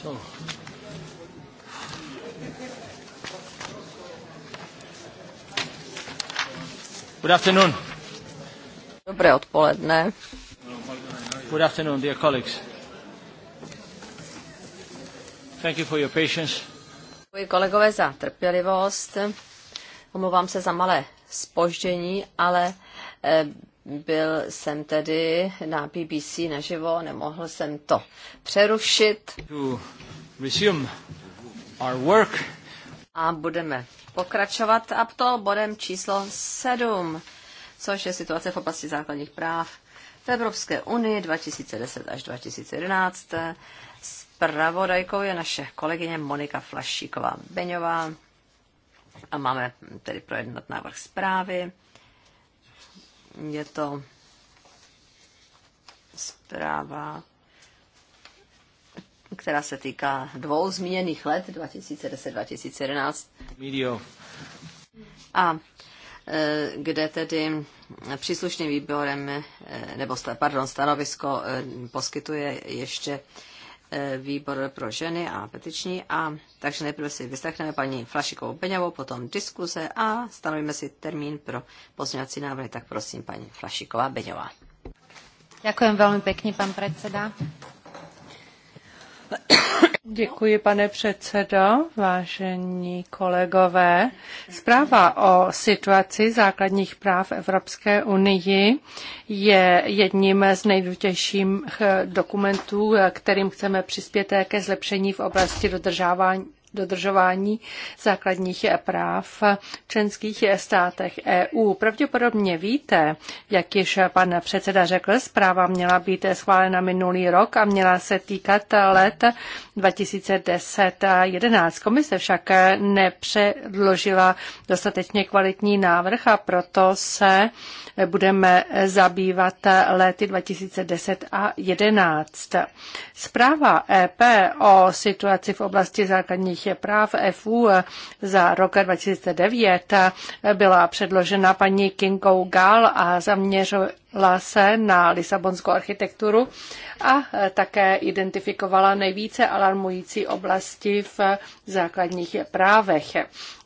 So. Good afternoon. Dobré odpoledne. Good afternoon, dear colleagues. Thank you for your patience. Děkuji kolegové za trpělivost. Omlouvám se za malé spoždění, ale eh, byl jsem tedy na BBC naživo, nemohl jsem to přerušit. our work. A budeme pokračovat a to bodem číslo 7, což je situace v oblasti základních práv v Evropské unii 2010 až 2011. Spravodajkou je naše kolegyně Monika Flašíková-Beňová a máme tedy projednat návrh zprávy. Je to zpráva, která se týká dvou zmíněných let, 2010-2011. Medio. A e, kde tedy příslušným výborem, e, nebo pardon, stanovisko e, poskytuje ještě výbor pro ženy a petiční. A, takže nejprve si vyslechneme paní Flašikovou Peňavou, potom diskuze a stanovíme si termín pro pozměňovací návrhy. Tak prosím, paní Flašiková Beňová. Ďakujem veľmi pekne, pán predseda. Děkuji, pane předsedo, vážení kolegové. Zpráva o situaci základních práv Evropské unii je jedním z nejdůležitějších dokumentů, kterým chceme přispět ke zlepšení v oblasti dodržávání dodržování základních práv v členských státech EU. Pravděpodobně víte, jak již pan předseda řekl, zpráva měla být schválena minulý rok a měla se týkat let 2010 a 2011. Komise však nepředložila dostatečně kvalitní návrh a proto se budeme zabývat lety 2010 a 2011. Zpráva EP o situaci v oblasti základních lidských práv FU za rok 2009 byla předložena paní Kinkou Gál a zaměřuje se na lisabonskou architekturu a eh, také identifikovala nejvíce alarmující oblasti v základních právech.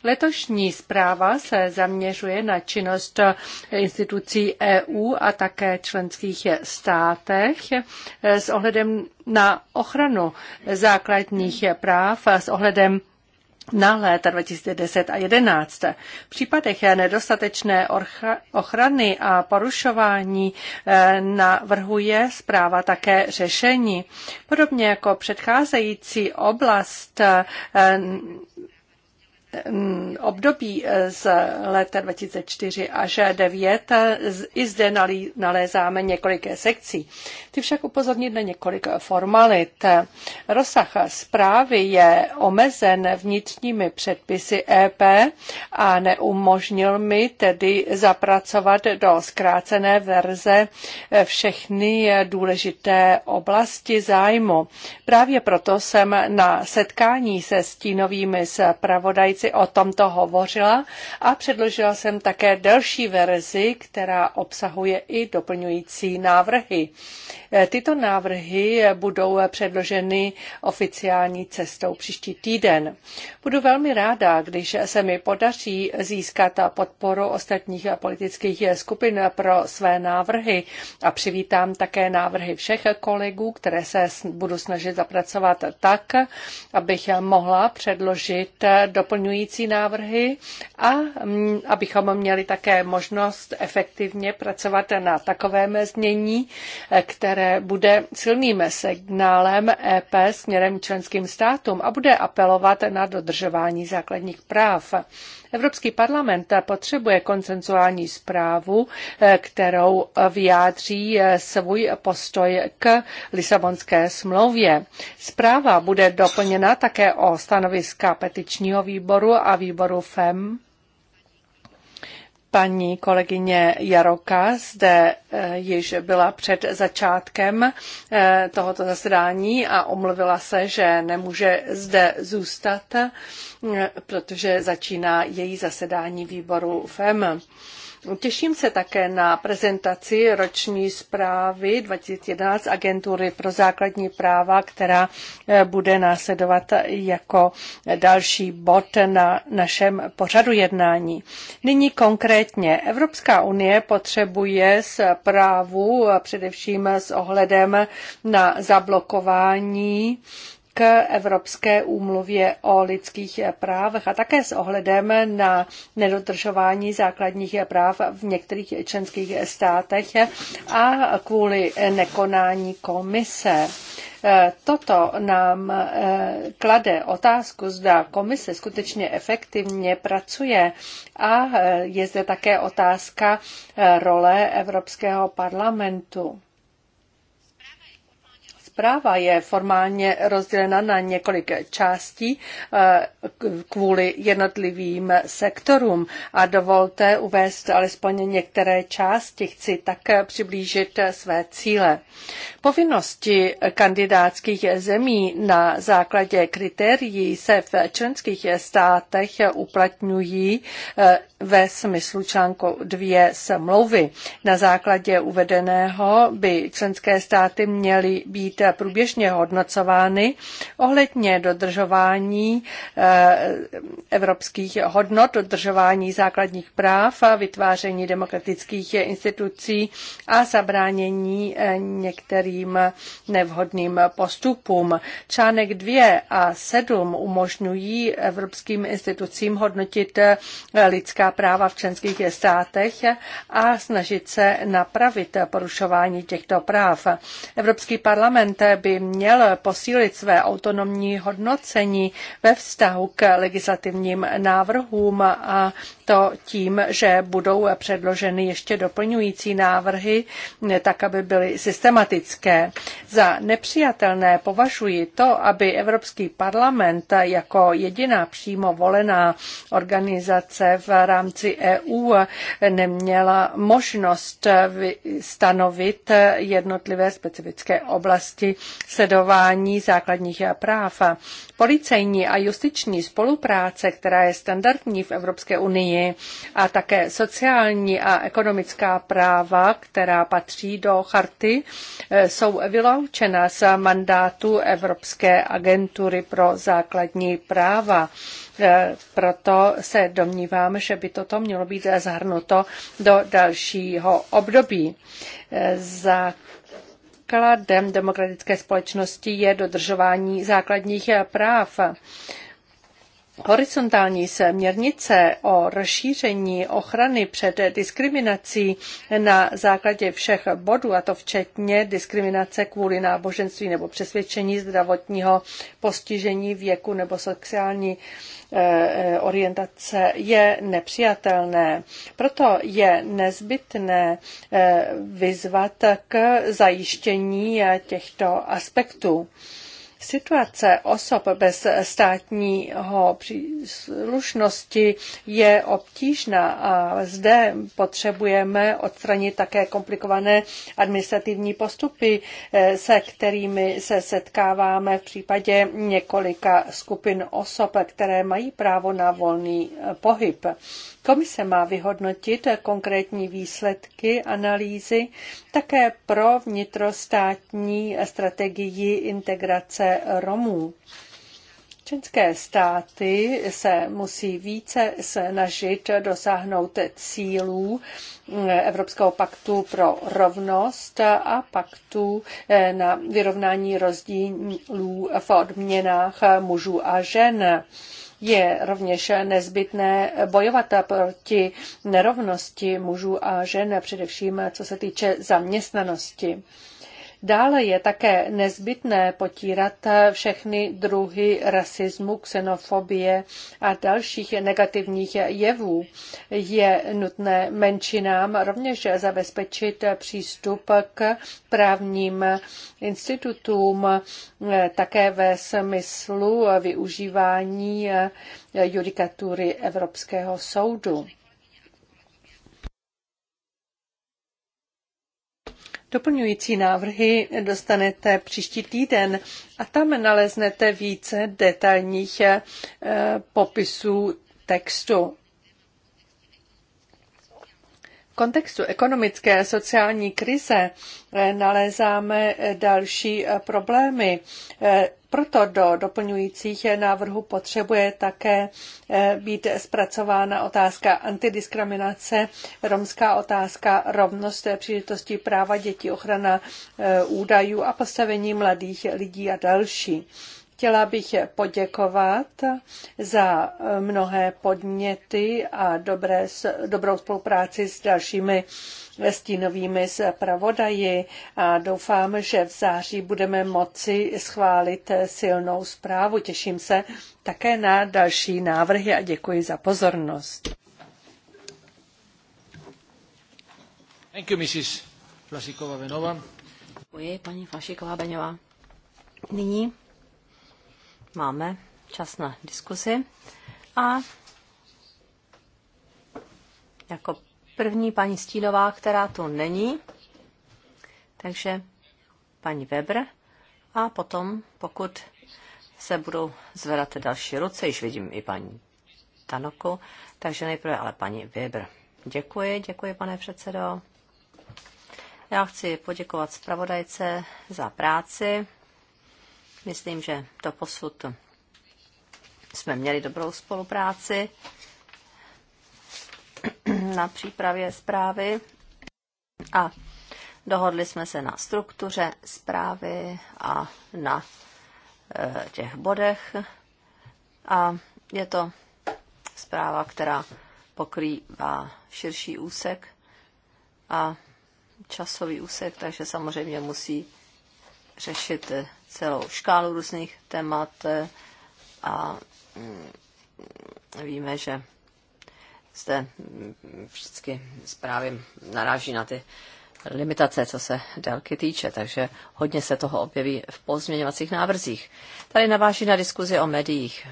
Letošní zpráva se zaměřuje na činnost eh, institucí EU a také členských státech eh, s ohledem na ochranu základních práv, s ohledem na léta 2010 a 2011. V případech nedostatečné ochrany a porušování eh, navrhuje zpráva také řešení. Podobně jako předcházející oblast eh, Mm, období eh, z let 2004 až 2009 eh, i zde nalézáme několik sekcí. Ty však upozornit na několik formalit. Rozsah zprávy je omezen vnitřními předpisy EP a neumožnil mi tedy zapracovat do zkrácené verze eh, všechny důležité oblasti zájmu. Právě proto jsem na setkání se stínovými zpravodajci komisi o tomto hovořila a předložila jsem také delší verzi, která obsahuje i doplňující návrhy. E, tyto návrhy budou předloženy oficiální cestou příští týden. Budu velmi ráda, když se mi podaří získat podporu ostatních politických skupin pro své návrhy a přivítám také návrhy všech kolegů, které se budu snažit zapracovat tak, abych mohla předložit doplňující pozměňující návrhy a mm, abychom měli také možnost efektivně pracovat na takovém znění, eh, které bude silným signálem EP směrem členským státům a bude apelovat na dodržování základních práv. Evropský parlament potřebuje konsenzuální zprávu, eh, kterou vyjádří eh, svůj postoj k Lisabonské smlouvě. Zpráva bude doplněna také o stanoviska petičního výboru a výboru FEM Paní kolegyně Jaroka zde eh, již byla před začátkem eh, tohoto zasedání a omluvila se, že nemůže zde zůstat, eh, protože začíná její zasedání výboru FEM. Těším se také na prezentaci roční zprávy 2011 Agentury pro základní práva, která eh, bude následovat jako další bod na našem pořadu jednání. Nyní konkrétně Evropská unie potřebuje zprávu eh, především s ohledem na zablokování k Evropské úmluvě o lidských právech a také s ohledem na nedodržování základních práv v některých členských státech a kvůli nekonání komise. Toto nám eh, klade otázku, zda komise skutečně efektivně pracuje a eh, je zde také otázka eh, role Evropského parlamentu. Zpráva je formálně rozdělena na několik částí eh, kvůli jednotlivým sektorům a dovolte uvést alespoň některé části. Chci tak přiblížit své cíle. Povinnosti kandidátských zemí na základě kritérií se v členských státech uplatňují eh, ve smyslu článku 2 smlouvy. Na základě uvedeného by členské státy měly být průběžně hodnocovány ohledně dodržování eh, evropských hodnot, dodržování základních práv, a vytváření demokratických institucí a zabránění eh, některým nevhodným postupům. Článek 2 a 7 umožňují evropským institucím hodnotit eh, lidská práva v členských státech a snažit se napravit porušování těchto práv. Evropský parlament by měl posílit své autonomní hodnocení ve vztahu k legislativním návrhům a to tím, že budou předloženy ještě doplňující návrhy, tak aby byly systematické. Za nepřijatelné považuji to, aby Evropský parlament jako jediná přímo volená organizace v rámci EU neměla možnost stanovit jednotlivé specifické oblasti sledování základních práv. Policejní a justiční spolupráce, která je standardní v Evropské unii, unii a také sociální a ekonomická práva, která patří do charty, eh, jsou vyloučena z mandátu Evropské agentury pro základní práva. Eh, proto se domnívám, že by toto mělo být zahrnuto do dalšího období. Za eh, základem demokratické společnosti je dodržování základních práv. Horizontální směrnice o rozšíření ochrany před diskriminací na základě všech bodů, a to včetně diskriminace kvůli náboženství nebo přesvědčení zdravotního postižení věku nebo sexuální eh, eh, orientace je nepřijatelné. Proto je nezbytné eh, vyzvat k zajištění těchto aspektů. Situace osob bez státního příslušnosti je obtížná a zde potřebujeme odstranit také komplikované administrativní postupy, eh, se kterými se setkáváme v případě několika skupin osob, které mají právo na volný eh, pohyb. Komise má vyhodnotit konkrétní výsledky analýzy také pro vnitrostátní strategii integrace Romů. Členské státy se musí více snažit dosáhnout cílů Evropského paktu pro rovnost a paktu eh, na vyrovnání rozdílů v odměnách mužů a žen. Je rovněž nezbytné bojovat proti nerovnosti mužů a žen, především co se týče zaměstnanosti. Dále je také nezbytné potírat všechny druhy rasismu, xenofobie a dalších negativních jevů. Je nutné menšinám rovněž zabezpečit přístup k právním institutům, také ve smyslu využívání judikatury Evropského soudu. Doplňující návrhy dostanete příští týden a tam naleznete více detailních eh, popisů textu kontextu ekonomické a sociální krize eh, nalézáme eh, další eh, problémy. Proto do doplňujících návrhů potřebuje také být zpracována otázka antidiskriminace, romská otázka rovnost příležitostí práva dětí, ochrana údajů a postavení mladých lidí a další. Chtěla bych poděkovat za mnohé podněty a dobré, dobrou spolupráci s dalšími stínovými zpravodaji a doufám, že v září budeme moci schválit silnou zprávu. Těším se také na další návrhy a děkuji za pozornost. Thank you, Mrs. Děkuji, paní Flašiková-Beňová. Nyní máme čas na diskusi. A jako první paní Stínová, která tu není, takže paní Weber a potom, pokud se budou zvedat další ruce, již vidím i paní Tanoku, takže nejprve ale paní Weber. Děkuji, děkuji, pane předsedo. Já chci poděkovat zpravodajce za práci Myslím, že to posud jsme měli dobrou spolupráci na přípravě zprávy a dohodli jsme se na struktuře zprávy a na e, těch bodech. A je to zpráva, která pokrývá širší úsek a časový úsek, takže samozřejmě musí řešit e, celou škálu různých témat eh, a mm, víme, že zde mm, vždycky zprávy naráží na ty limitace, co se délky týče, takže hodně se toho objeví v pozměňovacích návrzích. Tady naváží na diskuzi o médiích.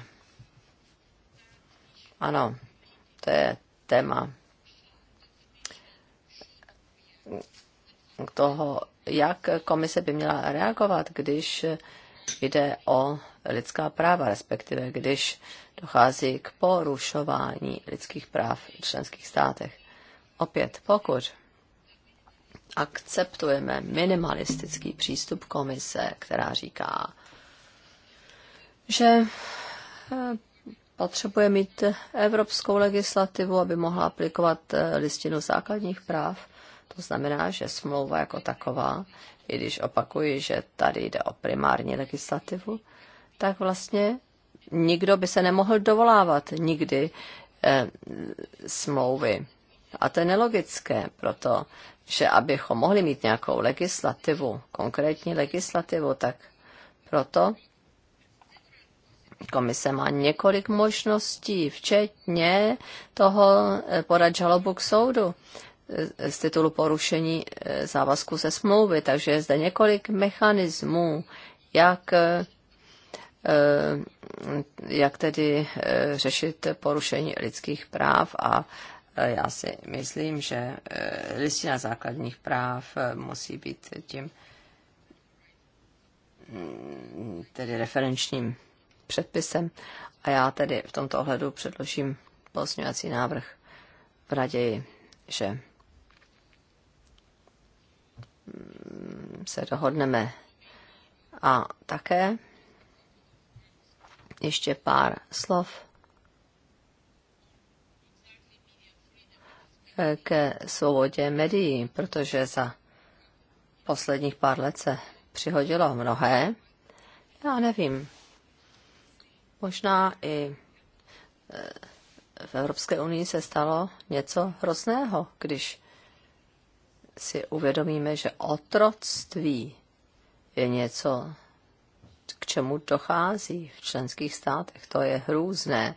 Ano, to je téma toho, jak komise by měla reagovat, když jde o lidská práva, respektive když dochází k porušování lidských práv v členských státech. Opět, pokud akceptujeme minimalistický přístup komise, která říká, že eh, potřebuje mít evropskou legislativu, aby mohla aplikovat eh, listinu základních práv, to znamená, že smlouva jako taková, i když opakuji, že tady jde o primární legislativu, tak vlastně nikdo by se nemohl dovolávat nikdy eh, smlouvy. A to je nelogické, proto, že abychom mohli mít nějakou legislativu, konkrétní legislativu, tak proto komise má několik možností, včetně toho eh, podat žalobu k soudu. Eh, z titulu porušení eh, závazku ze smlouvy. Takže je zde několik mechanismů, jak, eh, jak tedy řešit porušení lidských práv a já si myslím, že listina základních práv musí být tím mm, tedy referenčním předpisem. A já tedy v tomto ohledu předložím pozměňovací návrh v raději, že se dohodneme. A také ještě pár slov ke svobodě médií, protože za posledních pár let se přihodilo mnohé. Já nevím, možná i e, v Evropské unii se stalo něco hrozného, když si uvědomíme, že otroctví je něco, k čemu dochází v členských státech. To je hrůzné.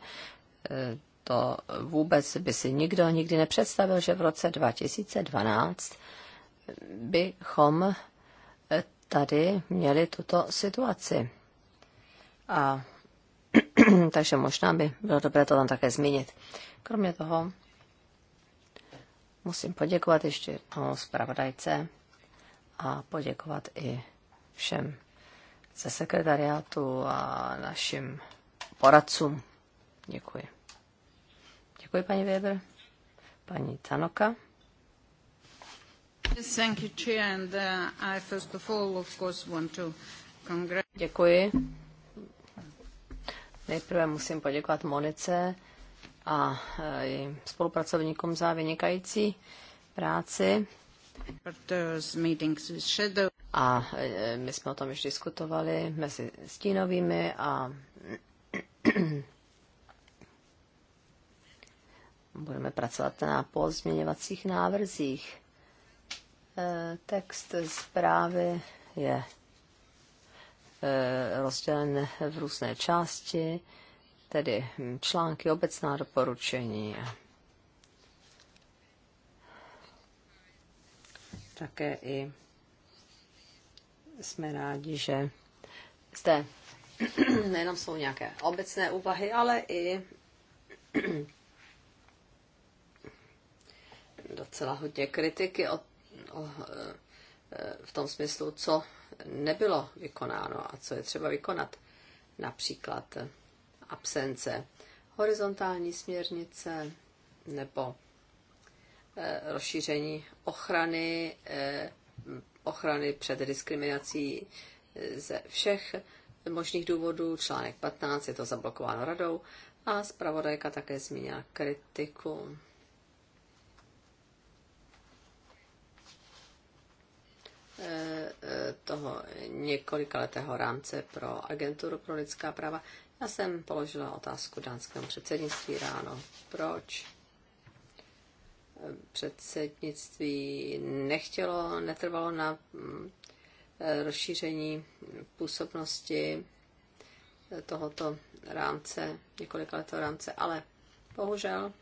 E, to vůbec by si nikdo nikdy nepředstavil, že v roce 2012 bychom e, tady měli tuto situaci. A takže možná by bylo dobré to tam také zmínit. Kromě toho Musím poděkovat ještě jednou zpravodajce a poděkovat i všem ze sekretariátu a našim poradcům. Děkuji. Děkuji, paní Weber. Paní Tanoka. Uh, Děkuji. Nejprve musím poděkovat Monice a e, spolupracovníkům za vynikající práci. A e, my jsme o tom již diskutovali mezi stínovými a budeme pracovat na pozměňovacích návrzích. E, text zprávy je rozdělen v různé části tedy hm, články, obecná doporučení. Také i jsme rádi, že zde nejenom jsou nějaké obecné úvahy, ale i docela hodně kritiky o, o, eh, v tom smyslu, co nebylo vykonáno a co je třeba vykonat. Například absence horizontální směrnice nebo eh, rozšíření ochrany, eh, ochrany před diskriminací eh, ze všech možných důvodů. Článek 15 je to zablokováno radou a zpravodajka také zmínila kritiku. toho několikaletého rámce pro agenturu pro lidská práva. Já jsem položila otázku dánskému předsednictví ráno. Proč předsednictví nechtělo, netrvalo na mm, rozšíření působnosti tohoto rámce, několika letého rámce, ale bohužel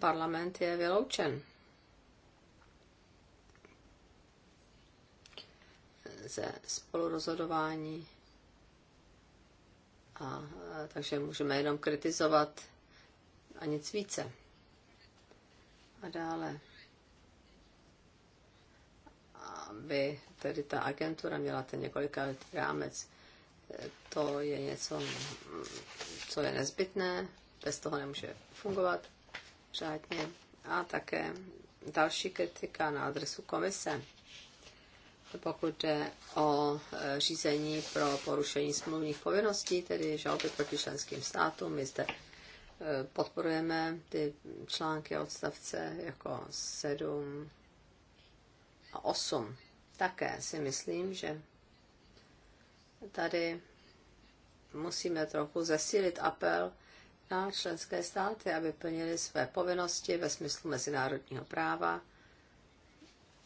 parlament je vyloučen ze spolurozhodování. A, takže můžeme jenom kritizovat a nic více. A dále, aby tedy ta agentura měla ten několika rámec, to je něco, co je nezbytné, bez toho nemůže fungovat řádně. A také další kritika na adresu komise pokud jde o e, řízení pro porušení smluvních povinností, tedy žaloby proti členským státům. My zde e, podporujeme ty články odstavce jako 7 a 8. Také si myslím, že tady musíme trochu zesílit apel na členské státy, aby plnili své povinnosti ve smyslu mezinárodního práva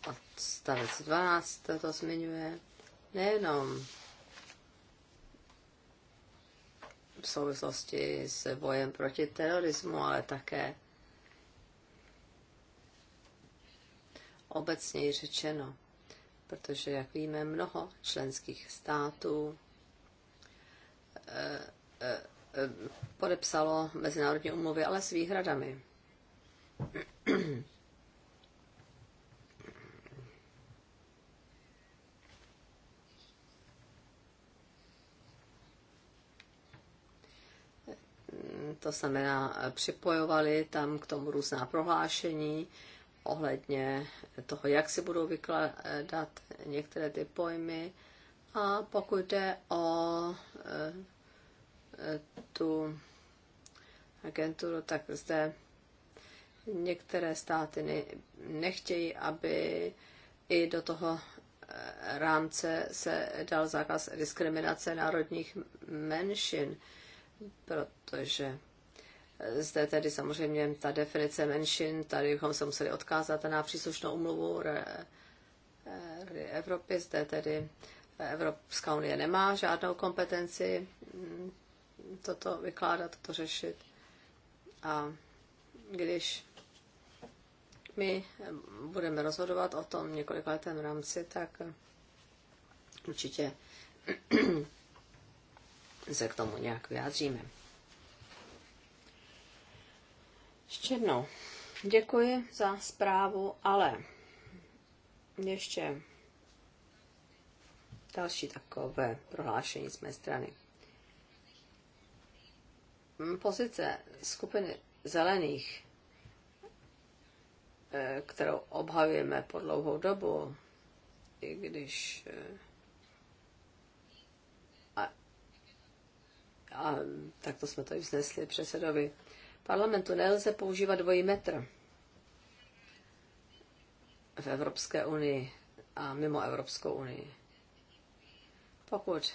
odstavec 12 to zmiňuje, nejenom v souvislosti s bojem proti terorismu, ale také obecněji řečeno, protože, jak víme, mnoho členských států eh, eh, eh, podepsalo mezinárodní umluvy, ale s výhradami. to znamená eh, připojovali tam k tomu různá prohlášení ohledně toho, jak si budou vykládat některé ty pojmy. A pokud jde o eh, eh, tu agenturu, tak zde některé státy nechtějí, aby i do toho rámce se dal zákaz diskriminace národních menšin protože zde tedy samozřejmě ta definice menšin, tady bychom se museli odkázat na příslušnou umluvu Rady Evropy, zde tedy Evropská unie nemá žádnou kompetenci mm, toto vykládat, toto řešit. A když my budeme rozhodovat o tom několik v rámci, tak určitě se k tomu nějak vyjádříme. Ještě jednou děkuji za zprávu, ale ještě další takové prohlášení z mé strany. Pozice skupiny zelených, eh, kterou obhajujeme po dlouhou dobu, i když eh, a to jsme to i vznesli předsedovi parlamentu, nelze používat dvojí metr v Evropské unii a mimo Evropskou unii. Pokud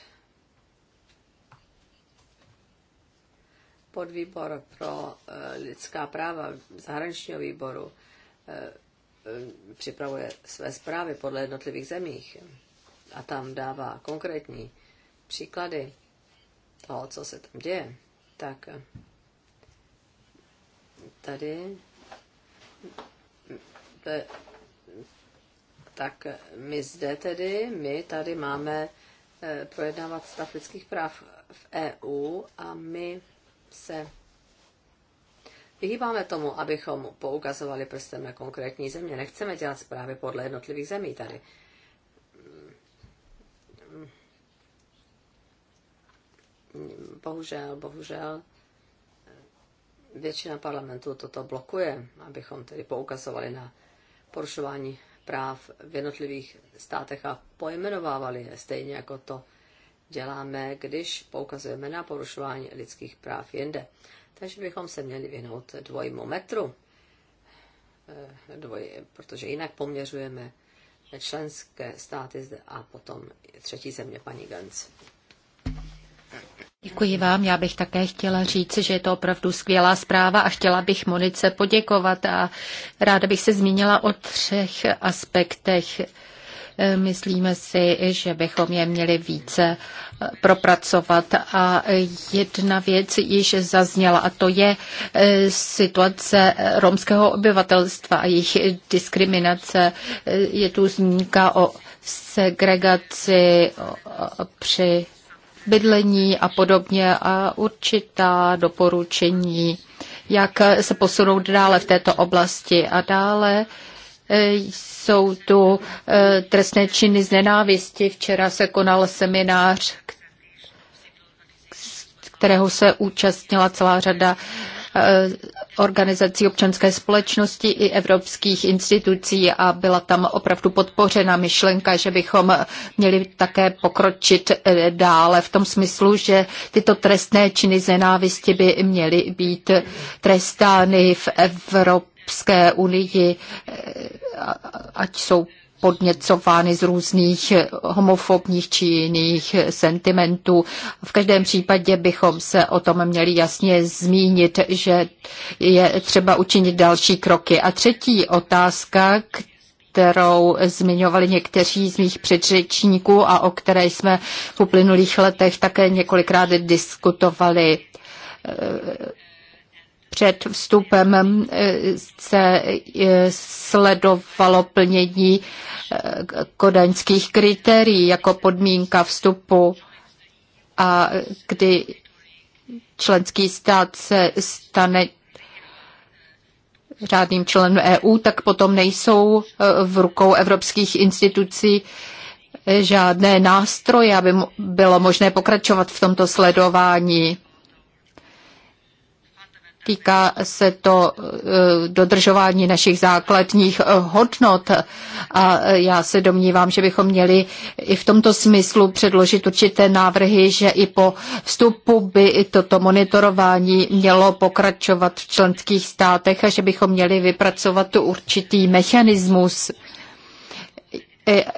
podvýbor pro e, lidská práva zahraničního výboru e, e, připravuje své zprávy podle jednotlivých zemích a tam dává konkrétní příklady, toho, co se tam děje, tak tady tak my zde tedy, my tady máme eh, projednávat stav lidských práv v EU a my se vyhýbáme tomu, abychom poukazovali prstem na konkrétní země. Nechceme dělat zprávy podle jednotlivých zemí tady. bohužel, bohužel většina parlamentu toto blokuje, abychom tedy poukazovali na porušování práv v jednotlivých státech a pojmenovávali je, stejně jako to děláme, když poukazujeme na porušování lidských práv jinde. Takže bychom se měli vyhnout dvojmu metru, eh, dvoj, protože jinak poměřujeme členské státy zde a potom třetí země, paní Gans. Děkuji vám. Já bych také chtěla říct, že je to opravdu skvělá zpráva a chtěla bych Monice poděkovat a ráda bych se zmínila o třech aspektech. Myslíme si, že bychom je měli více propracovat. A jedna věc již zazněla, a to je eh, situace romského obyvatelstva a jejich diskriminace. Eh, je tu zmínka o segregaci při bydlení a podobně a určitá doporučení, jak se posunout dále v této oblasti a dále eh, jsou tu eh, trestné činy z nenávisti. Včera se konal seminář, kterého se účastnila celá řada eh, organizací občanské společnosti i evropských institucí a byla tam opravdu podpořena myšlenka, že bychom měli také pokročit eh, dále v tom smyslu, že tyto trestné činy z nenávisti by měly být trestány v Evropě Evropské unii, eh, ať jsou podněcovány z různých homofobních či jiných sentimentů. V každém případě bychom se o tom měli jasně zmínit, že je třeba učinit další kroky. A třetí otázka, kterou zmiňovali někteří z mých předřečníků a o které jsme v uplynulých letech také několikrát diskutovali před vstupem eh, se eh, sledovalo plnění eh, kodaňských kritérií jako podmínka vstupu a kdy členský stát se stane řádným členem EU, tak potom nejsou v rukou evropských institucí žádné nástroje, aby bylo možné pokračovat v tomto sledování. Týká se to e, dodržování našich základních e, hodnot a e, já se domnívám, že bychom měli i v tomto smyslu předložit určité návrhy, že i po vstupu by toto monitorování mělo pokračovat v členských státech a že bychom měli vypracovat tu určitý mechanismus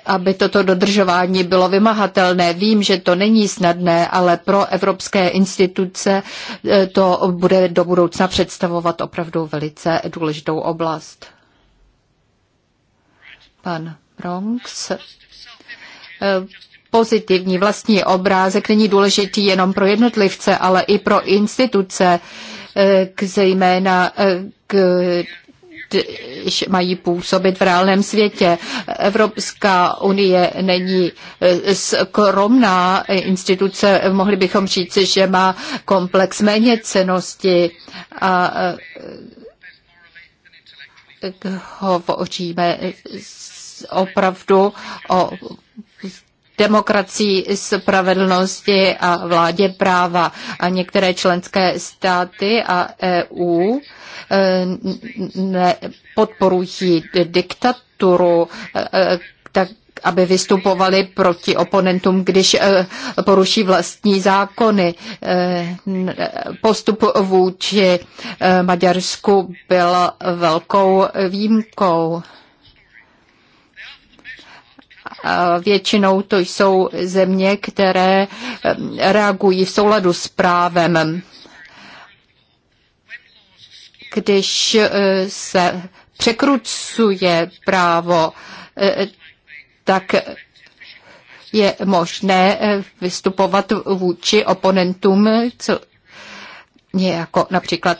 aby toto dodržování bylo vymahatelné. Vím, že to není snadné, ale pro evropské instituce e, to bude do budoucna představovat opravdu velice důležitou oblast. Pan Bronx e, pozitivní vlastní obrázek není důležitý jenom pro jednotlivce, ale i pro instituce, e, k zejména k když mají působit v reálném světě. Evropská unie není eh, skromná instituce, mohli bychom říct, že má komplex méně cenosti a eh, hovoříme opravdu o demokracii, spravedlnosti a vládě práva. A některé členské státy a EU e, podporují diktaturu, e, e, tak aby vystupovali proti oponentům, když poruší vlastní zákony. Postup vůči Maďarsku byl velkou výjimkou. Většinou to jsou země, které reagují v souladu s právem. Když e, se překrucuje právo, e, tak je možné e, vystupovat vůči oponentům jako například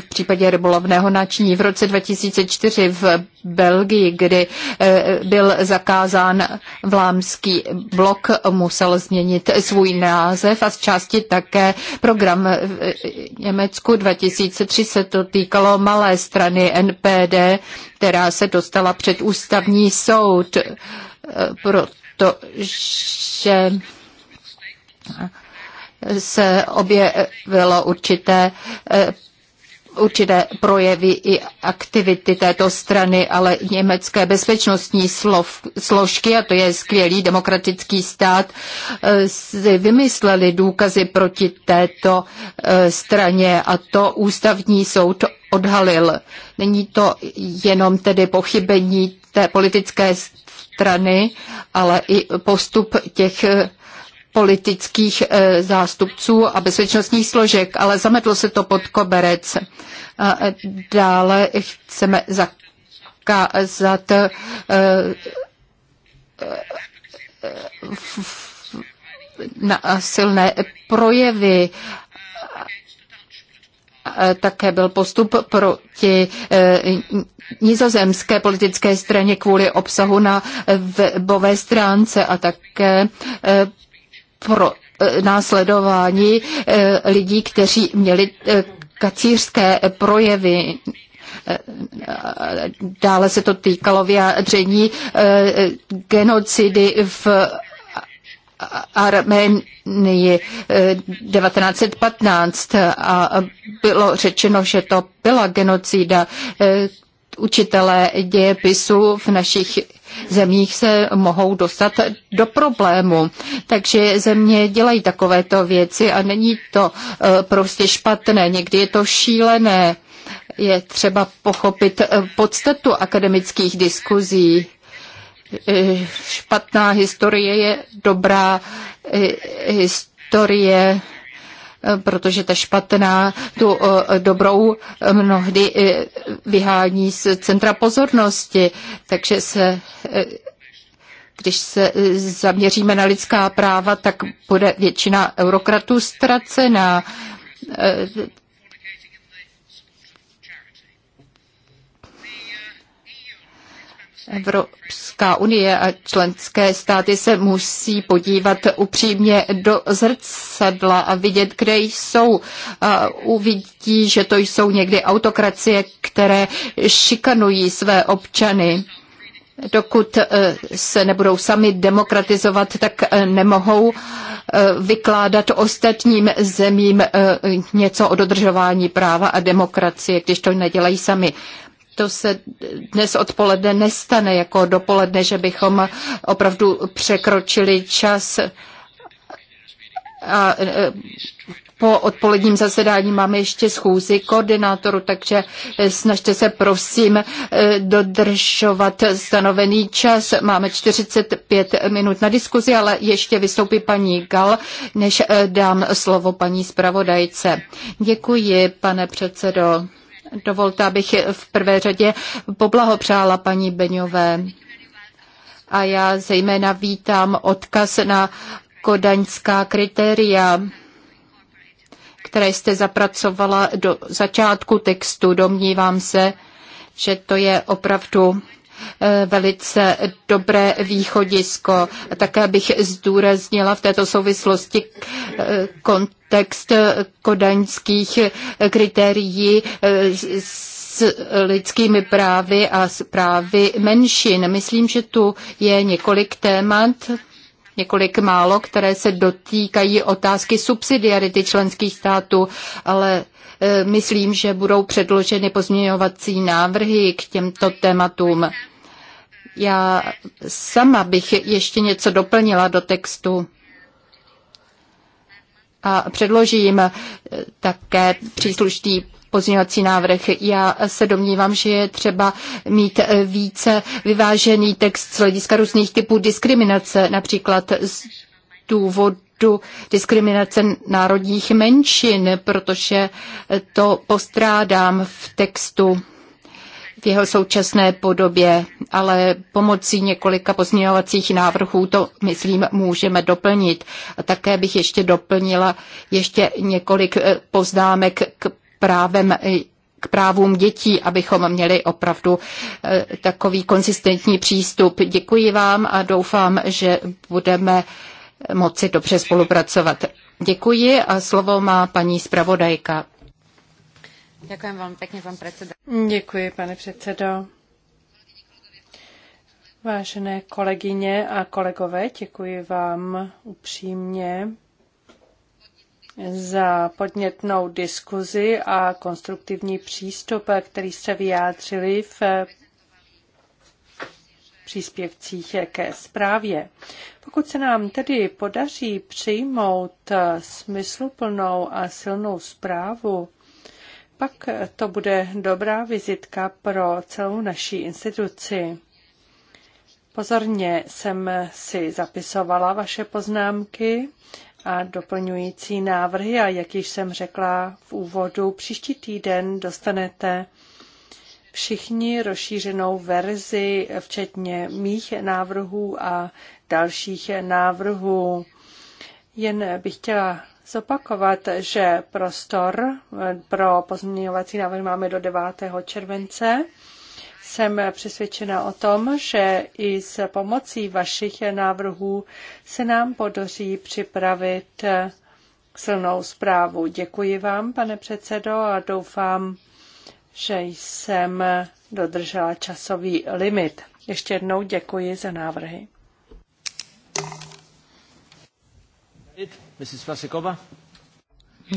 v případě rybolovného náčiní v roce 2004 v Belgii, kdy eh, byl zakázán vlámský blok, musel změnit svůj název a z části také program v eh, Německu 2003 se to týkalo malé strany NPD, která se dostala před ústavní soud, eh, protože se objevilo určité eh, určité projevy i aktivity této strany, ale německé bezpečnostní slov, složky, a to je skvělý demokratický stát, eh, si vymysleli důkazy proti této eh, straně a to ústavní soud odhalil. Není to jenom tedy pochybení té politické strany, ale i postup těch politických eh, zástupců a bezpečnostních složek, ale zametlo se to pod koberec. A eh, dále chceme zakázat eh, silné projevy také byl postup proti nizozemské politické straně kvůli obsahu na webové stránce a také pro e, následování e, lidí, kteří měli e, kacířské projevy. Dále se to týkalo vyjádření genocidy v Armenii 1915 a bylo řečeno, že to byla genocida. Učitelé dějepisu v našich zemích se mohou dostat do problému. Takže země dělají takovéto věci a není to eh, prostě špatné, někdy je to šílené. Je třeba pochopit eh, podstatu akademických diskuzí eh, špatná historie je dobrá historie Eh, protože ta špatná tu eh, dobrou eh, mnohdy vyhání z centra pozornosti, takže se když se zaměříme na lidská práva, tak bude většina eurokratů ztracená. Evropská unie a členské státy se musí podívat upřímně do zrcadla a vidět, kde jsou. A uvidí, že to jsou někdy autokracie, které šikanují své občany dokud eh, se nebudou sami demokratizovat, tak eh, nemohou eh, vykládat ostatním zemím něco o dodržování práva a demokracie, když to nedělají sami to se dnes odpoledne nestane jako dopoledne, že bychom opravdu překročili čas. A e, po odpoledním zasedání máme ještě schůzi koordinátoru, takže snažte se prosím e, dodržovat stanovený čas. Máme 45 minut na diskuzi, ale ještě vystoupí paní Gal, než e, dám slovo paní zpravodajce. Děkuji, pane předsedo. Dovolte, abych v prvé řadě poblahopřála paní Beňové. A já zejména vítám odkaz na kodaňská kritéria, které jste zapracovala do začátku textu. Domnívám se, že to je opravdu Eh, velice dobré východisko. Také bych zdůraznila v této souvislosti eh, kontext eh, kodaňských kritérií s lidskými právy a s právy menšin. Myslím, že tu je několik témat, několik málo, které se dotýkají otázky subsidiarity členských států, ale myslím, že budou předloženy pozměňovací návrhy k těmto tématům. Já sama bych ještě něco doplnila do textu a předložím také příslušný pozměňovací návrh. Já se domnívám, že je třeba mít více vyvážený text z hlediska různých typů diskriminace, například z důvodu diskriminace národních menšin, protože to postrádám v textu v jeho současné podobě, ale pomocí několika pozměňovacích návrhů to, myslím, můžeme doplnit. A také bych ještě doplnila ještě několik eh, poznámek k právem eh, k právům dětí, abychom měli opravdu eh, takový konsistentní přístup. Děkuji vám a doufám, že budeme moci dobře spolupracovat. Děkuji a slovo má paní zpravodajka. Děkuji vám pěkně, pan předseda. Děkuji, pane předsedo. Vážené kolegyně a kolegové, děkuji vám upřímně za podnětnou diskuzi a konstruktivní přístup, který jste vyjádřili v příspěvcích ke zprávě. Pokud se nám tedy podaří přijmout smysluplnou a silnou zprávu, pak to bude dobrá vizitka pro celou naší instituci. Pozorně jsem si zapisovala vaše poznámky a doplňující návrhy a jak již jsem řekla v úvodu, příští týden dostanete všichni rozšířenou verzi, včetně mých návrhů a dalších návrhů. Jen bych chtěla zopakovat, že prostor eh, pro pozměňovací návrh máme do 9. července. Jsem přesvědčena o tom, že i s pomocí vašich návrhů se nám podaří připravit eh, silnou zprávu. Děkuji vám, pane předsedo, a doufám, že jsem dodržela časový limit. Ještě jednou děkuji za návrhy.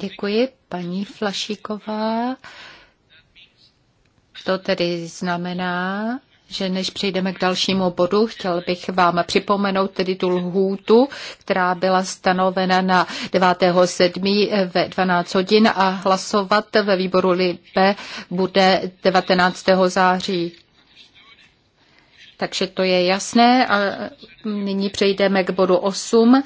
Děkuji, paní Flašíková. To tedy znamená, že než přejdeme k dalšímu bodu, chtěl bych vám připomenout tedy tu lhůtu, která byla stanovena na 9.7. ve 12 hodin a hlasovat ve výboru LIBE bude 19. září. Takže to je jasné a nyní přejdeme k bodu 8.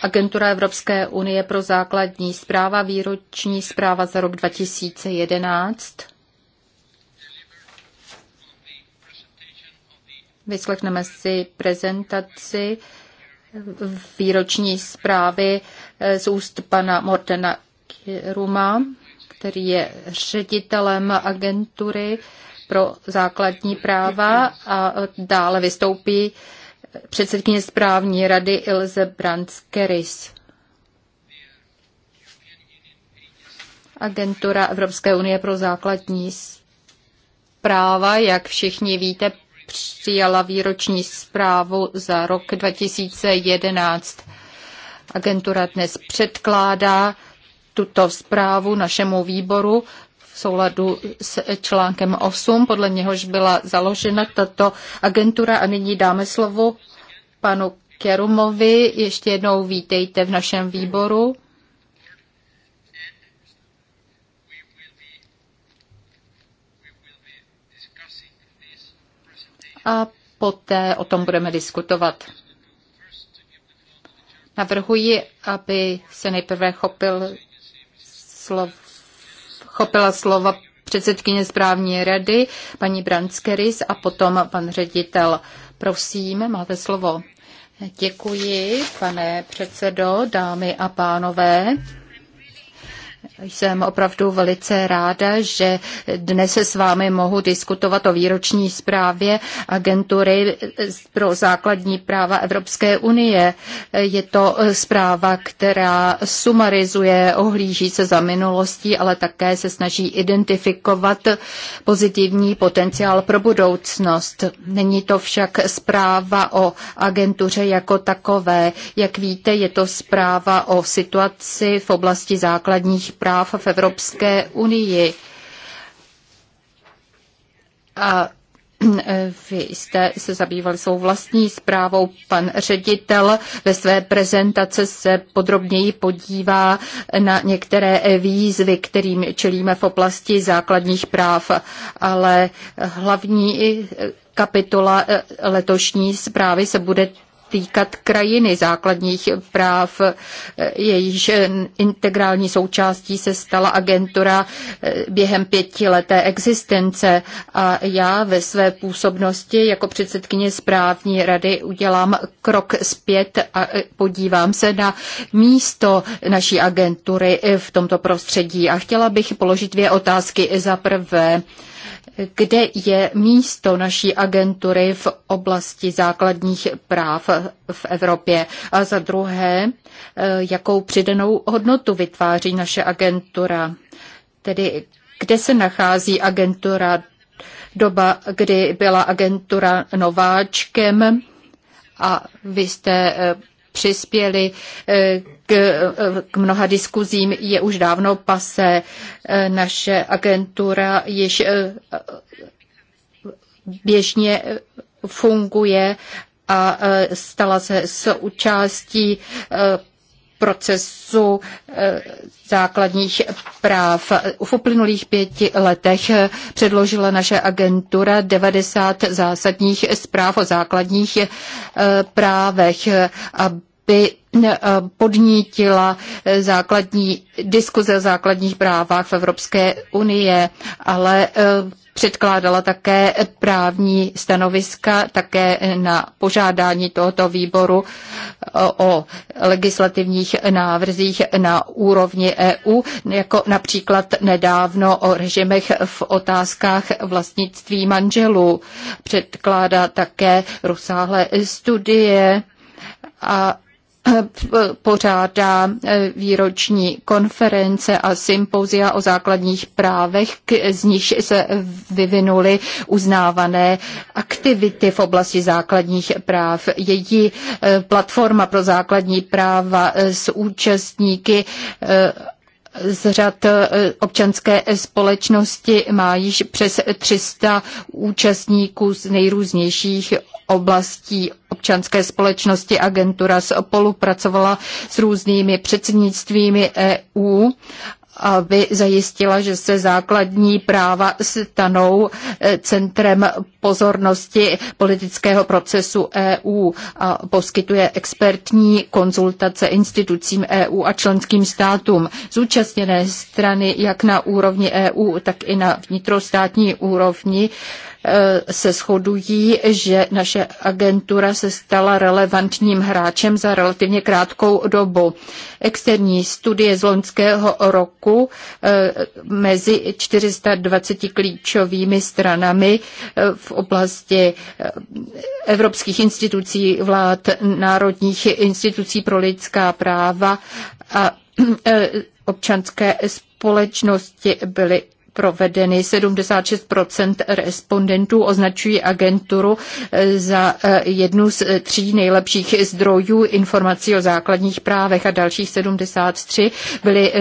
Agentura Evropské unie pro základní zpráva, výroční zpráva za rok 2011. Vyslechneme si prezentaci výroční zprávy z úst pana Mortena Kiruma, který je ředitelem agentury pro základní práva a dále vystoupí předsedkyně správní rady Ilze Brandskeris. Agentura Evropské unie pro základní práva, jak všichni víte, přijala výroční zprávu za rok 2011. Agentura dnes předkládá tuto zprávu našemu výboru souladu s článkem 8, podle něhož byla založena tato agentura. A nyní dáme slovo panu Kerumovi. Ještě jednou vítejte v našem výboru. A poté o tom budeme diskutovat. Navrhuji, aby se nejprve chopil slovo chopila slova předsedkyně správní rady, paní Branskeris a potom pan ředitel. Prosím, máte slovo. Děkuji, pane předsedo, dámy a pánové. Jsem opravdu velice ráda, že dnes se s vámi mohu diskutovat o výroční zprávě agentury pro základní práva Evropské unie. Je to zpráva, která sumarizuje, ohlíží se za minulostí, ale také se snaží identifikovat pozitivní potenciál pro budoucnost. Není to však zpráva o agentuře jako takové. Jak víte, je to zpráva o situaci v oblasti základních lidských práv v Evropské unii. A vy jste se zabývali svou vlastní zprávou. Pan ředitel ve své prezentace se podrobněji podívá na některé výzvy, kterým čelíme v oblasti základních práv, ale hlavní kapitola letošní zprávy se bude týkat krajiny základních práv, jejíž integrální součástí se stala agentura během pětileté existence. A já ve své působnosti jako předsedkyně správní rady udělám krok zpět a podívám se na místo naší agentury v tomto prostředí. A chtěla bych položit dvě otázky. Za prvé, kde je místo naší agentury v oblasti základních práv v Evropě. A za druhé, eh, jakou přidanou hodnotu vytváří naše agentura. Tedy kde se nachází agentura doba, kdy byla agentura nováčkem a vy jste eh, přispěli eh, k, eh, k mnoha diskuzím, je už dávno pase. Eh, naše agentura již běžně funguje a stala se součástí procesu základních práv. V uplynulých pěti letech předložila naše agentura 90 zásadních zpráv o základních právech, a by eh, podnítila eh, základní diskuze o základních právách v Evropské unie, ale eh, předkládala také právní stanoviska, také na požádání tohoto výboru o legislativních návrzích na úrovni EU, jako například nedávno o režimech v otázkách vlastnictví manželů. Předkládá také rozsáhlé studie a pořádá eh, výroční konference a sympozia o základních právech, z nich se vyvinuly uznávané aktivity v oblasti základních práv. Její eh, platforma pro základní práva eh, s účastníky z řad občanské společnosti má již přes 300 účastníků z nejrůznějších oblastí občanské společnosti agentura spolupracovala s různými předsednictvími EU aby zajistila, že se základní práva stanou eh, centrem pozornosti politického procesu EU a poskytuje expertní konzultace institucím EU a členským státům. Zúčastněné strany jak na úrovni EU, tak i na vnitrostátní úrovni Eh, se shodují, že naše agentura se stala relevantním hráčem za relativně krátkou dobu. Externí studie z loňského roku eh, mezi 420 klíčovými stranami eh, v oblasti evropských institucí, vlád, národních institucí pro lidská práva a občanské společnosti byly provedeny. 76 respondentů označují agenturu eh, za eh, jednu z eh, tří nejlepších zdrojů informací o základních právech a dalších 73 byli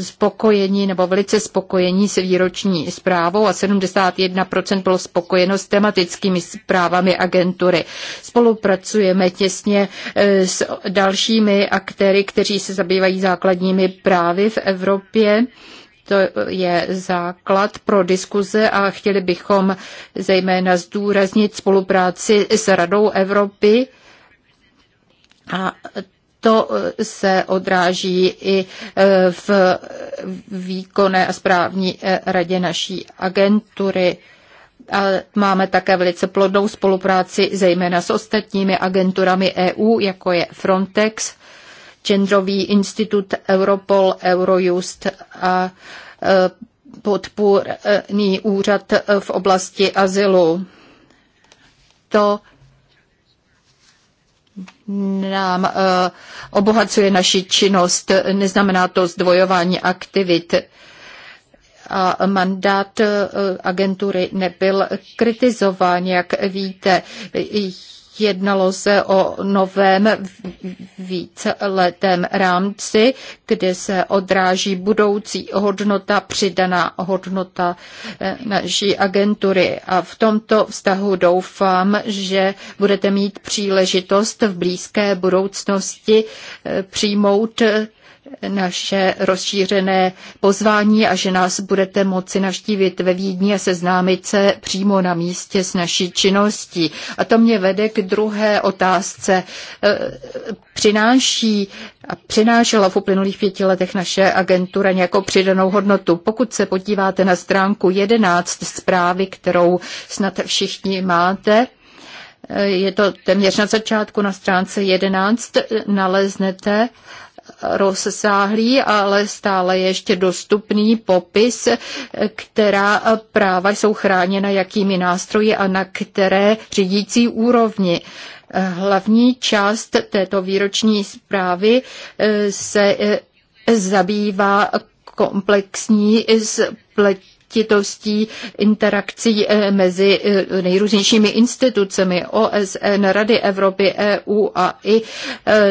spokojeni nebo velice spokojení s výroční zprávou a 71 bylo spokojeno s tematickými zprávami agentury. Spolupracujeme těsně s dalšími aktéry, kteří se zabývají základními právy v Evropě. To je základ pro diskuze a chtěli bychom zejména zdůraznit spolupráci s Radou Evropy a to se odráží i e, v výkonné a správní e, radě naší agentury. A máme také velice plodnou spolupráci zejména s ostatními agenturami EU, jako je Frontex, Genderový institut Europol, Eurojust a e, podpůrný úřad v oblasti azylu. To nám e, obohacuje naši činnost, neznamená to zdvojování aktivit. A mandát e, agentury nebyl kritizován, jak víte. Jednalo se o novém víceletém rámci, kde se odráží budoucí hodnota, přidaná hodnota eh, naší agentury. A v tomto vztahu doufám, že budete mít příležitost v blízké budoucnosti eh, přijmout eh, naše rozšířené pozvání a že nás budete moci navštívit ve Vídni a seznámit se přímo na místě s naší činností. A to mě vede k druhé otázce. E, přináší a přinášela v uplynulých pěti letech naše agentura nějakou přidanou hodnotu. Pokud se podíváte na stránku 11 zprávy, kterou snad všichni máte, e, je to téměř na začátku na stránce 11, e, naleznete rozsáhlý, ale stále ještě dostupný popis, která práva jsou chráněna jakými nástroji a na které řídící úrovni. Hlavní část této výroční zprávy eh, se eh, zabývá komplexní spletitostí interakcí eh, mezi nejrůznějšími institucemi OSN, Rady Evropy, EU a i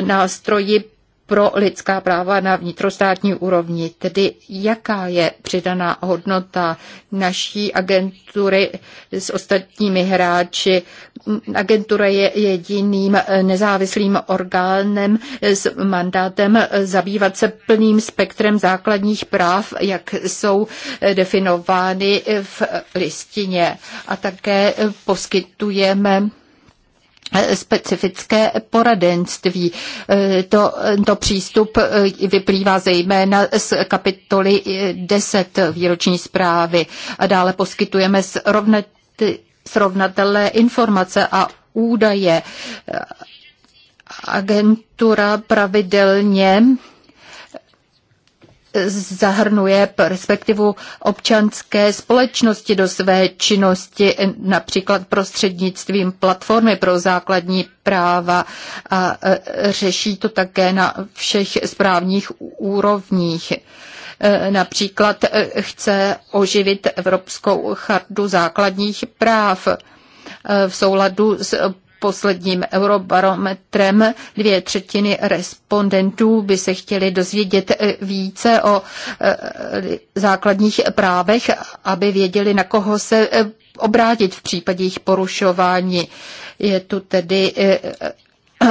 nástroji pro lidská práva na vnitrostátní úrovni. Tedy jaká je přidaná hodnota naší agentury s ostatními hráči? Agentura je jediným nezávislým orgánem s mandátem zabývat se plným spektrem základních práv, jak jsou definovány v listině. A také poskytujeme specifické poradenství. E, to, to přístup e, vyplývá zejména z kapitoly 10 výroční zprávy a dále poskytujeme srovnat, srovnatelné informace a údaje. E, agentura pravidelně zahrnuje perspektivu občanské společnosti do své činnosti, například prostřednictvím platformy pro základní práva a e, řeší to také na všech správních úrovních. E, například e, chce oživit Evropskou chartu základních práv v souladu s posledním eurobarometrem dvě třetiny respondentů by se chtěli dozvědět eh, více o eh, základních právech, aby věděli, na koho se eh, obrátit v případě jejich porušování. Je tu tedy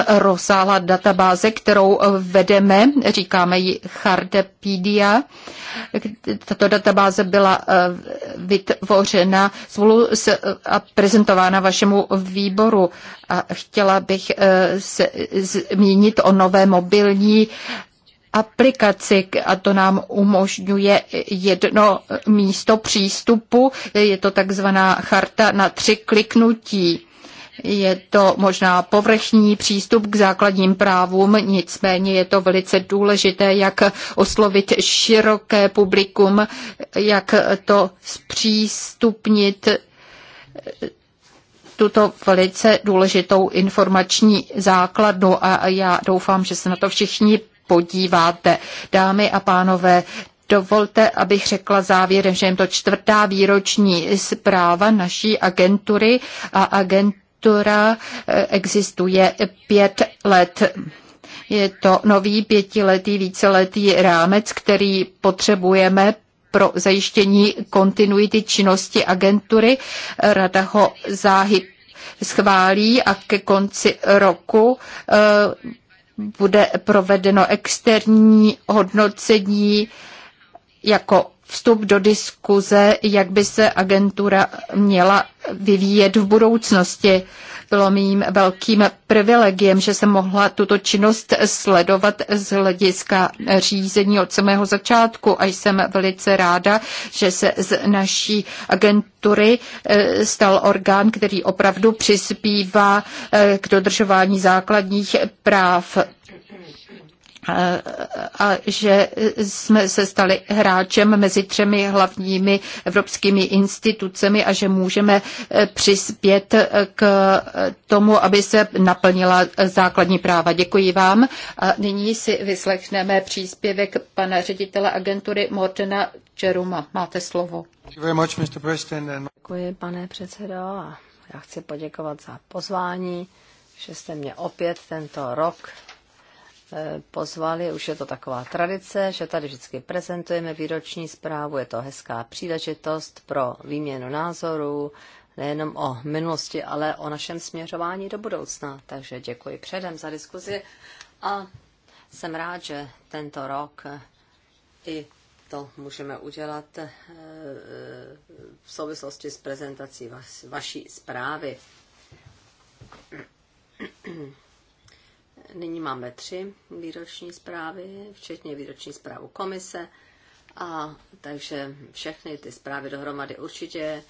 rozsáhlá databáze, kterou vedeme, říkáme ji Chardepedia. Tato databáze byla eh, vytvořena spolu s, eh, a prezentována vašemu výboru. A chtěla bych eh, se zmínit o nové mobilní aplikaci a to nám umožňuje jedno místo přístupu. Je to takzvaná charta na tři kliknutí. Je to možná povrchní přístup k základním právům, nicméně je to velice důležité, jak oslovit široké publikum, jak to zpřístupnit tuto velice důležitou informační základnu a já doufám, že se na to všichni podíváte. Dámy a pánové, Dovolte, abych řekla závěrem, že je to čtvrtá výroční zpráva naší agentury a agentury která eh, existuje pět let. Je to nový pětiletý, víceletý rámec, který potřebujeme pro zajištění kontinuity činnosti agentury. Rada ho záhy schválí a ke konci roku eh, bude provedeno externí hodnocení jako vstup do diskuze, jak by se agentura měla vyvíjet v budoucnosti. Bylo mým velkým privilegiem, že jsem mohla tuto činnost sledovat z hlediska řízení od samého začátku a jsem velice ráda, že se z naší agentury e, stal orgán, který opravdu přispívá e, k dodržování základních práv a že jsme se stali hráčem mezi třemi hlavními evropskými institucemi a že můžeme eh, přispět eh, k tomu, aby se naplnila eh, základní práva. Děkuji vám. A nyní si vyslechneme příspěvek pana ředitele agentury Mortena Čeruma. Máte slovo. Děkuji, pane předsedo. A já chci poděkovat za pozvání, že jste mě opět tento rok Eh, pozvali. Už je to taková tradice, že tady vždycky prezentujeme výroční zprávu. Je to hezká příležitost pro výměnu názorů, nejenom o minulosti, ale o našem směřování do budoucna. Takže děkuji předem za diskuzi a jsem rád, že tento rok i to můžeme udělat eh, v souvislosti s prezentací vaší zprávy nyní máme tři výroční zprávy, včetně výroční zprávu komise. A takže všechny ty zprávy dohromady určitě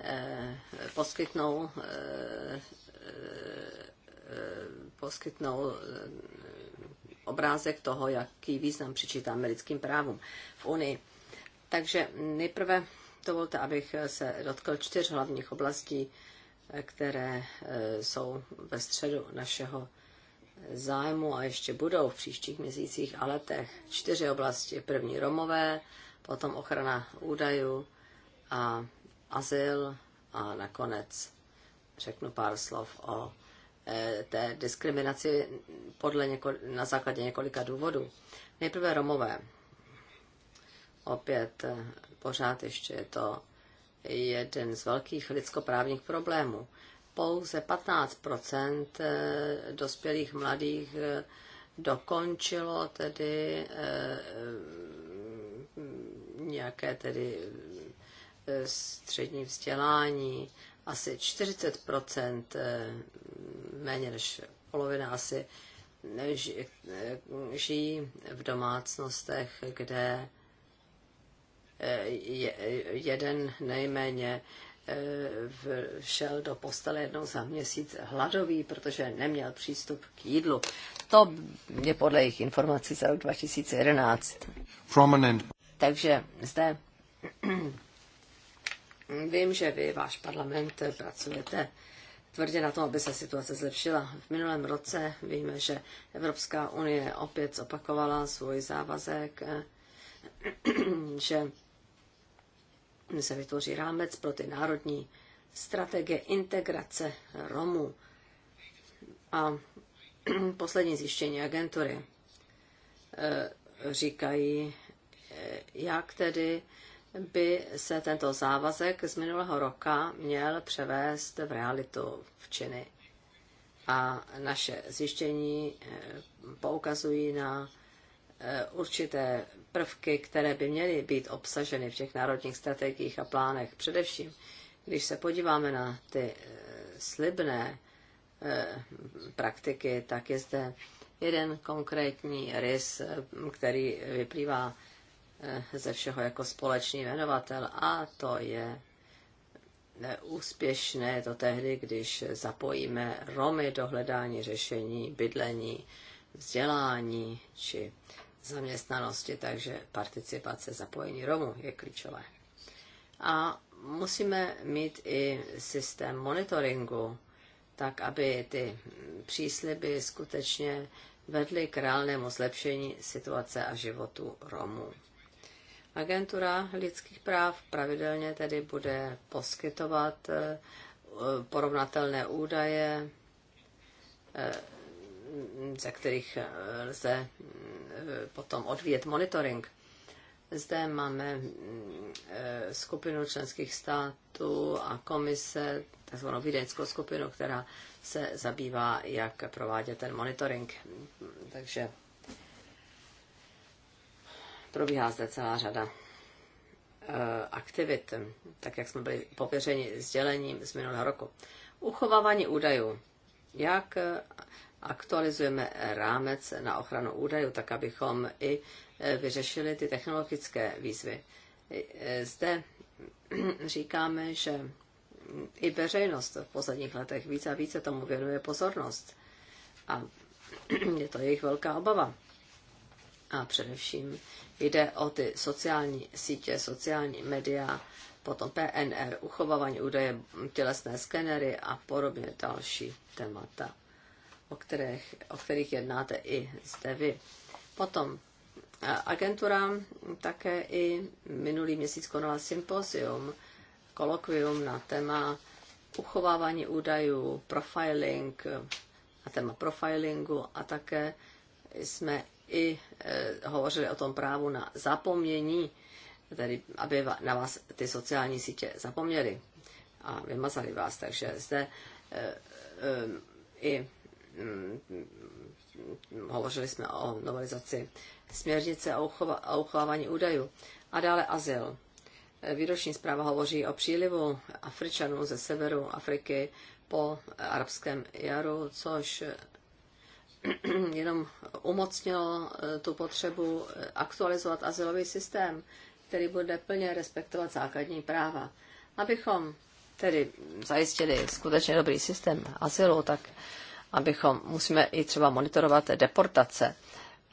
eh, poskytnou, eh, eh poskytnou eh, obrázek toho, jaký význam přičítáme lidským právům v Unii. Takže nejprve dovolte, abych se dotkl čtyř hlavních oblastí, eh, které jsou ve středu našeho zájmu a ještě budou v příštích měsících a letech. Čtyři oblasti. První Romové, potom ochrana údajů a azyl a nakonec řeknu pár slov o e, té diskriminaci podle něko, na základě několika důvodů. Nejprve Romové. Opět e, pořád ještě je to jeden z velkých lidskoprávních problémů pouze 15 eh, dospělých mladých eh, dokončilo tedy eh, nějaké tedy střední vzdělání. Asi 40 méně než polovina asi žijí v domácnostech, kde jeden nejméně Eh, šel do postele jednou za měsíc hladový, protože neměl přístup k jídlu. To je podle jejich informací za rok 2011. Prominent. Takže zde vím, že vy, váš parlament, pracujete tvrdě na tom, aby se situace zlepšila. V minulém roce víme, že Evropská unie opět zopakovala svůj závazek, že se vytvoří rámec pro ty národní strategie integrace Romů. A poslední zjištění agentury eh, říkají, eh, jak tedy by se tento závazek z minulého roka měl převést v realitu, v činy. A naše zjištění eh, poukazují na Eh, určité prvky, které by měly být obsaženy v těch národních strategiích a plánech. Především, když se podíváme na ty eh, slibné eh, praktiky, tak je zde jeden konkrétní rys, který vyplývá ze všeho jako společný jmenovatel a to je úspěšné to tehdy, když zapojíme Romy do hledání řešení, bydlení, vzdělání či zaměstnanosti, takže participace, zapojení Romů je klíčové. A musíme mít i systém monitoringu, tak aby ty přísliby skutečně vedly k reálnému zlepšení situace a životu Romů. Agentura lidských práv pravidelně tedy bude poskytovat eh, porovnatelné údaje eh, ze kterých eh, lze eh, potom odvíjet monitoring. Zde máme mm, eh, skupinu členských států a komise, takzvanou vídeňskou skupinu, která se zabývá, jak provádět ten monitoring. Takže probíhá zde celá řada aktivit, tak jak jsme byli pověřeni sdělením z minulého roku. Uchovávání údajů. Jak aktualizujeme rámec na ochranu údajů, tak abychom i e, vyřešili ty technologické výzvy. E, zde říkáme, že i veřejnost v posledních letech více a více tomu věnuje pozornost. A je to jejich velká obava. A především jde o ty sociální sítě, sociální média, potom PNR, uchovávání údaje, tělesné skenery a podobně další témata o kterých, o kterých jednáte i zde vy. Potom agentura také i minulý měsíc konala sympozium, kolokvium na téma uchovávání údajů, profiling, na téma profilingu a také jsme i e, hovořili o tom právu na zapomnění, tedy aby na vás ty sociální sítě zapomněly a vymazali vás. Takže zde e, e, i hovořili jsme o novelizaci směrnice o uchovávání údajů. A dále azyl. Výroční zpráva hovoří o přílivu Afričanů ze severu Afriky po arabském jaru, což jenom umocnilo eh, tu potřebu eh, aktualizovat azylový systém, který bude plně respektovat základní práva. Abychom tedy zajistili skutečně dobrý systém azylu, tak abychom, musíme i třeba monitorovat deportace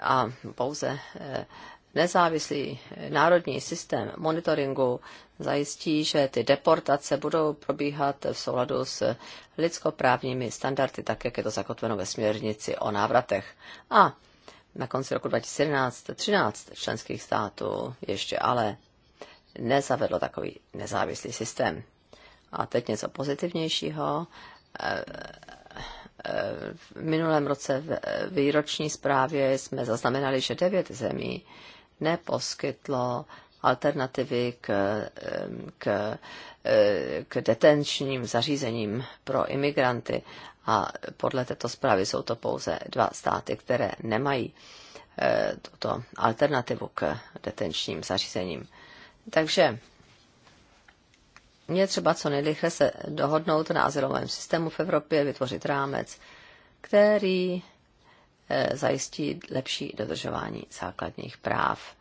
a pouze eh, nezávislý eh, národní systém monitoringu zajistí, že ty deportace budou probíhat v souladu s lidskoprávními standardy, tak jak je to zakotveno ve směrnici o návratech. A na konci roku 2017 13 členských států ještě ale nezavedlo takový nezávislý systém. A teď něco pozitivnějšího. Eh, v minulém roce v výroční zprávě jsme zaznamenali, že devět zemí neposkytlo alternativy k, k, e, k detenčním zařízením pro imigranty. A podle této zprávy jsou to pouze dva státy, které nemají e, tuto alternativu k detenčním zařízením. Takže je třeba co nejrychle se dohodnout na azylovém systému v Evropě, vytvořit rámec, který eh, zajistí lepší dodržování základních práv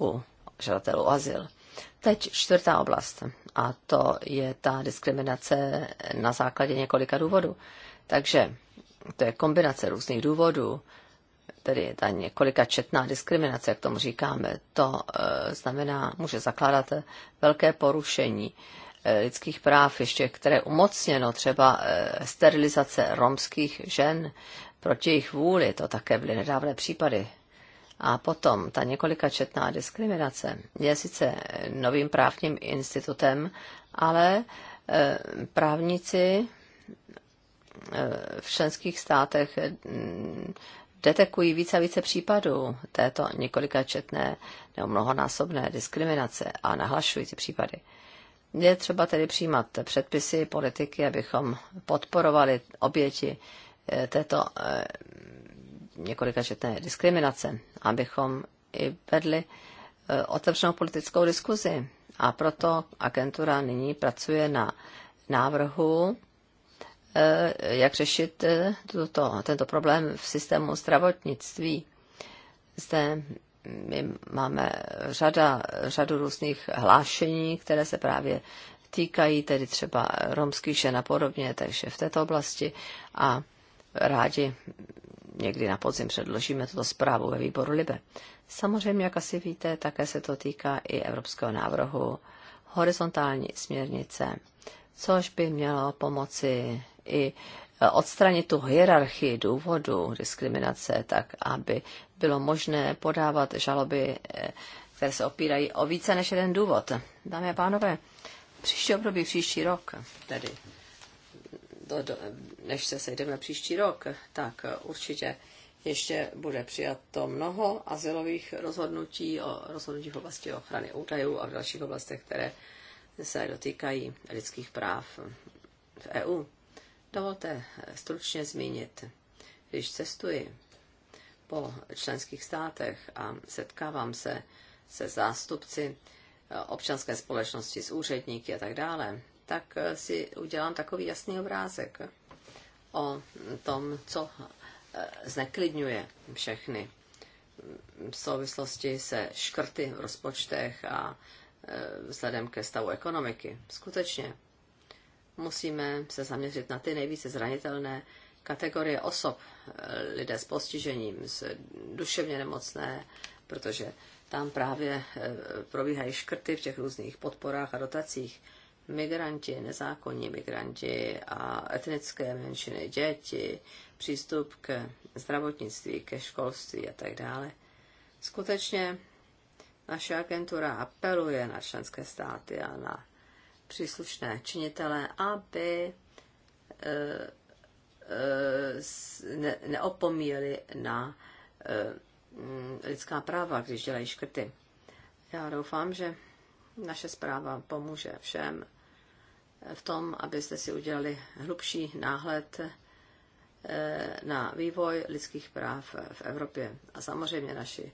u žadatelů o azyl. Teď čtvrtá oblast a to je ta diskriminace na základě několika důvodů. Takže to je kombinace různých důvodů tedy ta několika četná diskriminace, jak tomu říkáme, to e, znamená, může zakládat velké porušení e, lidských práv, ještě které umocněno třeba e, sterilizace romských žen proti jejich vůli, to také byly nedávné případy. A potom ta několika četná diskriminace je sice novým právním institutem, ale právníci v členských státech detekují více a více případů této několikačetné nebo mnohonásobné diskriminace a nahlašují ty případy. Je třeba tedy přijímat předpisy, politiky, abychom podporovali oběti eh, této eh, několikačetné diskriminace, abychom i vedli eh, otevřenou politickou diskuzi. A proto agentura nyní pracuje na návrhu Eh, jak řešit eh, tuto, tento problém v systému zdravotnictví. Zde my máme řada, řadu různých hlášení, které se právě týkají tedy třeba romských žen a podobně, takže v této oblasti a rádi někdy na podzim předložíme tuto zprávu ve výboru Libe. Samozřejmě, jak asi víte, také se to týká i evropského návrhu horizontální směrnice, což by mělo pomoci i odstranit tu hierarchii důvodu diskriminace tak, aby bylo možné podávat žaloby, eh, které se opírají o více než jeden důvod. Dámy a pánové, příští období, příští rok, tedy do, do, než se sejdeme příští rok, tak určitě ještě bude přijato mnoho asilových rozhodnutí, o rozhodnutí v oblasti ochrany údajů a v dalších oblastech, které se dotýkají lidských práv v EU. Dovolte stručně zmínit, když cestuji po členských státech a setkávám se se zástupci eh, občanské společnosti, s úředníky a tak dále, tak eh, si udělám takový jasný obrázek o tom, co eh, zneklidňuje všechny v souvislosti se škrty v rozpočtech a vzhledem ke stavu ekonomiky. Skutečně musíme se zaměřit na ty nejvíce zranitelné kategorie osob, lidé s postižením, s duševně nemocné, protože tam právě eh, probíhají škrty v těch různých podporách a dotacích. Migranti, nezákonní migranti a etnické menšiny, děti, přístup k zdravotnictví, ke školství a tak dále. Skutečně naše agentura apeluje na členské státy a na příslušné činitele, aby eh, eh, neopomíjeli na eh, mm, lidská práva, když dělají škrty. Já doufám, že naše zpráva pomůže všem v tom, abyste si udělali hlubší náhled na vývoj lidských práv v Evropě. A samozřejmě naši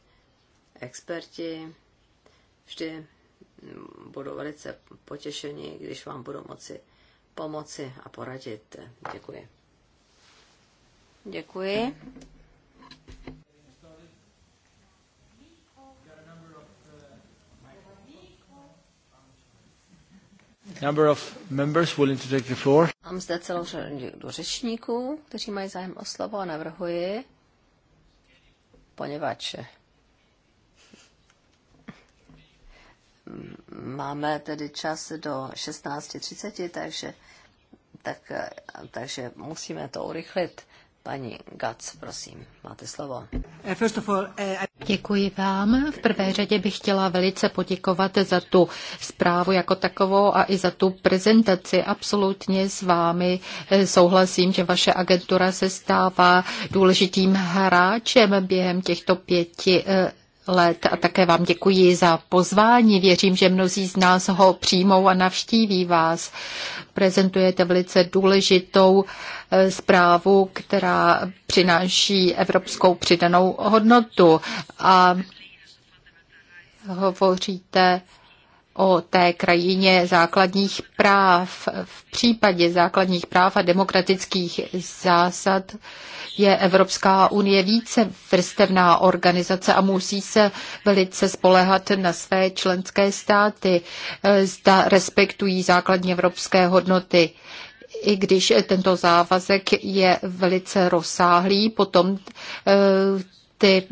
experti vždy budu velice potěšeni, když vám budu moci pomoci a poradit. Děkuji. Děkuji. Number of members willing to take the floor. Mám zde celou řadu řečníků, kteří mají zájem o slovo a navrhuji, poněvadž máme tedy čas do 16.30, takže, tak, takže musíme to urychlit. Paní Gac, prosím, máte slovo. Eh, eh, Děkuji vám. V prvé řadě bych chtěla velice poděkovat za tu zprávu jako takovou a i za tu prezentaci. Absolutně s vámi eh, souhlasím, že vaše agentura se stává důležitým hráčem během těchto pěti let a také vám děkuji za pozvání. Věřím, že mnozí z nás ho přijmou a navštíví vás. Prezentujete velice důležitou eh, zprávu, která přináší evropskou přidanou hodnotu a hovoříte o té krajině základních práv. V případě základních práv a demokratických zásad je Evropská unie více vrstevná organizace a musí se velice spolehat na své členské státy. Zda respektují základní evropské hodnoty. I když tento závazek je velice rozsáhlý, potom eh, ty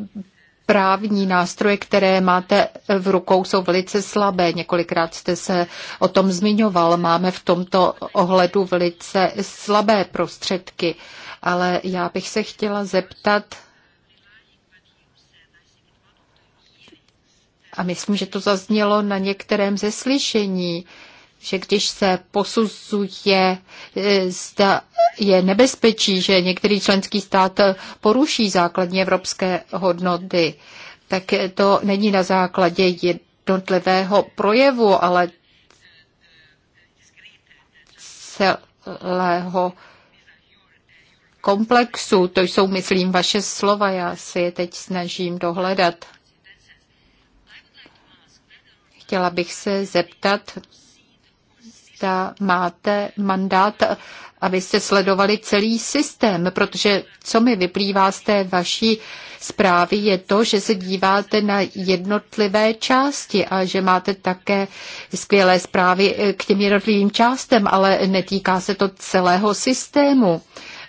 právní nástroje, které máte v rukou, jsou velice slabé. Několikrát jste se o tom zmiňoval. Máme v tomto ohledu velice slabé prostředky. Ale já bych se chtěla zeptat, a myslím, že to zaznělo na některém ze slyšení, že když se posuzuje, e, zda je nebezpečí, že některý členský stát poruší základní evropské hodnoty, tak to není na základě jednotlivého projevu, ale celého komplexu. To jsou, myslím, vaše slova, já si je teď snažím dohledat. Chtěla bych se zeptat, zda máte mandát, abyste sledovali celý systém, protože co mi vyplývá z té vaší zprávy je to, že se díváte na jednotlivé části a že máte také skvělé zprávy k těm jednotlivým částem, ale netýká se to celého systému.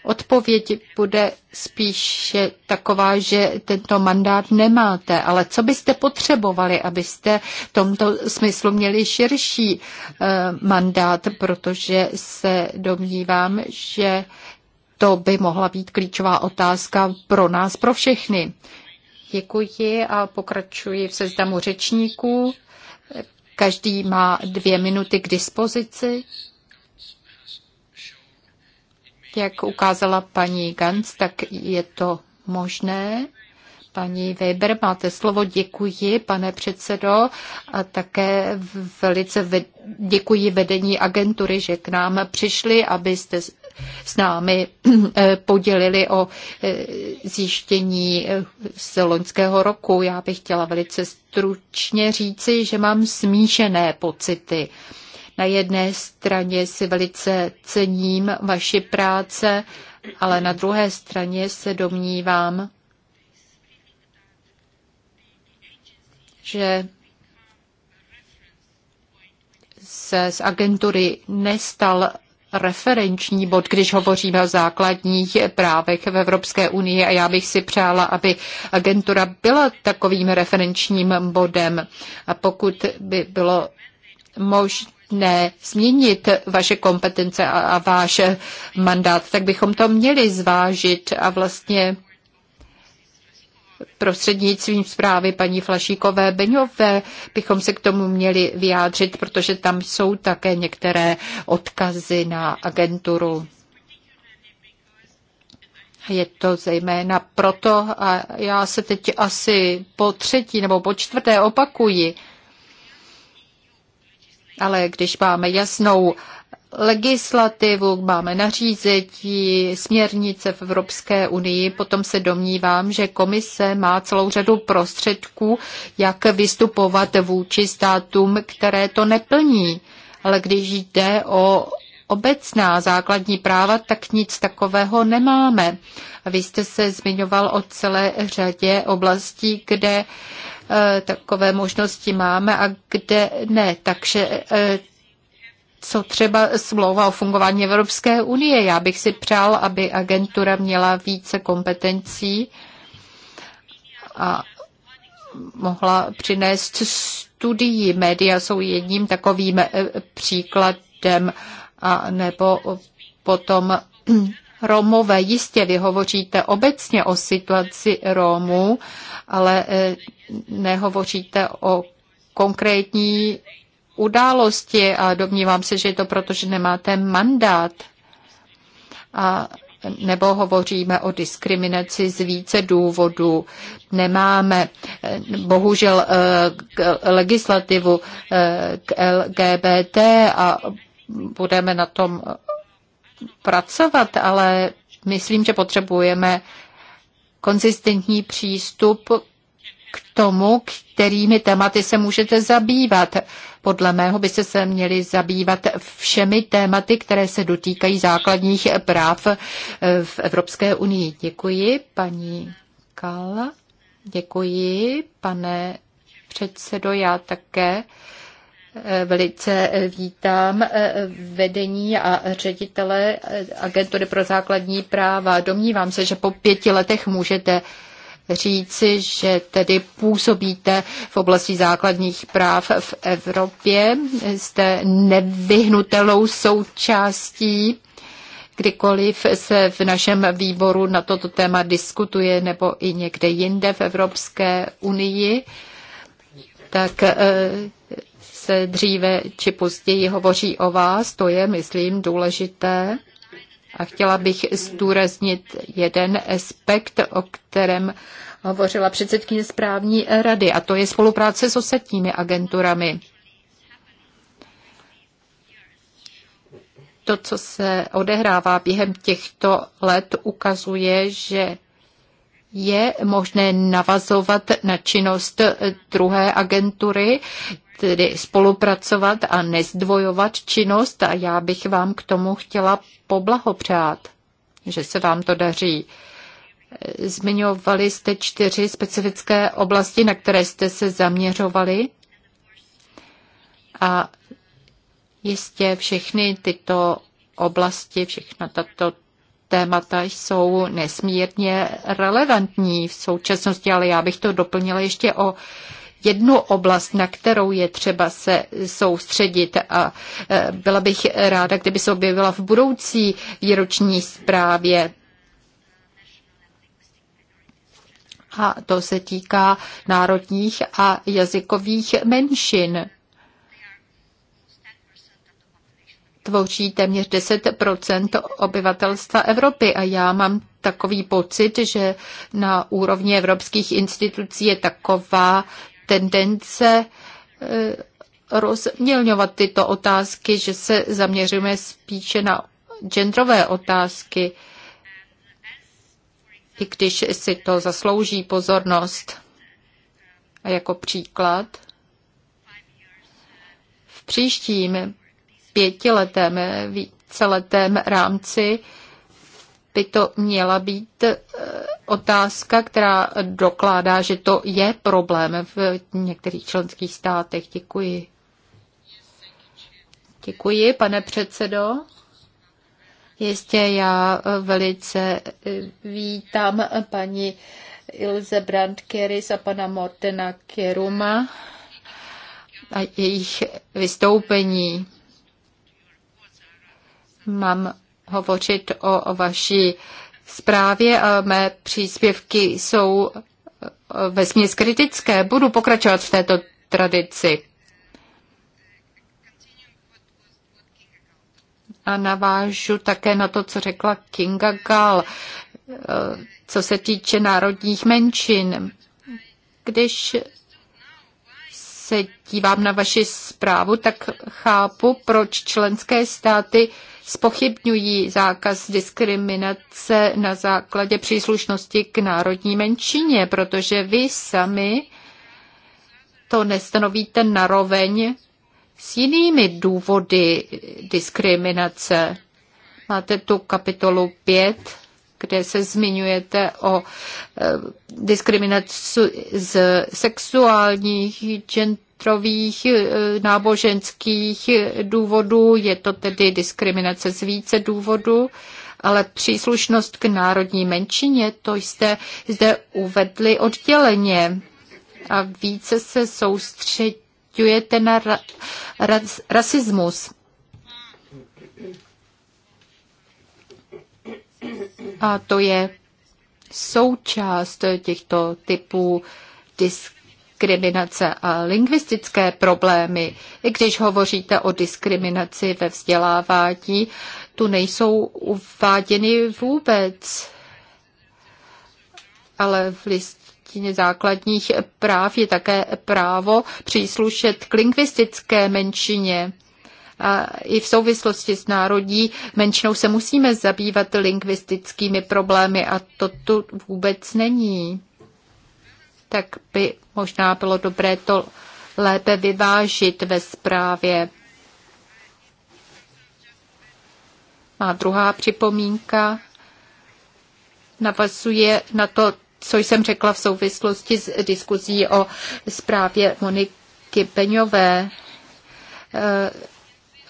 Odpověď bude spíše taková, že tento mandát nemáte, ale co byste potřebovali, abyste v tomto smyslu měli širší eh, mandát, protože se domnívám, že to by mohla být klíčová otázka pro nás, pro všechny. Děkuji a pokračuji v seznamu řečníků. Každý má dvě minuty k dispozici. Jak ukázala paní Gans, tak je to možné. Paní Weber, máte slovo. Děkuji, pane předsedo, a také velice děkuji vedení agentury, že k nám přišli, abyste s námi eh, podělili o eh, zjištění eh, z loňského roku. Já bych chtěla velice stručně říci, že mám smíšené pocity. Na jedné straně si velice cením vaši práce, ale na druhé straně se domnívám, že se z agentury nestal referenční bod, když hovoříme o základních právech v Evropské unii a já bych si přála, aby agentura byla takovým referenčním bodem. A pokud by bylo možné, nutné změnit vaše kompetence a, a váš mandát, tak bychom to měli zvážit a vlastně prostřednictvím zprávy paní Flašíkové Beňové bychom se k tomu měli vyjádřit, protože tam jsou také některé odkazy na agenturu. Je to zejména proto, a já se teď asi po třetí nebo po čtvrté opakuji, ale když máme jasnou legislativu, máme nařízení, směrnice v Evropské unii, potom se domnívám, že komise má celou řadu prostředků, jak vystupovat vůči státům, které to neplní. Ale když jde o obecná základní práva, tak nic takového nemáme. Vy jste se zmiňoval o celé řadě oblastí, kde Eh, takové možnosti máme a kde ne. Takže eh, co třeba smlouva o fungování Evropské unie. Já bych si přál, aby agentura měla více kompetencí a mohla přinést studii. Média jsou jedním takovým eh, příkladem, a nebo potom Romové. Jistě vy hovoříte obecně o situaci Romů, ale e, nehovoříte o konkrétní události a domnívám se, že je to proto, že nemáte mandát. A nebo hovoříme o diskriminaci z více důvodů. Nemáme e, bohužel e, k legislativu k LGBT a budeme na tom pracovat, ale myslím, že potřebujeme konzistentní přístup k tomu, kterými tématy se můžete zabývat. Podle mého byste se měli zabývat všemi tématy, které se dotýkají základních práv eh, v Evropské unii. Děkuji, paní Kala. Děkuji, pane předsedo, já také Velice vítám eh, vedení a ředitele eh, Agentury pro základní práva. Domnívám se, že po pěti letech můžete říci, že tedy působíte v oblasti základních práv v Evropě. Jste nevyhnutelnou součástí kdykoliv se v našem výboru na toto téma diskutuje nebo i někde jinde v Evropské unii, tak eh, se dříve či později hovoří o vás, to je, myslím, důležité. A chtěla bych zdůraznit jeden aspekt, o kterém hovořila předsedkyně správní rady, a to je spolupráce s ostatními agenturami. To, co se odehrává během těchto let, ukazuje, že je možné navazovat na činnost druhé agentury, tedy spolupracovat a nezdvojovat činnost a já bych vám k tomu chtěla poblahopřát, že se vám to daří. Zmiňovali jste čtyři specifické oblasti, na které jste se zaměřovali a jistě všechny tyto oblasti, všechna tato témata jsou nesmírně relevantní v současnosti, ale já bych to doplnila ještě o jednu oblast, na kterou je třeba se soustředit a e, byla bych ráda, kdyby se objevila v budoucí výroční zprávě. A to se týká národních a jazykových menšin. tvoří téměř 10 obyvatelstva Evropy a já mám takový pocit, že na úrovni evropských institucí je taková tendence eh, rozmělňovat tyto otázky, že se zaměříme spíše na genderové otázky, i když si to zaslouží pozornost. A jako příklad, v příštím pětiletém víceletém rámci by to měla být eh, otázka, která dokládá, že to je problém v některých členských státech. Děkuji. Děkuji, pane předsedo. Jistě já eh, velice eh, vítám paní Ilze Brandkeris a pana Mortena Keruma a jejich vystoupení. Mám hovořit o vaší zprávě a mé příspěvky jsou eh, ve kritické. Budu pokračovat v této tradici. A navážu také na to, co řekla Kinga Gal, eh, co se týče národních menšin. Když se dívám na vaši zprávu, tak chápu, proč členské státy spochybňují zákaz diskriminace na základě příslušnosti k národní menšině, protože vy sami to nestanovíte naroveň s jinými důvody diskriminace. Máte tu kapitolu 5, kde se zmiňujete o eh, diskriminaci z sexuálních, gender genderových, e, náboženských důvodů, je to tedy diskriminace z více důvodů, ale příslušnost k národní menšině, to jste zde uvedli odděleně a více se soustředujete na ra- ras- rasismus. A to je součást těchto typů diskriminace diskriminace a lingvistické problémy. I když hovoříte o diskriminaci ve vzdělávání, tu nejsou uváděny vůbec. Ale v listině základních práv je také právo příslušet k lingvistické menšině. A i v souvislosti s národní menšinou se musíme zabývat lingvistickými problémy a to tu vůbec není tak by možná bylo dobré to lépe vyvážit ve zprávě. Má druhá připomínka navazuje na to, co jsem řekla v souvislosti s diskuzí o zprávě Moniky Peňové eh,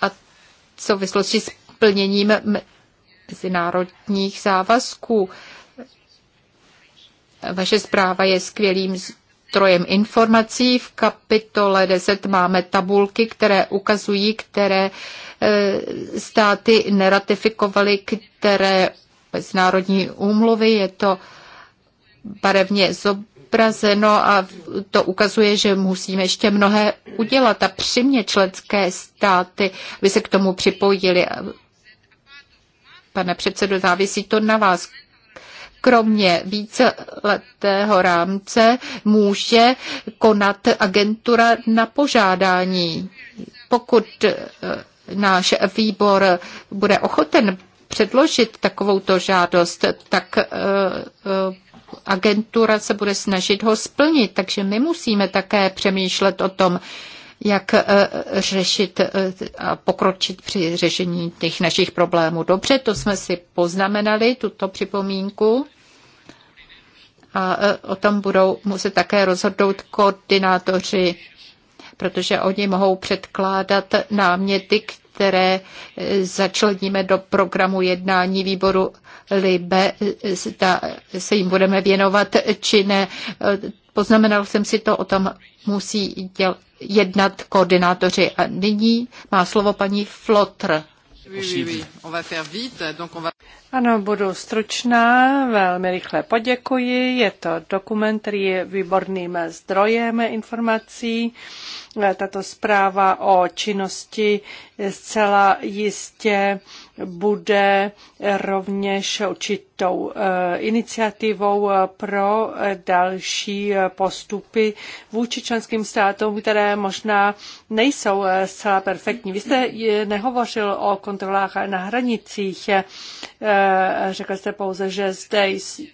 a v souvislosti s plněním mezinárodních závazků. Vaše zpráva je skvělým zdrojem informací. V kapitole 10 máme tabulky, které ukazují, které e, státy neratifikovaly, které mezinárodní úmluvy. Je to barevně zobrazeno a to ukazuje, že musíme ještě mnohé udělat a přimě členské státy, by se k tomu připojili. Pane předsedo, závisí to na vás, kromě víceletého rámce může konat agentura na požádání. Pokud eh, náš výbor bude ochoten předložit takovouto žádost, tak eh, eh, agentura se bude snažit ho splnit. Takže my musíme také přemýšlet o tom, jak eh, řešit eh, a pokročit při řešení těch našich problémů. Dobře, to jsme si poznamenali, tuto připomínku. A eh, o tom budou muset také rozhodnout koordinátoři, protože oni mohou předkládat náměty, které začleníme do programu jednání výboru Libe, zda se jim budeme věnovat či ne. Poznamenal jsem si to, o tom musí děl, jednat koordinátoři. A nyní má slovo paní Flotr. Ano, budu stručná, velmi rychle poděkuji. Je to dokument, který je výborným zdrojem informací tato zpráva o činnosti zcela jistě bude rovněž určitou eh, iniciativou eh, pro další eh, postupy vůči členským státům, které možná nejsou zcela perfektní. Vy jste nehovořil o kontrolách na hranicích. Řekl jste pouze, že zde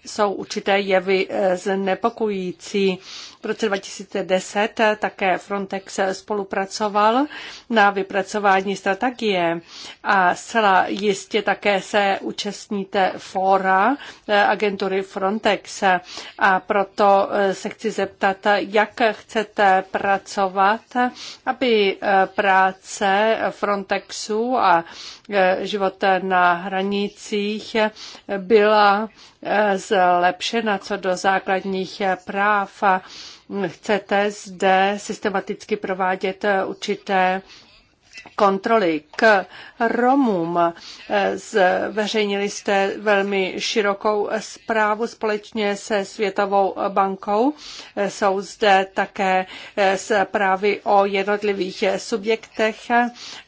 jsou určité jevy znepokojící. V roce 2010 také Frontex spolupracoval na vypracování strategie a zcela jistě také se účastníte fóra eh, agentury Frontex a proto eh, se chci zeptat, jak chcete pracovat, aby eh, práce Frontexu a Eh, život na hranicích eh, byla eh, zlepšena co do základních práv. Chcete zde systematicky provádět určité kontroly k Romům. E, zveřejnili jste velmi širokou zprávu společně se Světovou bankou. E, jsou zde také e, zprávy o jednotlivých subjektech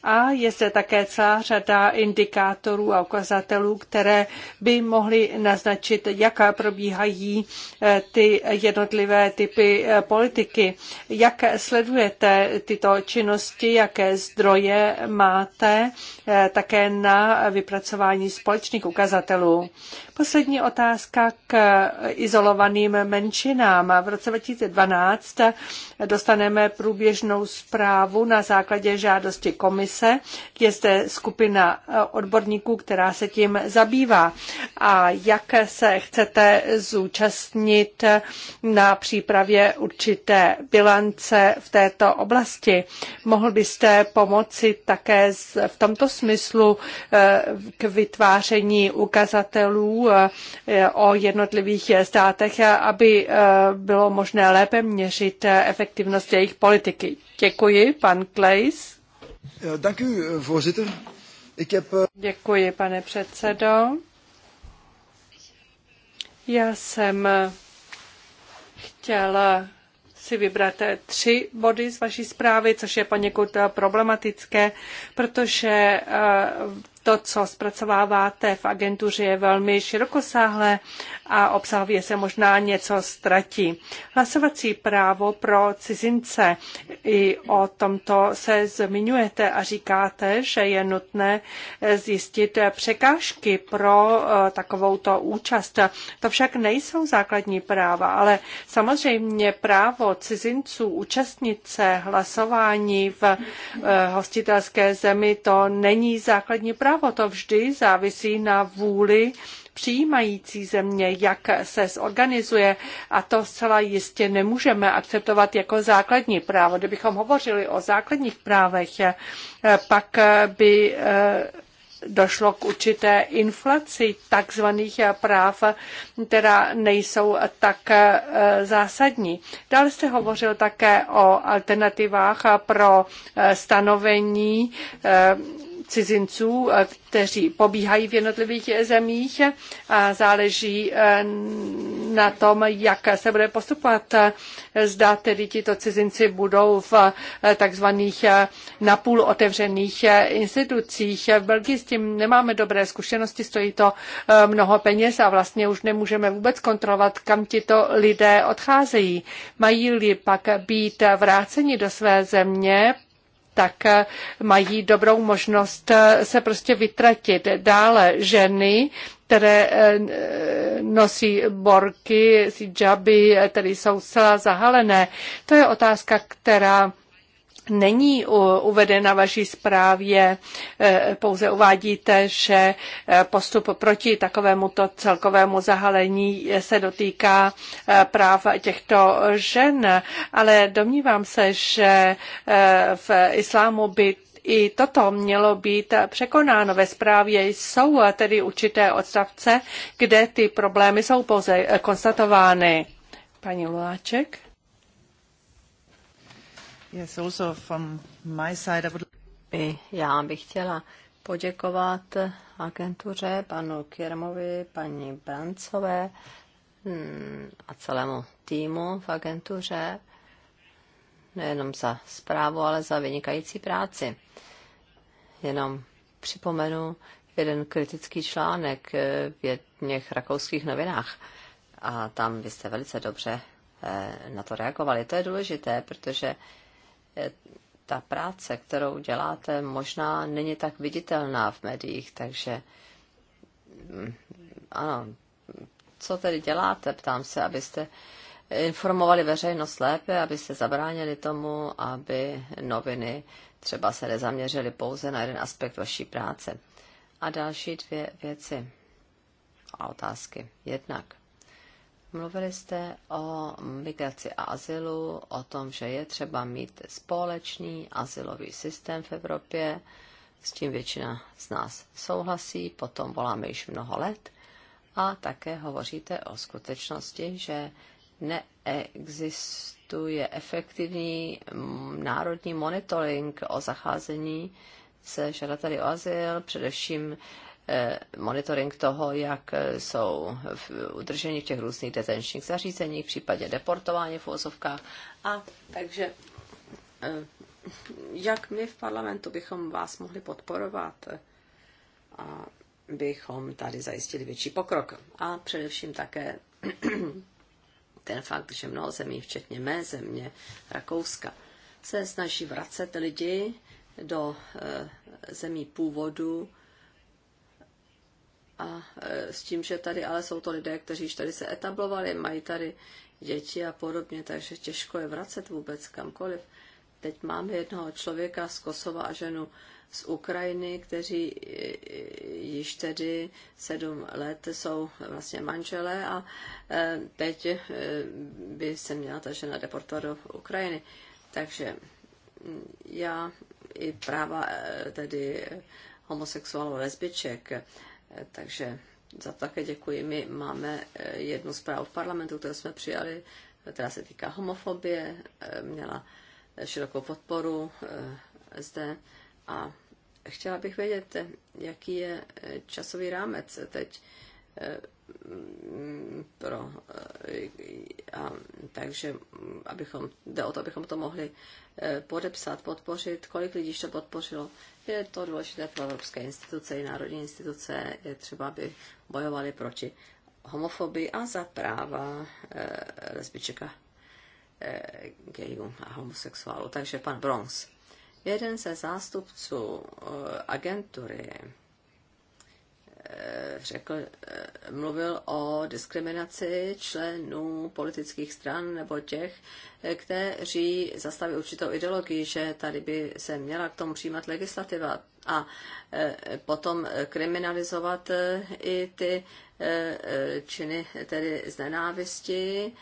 a je zde také celá řada indikátorů a ukazatelů, které by mohly naznačit, jaká probíhají ty jednotlivé typy politiky. Jak sledujete tyto činnosti, jaké zdroje je máte eh, také na vypracování společných ukazatelů. Poslední otázka k izolovaným menšinám. V roce 2012 dostaneme průběžnou zprávu na základě žádosti komise. Je zde skupina eh, odborníků, která se tím zabývá. A jak se chcete zúčastnit na přípravě určité bilance v této oblasti? Mohl byste pomoct pomoci také v tomto smyslu eh, k vytváření ukazatelů eh, o jednotlivých státech, aby eh, bylo možné lépe měřit efektivnost jejich politiky. Děkuji, pan Kleis. Děkuji, pane předsedo. Já jsem chtěla si vybrat tři body z vaší zprávy, což je poněkud eh, problematické, protože eh, to, co zpracováváte v agentuře, je velmi širokosáhlé a obsahově se možná něco ztratí. Hlasovací právo pro cizince. I o tomto se zmiňujete a říkáte, že je nutné zjistit překážky pro eh, takovouto účast. To však nejsou základní práva, ale samozřejmě právo cizinců účastnit se hlasování v eh, hostitelské zemi, to není základní právo právo. To vždy závisí na vůli přijímající země, jak se zorganizuje a to zcela jistě nemůžeme akceptovat jako základní právo. Kdybychom hovořili o základních právech, eh, pak eh, by eh, došlo k určité inflaci takzvaných práv, která nejsou tak zásadní. Dále jste hovořil také o alternativách pro stanovení cizinců, eh, kteří pobíhají v jednotlivých zemích a záleží eh, na tom, jak se bude postupovat. Zda tedy tito cizinci budou v eh, takzvaných napůl otevřených institucích. V Belgii s tím nemáme dobré zkušenosti, stojí to mnoho peněz a vlastně už nemůžeme vůbec kontrolovat, kam tito lidé odcházejí. Mají-li pak být vráceni do své země, tak eh, mají dobrou možnost eh, se prostě vytratit. Dále ženy, které eh, nosí borky, si džaby, tedy jsou zcela zahalené. To je otázka, která není uvedena vaší zprávě, e, pouze uvádíte, že e, postup proti takovémuto celkovému zahalení e, se dotýká práv těchto žen, ale domnívám se, že v islámu by i toto mělo být překonáno. Ve zprávě jsou tedy určité odstavce, kde ty problémy jsou pouze konstatovány. Paní Luláček. Yes, also from my side, I would... já bych chtěla poděkovat agentuře, panu Kirmovi, paní Brancové hmm, a celému týmu v agentuře, nejenom za zprávu, ale za vynikající práci. Jenom připomenu jeden kritický článek eh, v jedných rakouských novinách a tam byste velice dobře eh, na to reagovali. To je důležité, protože Eh, ta práce, kterou děláte, možná není tak viditelná v médiích, takže mm, ano, co tedy děláte, ptám se, abyste informovali veřejnost lépe, abyste zabránili tomu, aby noviny třeba se nezaměřily pouze na jeden aspekt vaší práce. A další dvě věci a otázky. Jednak Mluvili jste o migraci a azylu, o tom, že je třeba mít společný azylový systém v Evropě. S tím většina z nás souhlasí, potom voláme již mnoho let. A také hovoříte o skutečnosti, že neexistuje efektivní mm, národní monitoring o zacházení se žadateli o azyl, především Eh, monitoring toho, jak eh, jsou udrženi v těch různých detenčních zařízeních, případně deportování v úzovkách. A takže eh, jak my v parlamentu bychom vás mohli podporovat, a bychom tady zajistili větší pokrok. A především také ten fakt, že mnoho zemí, včetně mé země, Rakouska, se snaží vracet lidi do zemí původu, a e, s tím, že tady ale jsou to lidé, kteří již tady se etablovali, mají tady děti a podobně, takže těžko je vracet vůbec kamkoliv. Teď máme jednoho člověka z Kosova a ženu z Ukrajiny, kteří e, e, již tedy sedm let jsou vlastně manželé a teď by se měla ta žena deportovat do Ukrajiny. Takže já i práva tedy homosexuálů lesbiček Eh, takže za to také děkuji. My máme eh, jednu zprávu v parlamentu, kterou jsme přijali, eh, která se týká homofobie, měla širokou podporu zde a chtěla bych vědět, jaký je časový rámec teď mm, pro, a, takže abychom, jde o to, abychom to mohli eh, podepsat, podpořit, kolik lidí to podpořilo. Je to důležité pro evropské instituce i národní instituce, je třeba, aby bojovali proti homofobii a za práva e, eh, lesbiček a e, eh, gejů a homosexuálů. Takže pan Bronx. Jeden ze zástupců e, agentury e, řekl, mluvil o diskriminaci členů politických stran nebo těch, kteří zastaví určitou ideologii, že tady by se měla k tomu přijímat legislativa a e, potom kriminalizovat e, i ty e, činy tedy z nenávisti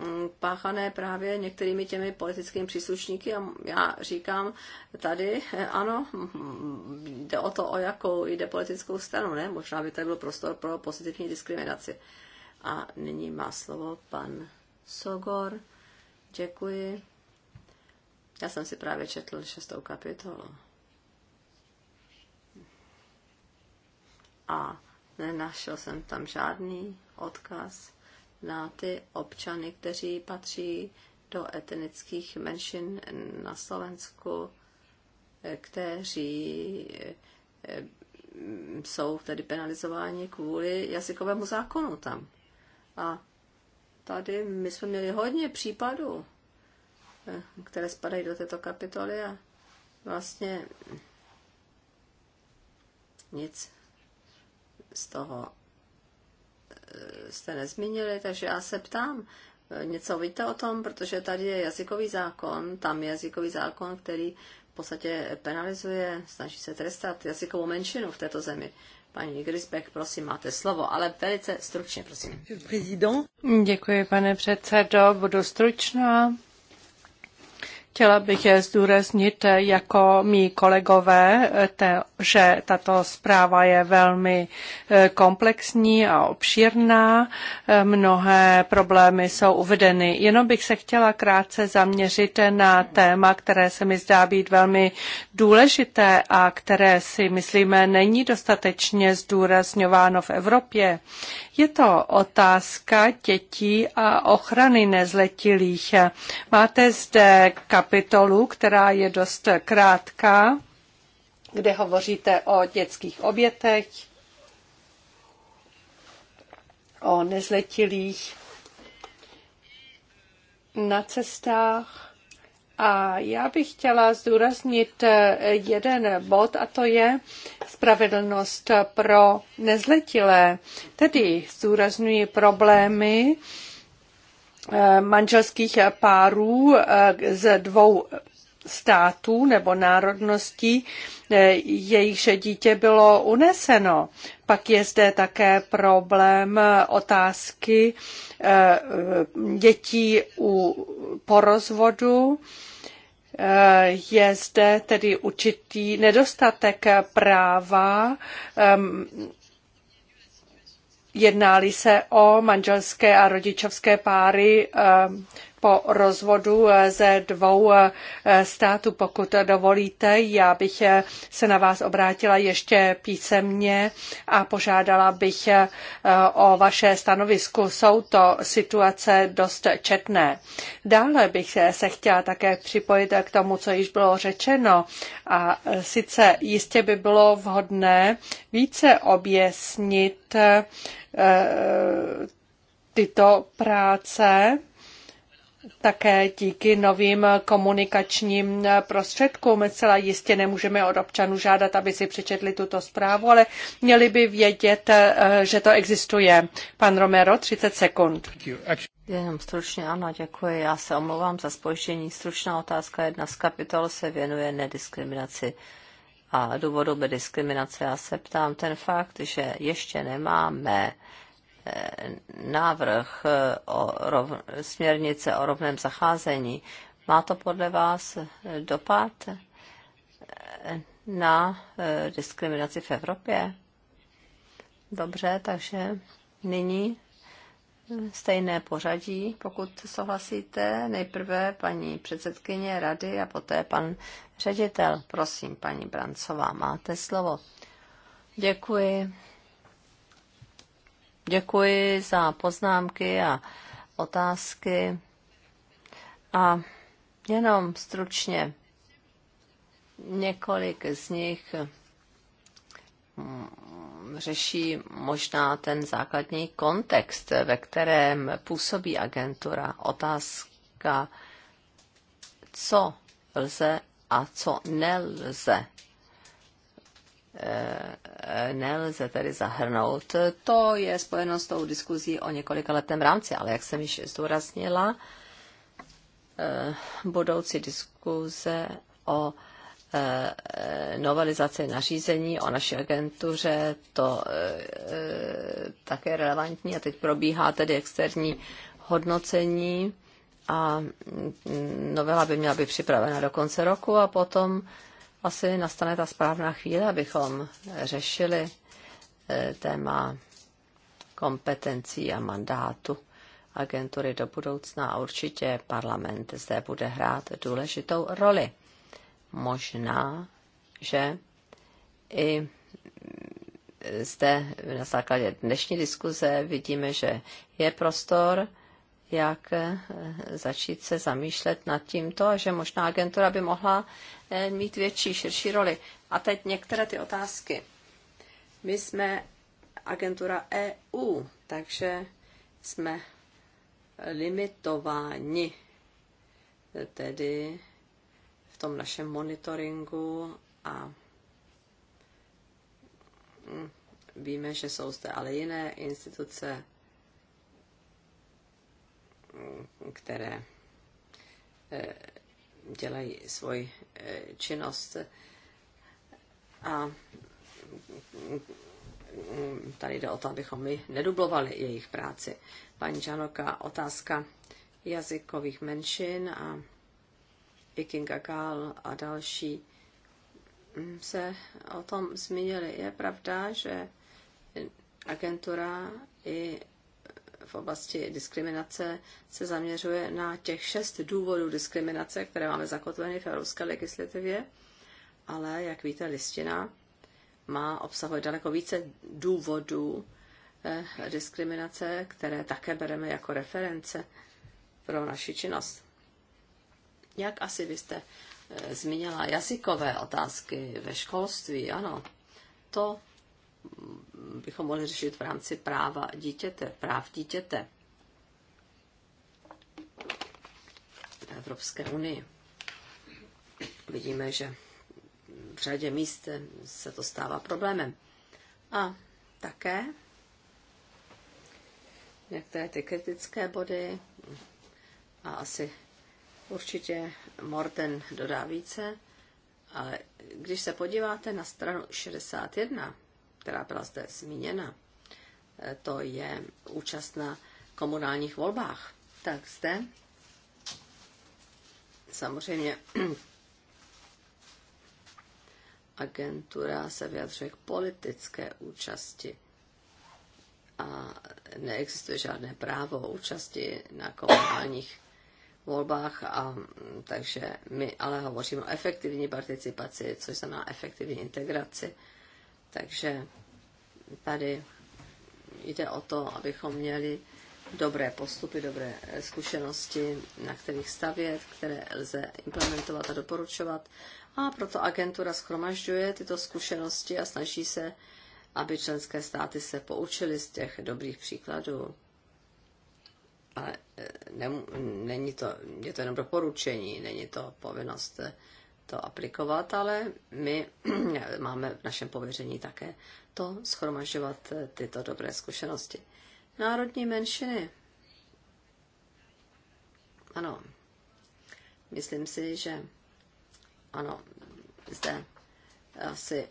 Mm, páchané právě některými těmi politickými příslušníky a já říkám tady, eh, ano, mm, jde o to, o jakou jde politickou stranu, ne? Možná by tady byl prostor pro pozitivní diskriminaci. A nyní má slovo pan Sogor. Děkuji. Já jsem si právě četl šestou kapitolu. A nenašel jsem tam žádný odkaz na ty občany, kteří patří do etnických menšin na Slovensku, kteří eh, jsou tedy penalizováni kvůli jazykovému zákonu tam. A tady my jsme měli hodně případů, eh, které spadají do této kapitoly a vlastně nic z toho jste nezmínili, takže já se ptám, e, něco víte o tom, protože tady je jazykový zákon, tam je jazykový zákon, který v podstatě penalizuje, snaží se trestat jazykovou menšinu v této zemi. Paní Grisbeck, prosím, máte slovo, ale velice stručně, prosím. Děkuji, pane předsedo, budu stručná. Chtěla bych zdůraznit jako mý kolegové, že tato zpráva je velmi e, komplexní a obšírná. E, mnohé problémy jsou uvedeny. Jenom bych se chtěla krátce zaměřit na téma, které se mi zdá být velmi důležité a které si myslíme není dostatečně zdůrazňováno v Evropě. Je to otázka dětí a ochrany nezletilých. Máte zde kap kapitolu, která je dost krátká, kde hovoříte o dětských obětech, o nezletilých na cestách. A já bych chtěla zdůraznit eh, jeden bod, a to je spravedlnost pro nezletilé. Tedy zdůraznuji problémy, Eh, manželských párů eh, z dvou států nebo národností, eh, jejichž dítě bylo uneseno. Pak je zde také problém otázky dětí u, porozvodu. Je zde tedy určitý nedostatek práva jednáli se o manželské a rodičovské páry eh, po rozvodu eh, ze dvou eh, států. Pokud dovolíte, já bych eh, se na vás obrátila ještě písemně a požádala bych o vaše stanovisko. Jsou to situace dost četné. Dále bych se chtěla také připojit k tomu, co již bylo řečeno. A sice jistě by bylo vhodné více objasnit tyto práce, také díky novým komunikačním prostředkům. Celá jistě nemůžeme od občanů žádat, aby si přečetli tuto zprávu, ale měli by vědět, eh, že to existuje. Pan Romero, 30 sekund. Jenom stručně, ano, děkuji. Já se omlouvám za spoždění. Stručná otázka jedna z kapitol se věnuje nediskriminaci a důvodu diskriminace. Já se ptám ten fakt, že ještě nemáme návrh eh, o rov, směrnice o rovném zacházení, má to podle vás eh, dopad eh, na diskriminaci v Evropě? Dobře, takže nyní stejné pořadí, pokud souhlasíte. Nejprve paní předsedkyně rady a poté pan ředitel. Prosím, paní Brancová, máte slovo. Děkuji, Děkuji za poznámky a otázky. A jenom stručně několik z nich mm, řeší možná ten základní kontext, ve kterém působí agentura. Otázka, co lze a co nelze Eh, nelze tedy zahrnout. To je spojeno s tou diskuzí o několika letém rámci, ale jak jsem již zdůraznila, eh, budoucí diskuze o eh, novelizaci nařízení o naší agentuře, to také je relevantní a teď probíhá tedy externí hodnocení a mm, novela by měla být připravena do konce roku a potom asi nastane ta správná chvíle, abychom řešili eh, téma kompetencí a mandátu agentury do budoucna a určitě parlament zde bude hrát důležitou roli. Možná, že i zde na základě dnešní diskuze vidíme, že je prostor jak eh, začít se zamýšlet nad tímto a že možná agentura by mohla eh, mít větší, širší roli. A teď některé ty otázky. My jsme agentura EU, takže jsme limitováni eh, tedy v tom našem monitoringu a mm, víme, že jsou zde ale jiné instituce, které eh, dělají svoji eh, činnost. A mm, tady jde o to, abychom my nedublovali jejich práci. Paní čanoka otázka jazykových menšin a Ikinga Kál a další mm, se o tom zmínili. Je pravda, že agentura i v oblasti diskriminace se zaměřuje na těch šest důvodů diskriminace, které máme zakotveny v evropské legislativě, ale jak víte, listina má obsahuje daleko více důvodů eh, diskriminace, které také bereme jako reference pro naši činnost. Jak asi byste eh, zmínila jazykové otázky ve školství, ano, to bychom mohli řešit v rámci práva dítěte, práv dítěte v Evropské unii. Vidíme, že v řadě míst se to stává problémem. A také některé ty kritické body a asi určitě Morten dodá více, ale když se podíváte na stranu 61 která byla zde zmíněna, eh, to je účast na komunálních volbách. Tak zde samozřejmě agentura se vyjadřuje k politické účasti a neexistuje žádné právo o účasti na komunálních volbách, a, mm, takže my ale hovoříme o efektivní participaci, což znamená efektivní integraci takže tady jde o to, abychom měli dobré postupy, dobré eh, zkušenosti, na kterých stavět, které lze implementovat a doporučovat. A proto agentura schromažďuje tyto zkušenosti a snaží se, aby členské státy se poučily z těch dobrých příkladů. Ale eh, není to, je to jenom doporučení, není to povinnost eh, to aplikovat, ale my máme v našem pověření také to schromažovat eh, tyto dobré zkušenosti. Národní menšiny. Ano, myslím si, že ano, zde asi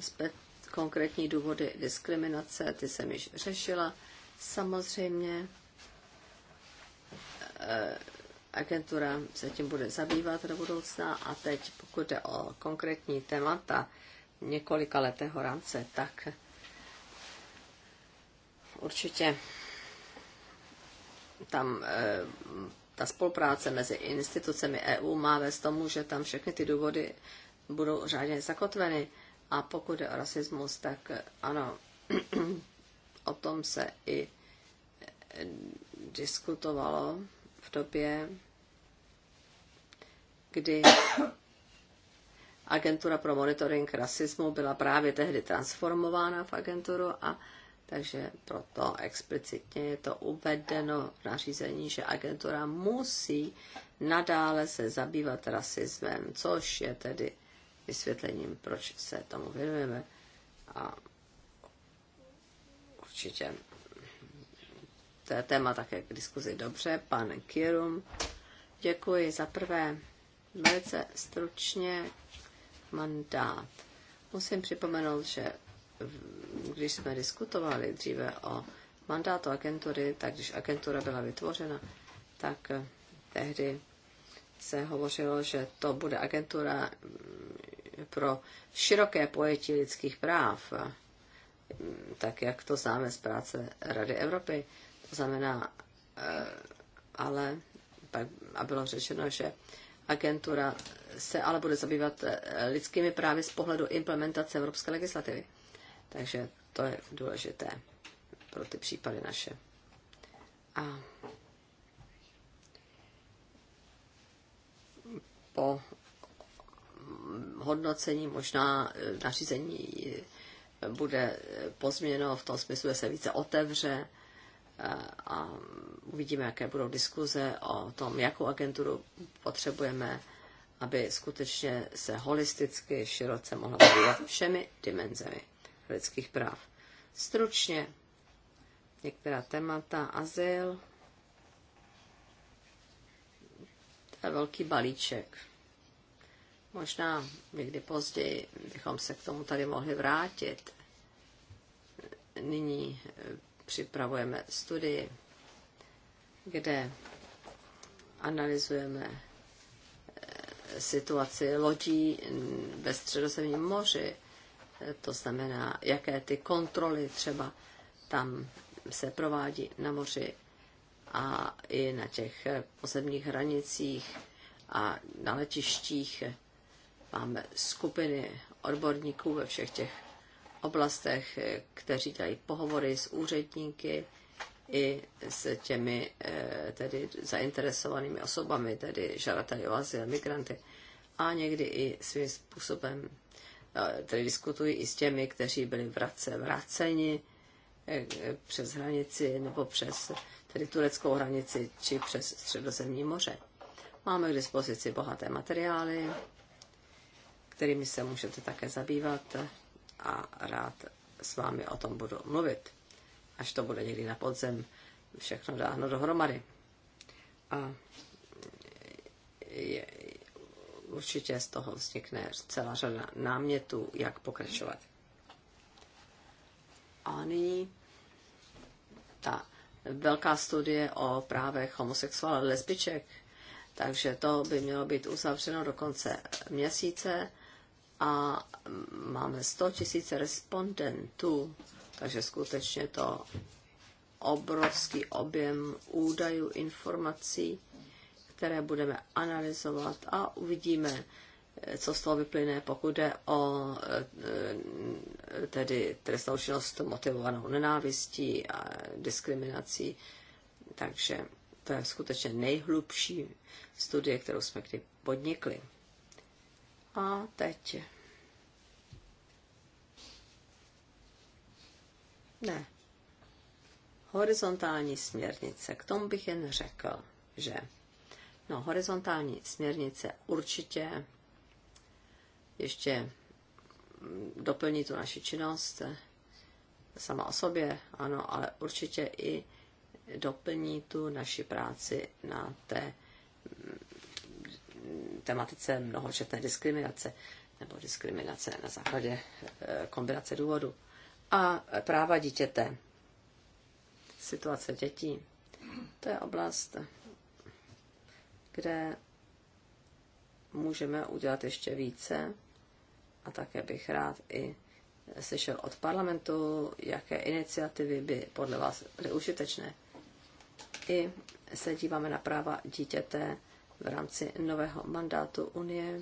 zpět konkrétní důvody diskriminace, ty jsem již řešila. Samozřejmě eh, agentura se tím bude zabývat do budoucna a teď, pokud jde o konkrétní témata několika letého rámce, tak určitě tam e, ta spolupráce mezi institucemi EU má vést tomu, že tam všechny ty důvody budou řádně zakotveny. A pokud je o rasismus, tak eh, ano, o tom se i eh, diskutovalo době, kdy agentura pro monitoring rasismu byla právě tehdy transformována v agenturu a takže proto explicitně je to uvedeno v nařízení, že agentura musí nadále se zabývat rasismem, což je tedy vysvětlením, proč se tomu věnujeme. A určitě to je téma také k diskuzi dobře, pan Kirum. Děkuji za prvé velice stručně mandát. Musím připomenout, že když jsme diskutovali dříve o mandátu agentury, tak když agentura byla vytvořena, tak tehdy se hovořilo, že to bude agentura mm, pro široké pojetí lidských práv, mm, tak jak to známe z práce Rady Evropy. To znamená, eh, ale a bylo řečeno, že agentura se ale bude zabývat eh, lidskými právy z pohledu implementace evropské legislativy. Takže to je důležité pro ty případy naše. A po hodnocení možná eh, nařízení bude pozměněno v tom smyslu, že se více otevře a uvidíme, jaké budou diskuze o tom, jakou agenturu potřebujeme, aby skutečně se holisticky, široce mohla zabývat všemi dimenzemi lidských práv. Stručně některá témata, azyl, to je velký balíček. Možná někdy později bychom se k tomu tady mohli vrátit. Nyní připravujeme studii, kde analyzujeme eh, situaci lodí ve středozemním moři. Eh, to znamená, jaké ty kontroly třeba tam se provádí na moři a i na těch eh, pozemních hranicích a na letištích. Máme skupiny odborníků ve všech těch oblastech, eh, kteří dělají pohovory s úředníky i s těmi eh, tedy zainteresovanými osobami, tedy žadateli o azyl, migranty a někdy i svým způsobem eh, tedy diskutují i s těmi, kteří byli vrace, vraceni přes hranici nebo přes tedy tureckou hranici či přes středozemní moře. Máme k dispozici bohaté materiály, kterými se můžete také zabývat a rád s vámi o tom budu mluvit, až to bude někdy na podzem všechno dáno dohromady. A je, určitě z toho vznikne celá řada námětů, jak pokračovat. A nyní ta velká studie o právech homosexuálů lesbiček, takže to by mělo být uzavřeno do konce měsíce a máme 100 tisíc respondentů, takže skutečně to obrovský objem údajů, informací, které budeme analyzovat a uvidíme, co z toho vyplyne, pokud jde o e, tedy trestnou činnost motivovanou nenávistí a diskriminací. Takže to je skutečně nejhlubší studie, kterou jsme kdy podnikli a teď. Ne. Horizontální směrnice. K tomu bych jen řekl, že no, horizontální směrnice určitě ještě doplní tu naši činnost sama o sobě, ano, ale určitě i doplní tu naši práci na té tematice mnohočetné diskriminace nebo diskriminace na základě eh, kombinace důvodu. A práva dítěte, situace dětí, to je oblast, kde můžeme udělat ještě více a také bych rád i slyšel od parlamentu, jaké iniciativy by podle vás byly užitečné. I se díváme na práva dítěte v rámci nového mandátu Unie,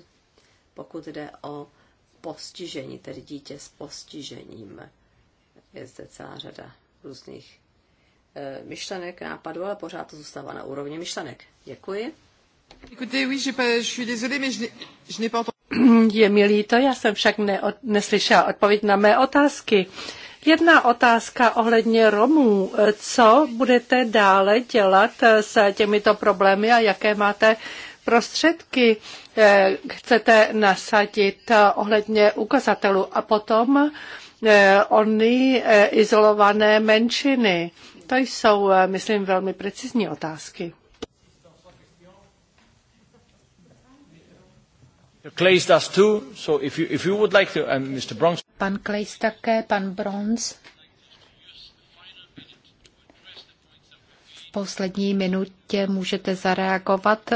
pokud jde o postižení, tedy dítě s postižením. Je zde celá řada různých e, myšlenek, nápadů, ale pořád to zůstává na úrovni myšlenek. Děkuji. Je mi líto, já jsem však ne, neslyšela odpověď na mé otázky. Jedna otázka ohledně Romů. Co budete dále dělat s těmito problémy a jaké máte prostředky eh, chcete nasadit ohledně ukazatelů a potom eh, ony eh, izolované menšiny? To jsou, myslím, velmi precizní otázky. Pan Klejs také, pan Bronz. V poslední minutě můžete zareagovat,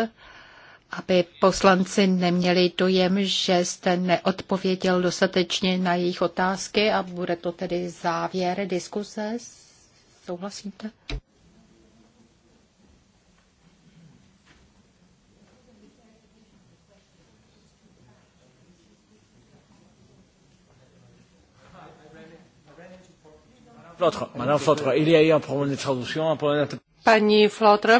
aby poslanci neměli dojem, že jste neodpověděl dostatečně na jejich otázky a bude to tedy závěr diskuse. Souhlasíte? Flotr, Madame Flotr, il y a eu un problème de traduction, un problème de... Paní Flotr,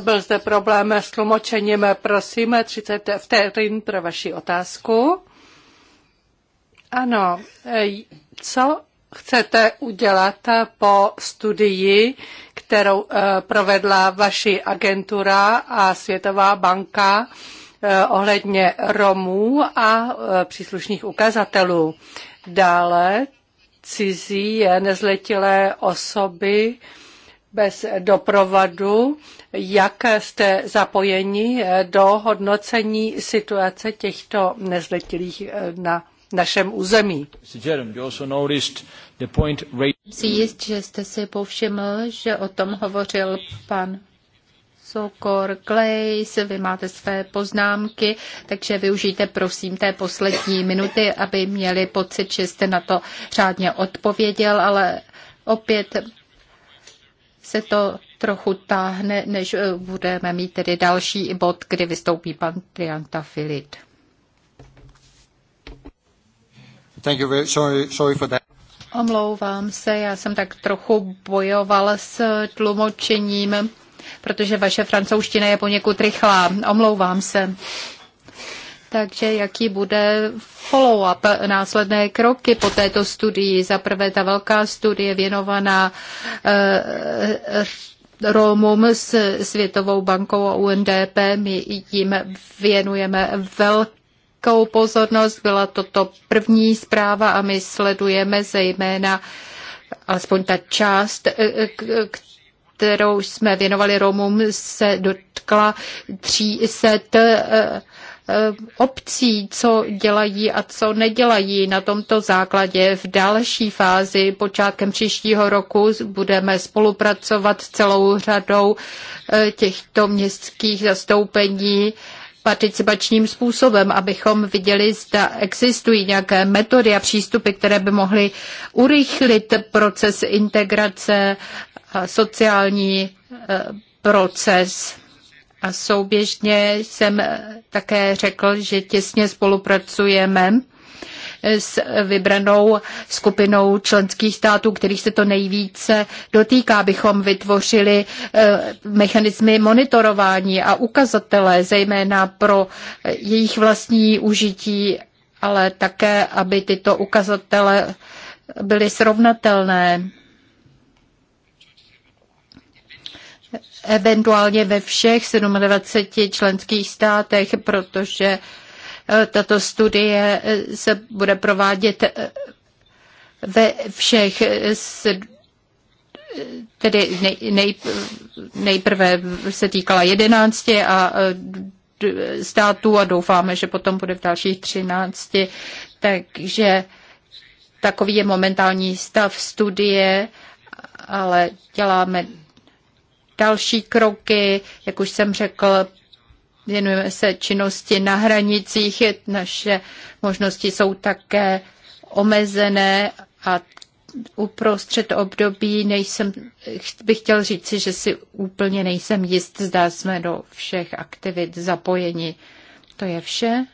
byl zde problém s tlumočením, prosím, 30 vteřin pro vaši otázku. Ano, co chcete udělat po studii, kterou eh, provedla vaši agentura a Světová banka eh, ohledně Romů a eh, příslušných ukazatelů. Dále, cizí nezletilé osoby bez doprovodu. Jak jste zapojeni do hodnocení situace těchto nezletilých eh, na našem území. Jsem si jist, že jste si povšiml, že o tom hovořil pan Sokor, Klejs, vy máte své poznámky, takže využijte prosím té poslední minuty, aby měli pocit, že jste na to řádně odpověděl, ale opět se to trochu táhne, než eh, budeme mít tedy další bod, kdy vystoupí pan Trianta Filit. Thank you very, sorry, sorry for that. Omlouvám se, já jsem tak trochu bojoval s tlumočením protože vaše francouzština je poněkud rychlá. Omlouvám se. Takže jaký bude follow-up, následné kroky po této studii? Za prvé ta velká studie věnovaná uh, Romům s Světovou bankou a UNDP. My jim věnujeme velkou pozornost. Byla toto první zpráva a my sledujeme zejména alespoň ta část, eh, kterou jsme věnovali Romům, se dotkla 300 eh, eh, obcí, co dělají a co nedělají. Na tomto základě v další fázi počátkem příštího roku budeme spolupracovat s celou řadou eh, těchto městských zastoupení participačním způsobem, abychom viděli, zda existují nějaké metody a přístupy, které by mohly urychlit proces integrace sociální e, proces. A souběžně jsem e, také řekl, že těsně spolupracujeme e, s vybranou skupinou členských států, kterých se to nejvíce dotýká, abychom vytvořili mechanismy monitorování a ukazatele, zejména pro jejich vlastní užití, ale také, aby tyto ukazatele byly srovnatelné. eventuálně ve všech 27 členských státech, protože e, tato studie e, se bude provádět e, ve všech tedy nej, nejprve se týkala 11 a států a doufáme, že potom bude v dalších 13. Takže takový je momentální stav studie, ale děláme další kroky, jak už jsem řekl, věnujeme se činnosti na hranicích, naše možnosti jsou také omezené a uprostřed období nejsem, bych chtěl říci, že si úplně nejsem jist, zda jsme do všech aktivit zapojeni. To je vše.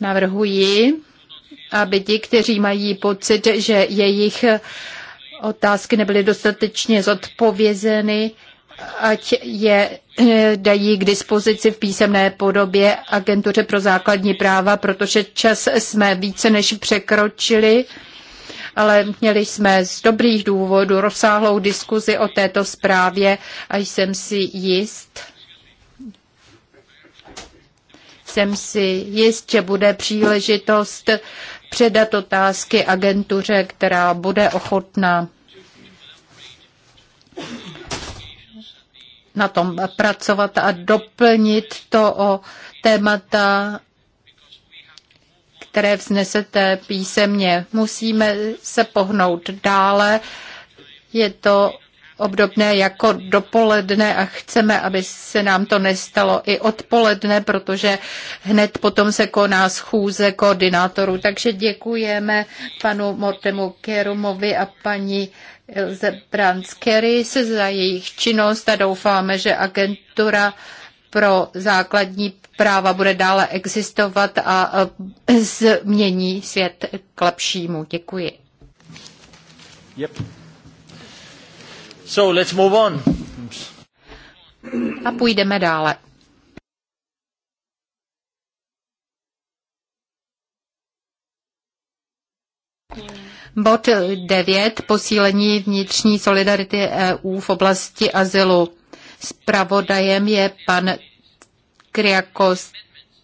Navrhuji, aby ti, kteří mají pocit, že jejich otázky nebyly dostatečně zodpovězeny, ať je eh, dají k dispozici v písemné podobě Agentuře pro základní práva, protože čas jsme více než překročili, ale měli jsme z dobrých důvodů rozsáhlou diskuzi o této zprávě a jsem si jist, jsem si jist, že bude příležitost předat otázky agentuře, která bude ochotná na tom pracovat a doplnit to o témata, které vznesete písemně. Musíme se pohnout dále. Je to obdobné jako dopoledne a chceme, aby se nám to nestalo i odpoledne, protože hned potom se koná schůze koordinátorů. Takže děkujeme panu Mortemu Kerumovi a paní Ilze Branskery se za jejich činnost a doufáme, že agentura pro základní práva bude dále existovat a změní svět k lepšímu. Děkuji. Yep. So let's move on. A půjdeme dále. Bod 9. Posílení vnitřní solidarity EU v oblasti azylu. Spravodajem je pan Kriakos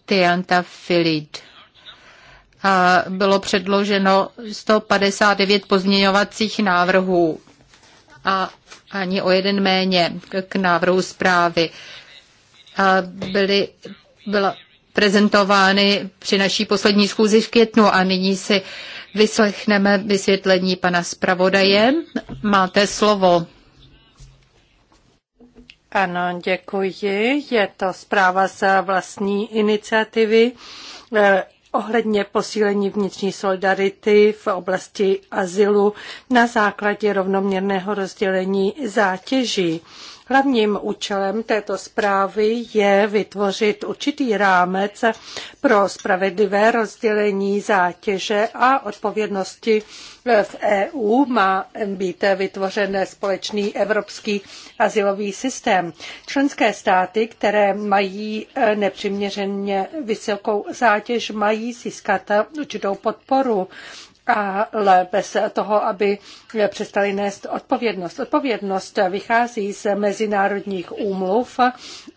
Tiantafilid. A bylo předloženo 159 pozměňovacích návrhů. A ani o jeden méně k návrhu zprávy. A byly, byla prezentovány při naší poslední schůzi v květnu a nyní si vyslechneme vysvětlení pana zpravodaje. Máte slovo. Ano, děkuji. Je to zpráva z vlastní iniciativy eh, ohledně posílení vnitřní solidarity v oblasti azylu na základě rovnoměrného rozdělení zátěží. Hlavním účelem této zprávy je vytvořit určitý rámec pro spravedlivé rozdělení zátěže a odpovědnosti v EU má být vytvořen společný evropský asilový systém. Členské státy, které mají eh, nepřiměřeně vysokou zátěž, mají získat určitou podporu a bez toho, aby přestali nést odpovědnost. Odpovědnost vychází z mezinárodních úmluv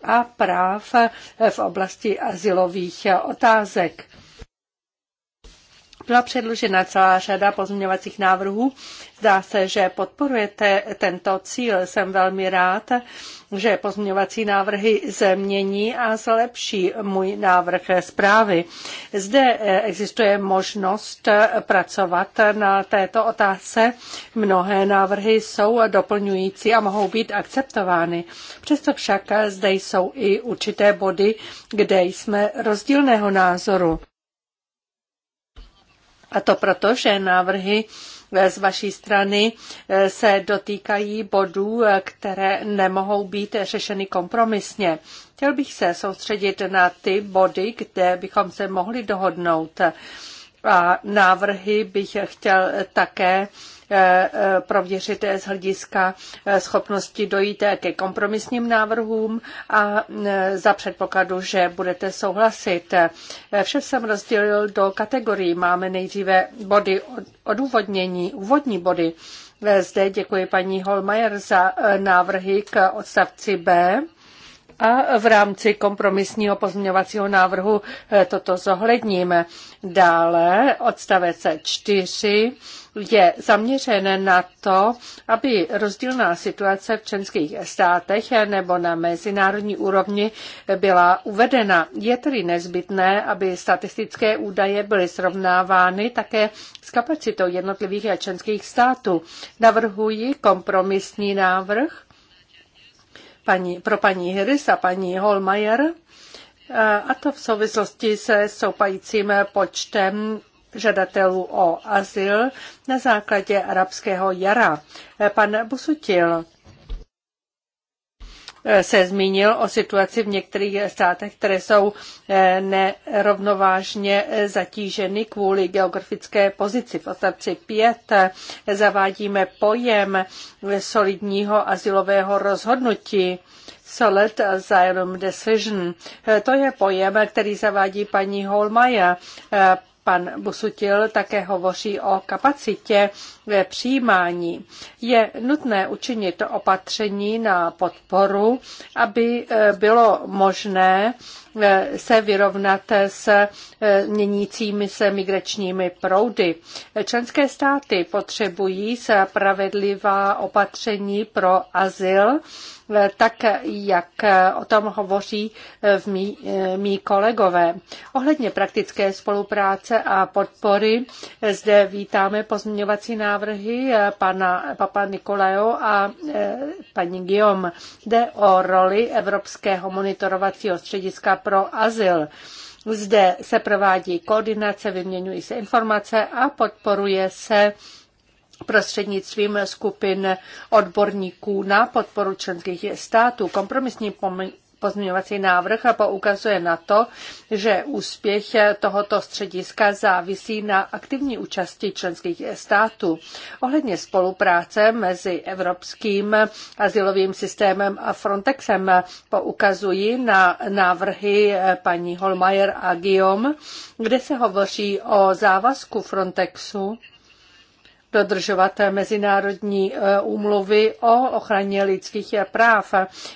a práv v oblasti asilových otázek. Byla předložena celá řada pozměňovacích návrhů. Zdá se, že podporujete tento cíl. Jsem velmi rád, že pozměňovací návrhy změní a zlepší můj návrh zprávy. Zde eh, existuje možnost eh, pracovat na této otázce. Mnohé návrhy jsou doplňující a mohou být akceptovány. Přesto však eh, zde jsou i určité body, kde jsme rozdílného názoru. A to proto, že návrhy Eh, z vaší strany eh, se dotýkají bodů, eh, které nemohou být řešeny kompromisně. Chtěl bych se soustředit na ty body, kde bychom se mohli dohodnout. A návrhy bych chtěl také Eh, eh, prověřit z hlediska eh, schopnosti dojít ke kompromisním návrhům a za předpokladu, že budete souhlasit. Vše jsem rozdělil do kategorií. Máme nejdříve body odůvodnění, úvodní body. Zde děkuji paní Holmajer za návrhy k odstavci B a v rámci kompromisního pozměňovacího návrhu eh, toto zohledníme. Dále odstavec 4 je zaměřen na to, aby rozdílná situace v členských státech nebo na mezinárodní úrovni byla uvedena. Je tedy nezbytné, aby statistické údaje byly srovnávány také s kapacitou jednotlivých členských států. Navrhuji kompromisní návrh paní, pro paní Hiris a paní Holmajer, eh, a to v souvislosti se soupajícím počtem žadatelů o azyl na základě arabského jara. Eh, pan Busutil Eh, se zmínil o situaci v některých státech, které jsou eh, nerovnovážně eh, zatíženy kvůli geografické pozici. V odstavci 5 zavádíme pojem solidního asilového rozhodnutí. Solid Asylum Decision. To je pojem, který zavádí paní Holmaja Pan Busutil také hovoří o kapacitě ve přijímání. Je nutné učinit opatření na podporu, aby eh, bylo možné Eh, se vyrovnat s eh, měnícími se migračními proudy. Členské státy potřebují spravedlivá opatření pro azyl, eh, tak jak o tom hovoří v mý, mý kolegové. Ohledně praktické spolupráce a podpory zde vítáme pozměňovací návrhy pana Papa Nikoleo a paní Guillaume. Jde o roli Evropského monitorovacího střediska pro azyl. Zde se provádí koordinace, vyměňují se informace a podporuje se prostřednictvím skupin odborníků na podporu členských států. Kompromisní pozměňovací návrh poukazuje na to, že úspěch tohoto střediska závisí na aktivní účasti členských států. Ohledně spolupráce mezi evropským asilovým systémem a Frontexem poukazují na návrhy paní Holmeier a Guillaume, kde se hovoří o závazku Frontexu dodržovat mezinárodní eh, úmluvy o ochraně lidských eh, práv.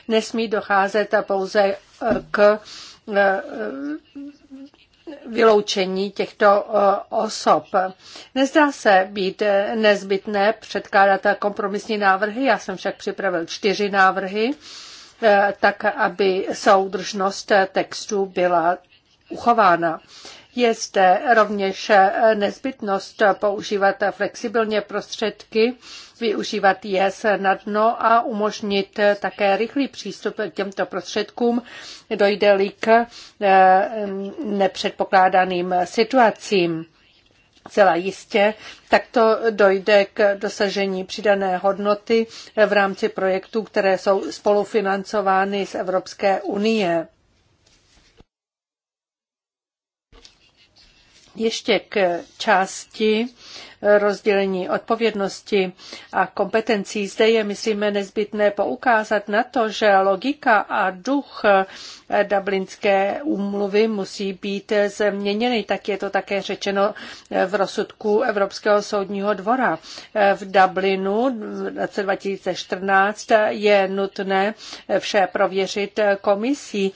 Nesmí docházet pouze eh, k vyloučení těchto osob. Nezdá se být nezbytné předkládat kompromisní návrhy, já jsem však připravil čtyři návrhy, tak aby soudržnost textu byla uchována. Je zde rovněž eh, nezbytnost používat flexibilně prostředky, využívat je na dno a umožnit také rychlý přístup k těmto prostředkům, dojde-li k eh, nepředpokládaným situacím. Celá jistě, takto dojde k dosažení přidané hodnoty v rámci projektů, které jsou spolufinancovány z Evropské unie. ještě k části rozdělení odpovědnosti a kompetencí. Zde je, myslíme, nezbytné poukázat na to, že logika a duch Dublinské úmluvy musí být změněny. Tak je to také řečeno v rozsudku Evropského soudního dvora. V Dublinu v roce 2014 je nutné vše prověřit komisí.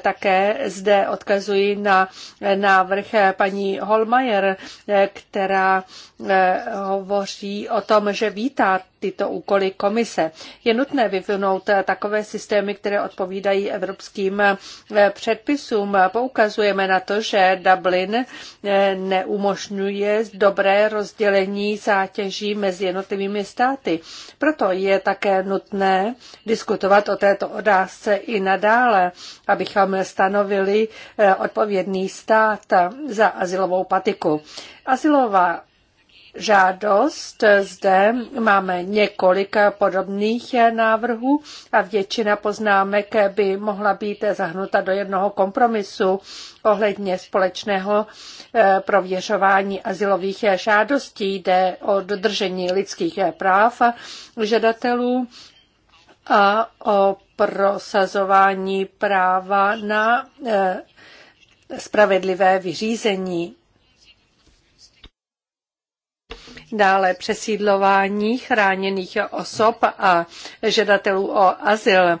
Také zde odkazuji na návrh paní Holmajer, která Eh, hovoří o tom, že vítá tyto úkoly komise. Je nutné vyvinout eh, takové systémy, které odpovídají evropským eh, předpisům. Poukazujeme na to, že Dublin neumožňuje dobré rozdělení zátěží mezi jednotlivými státy. Proto je také nutné diskutovat o této otázce i nadále, abychom stanovili odpovědný stát za asilovou patiku. Asilová žádost. Zde máme několik podobných návrhů a většina poznámek by mohla být zahnuta do jednoho kompromisu ohledně společného eh, prověřování asilových žádostí. Jde o dodržení lidských práv žadatelů a o prosazování práva na eh, spravedlivé vyřízení. dále přesídlování chráněných osob a žadatelů o azyl.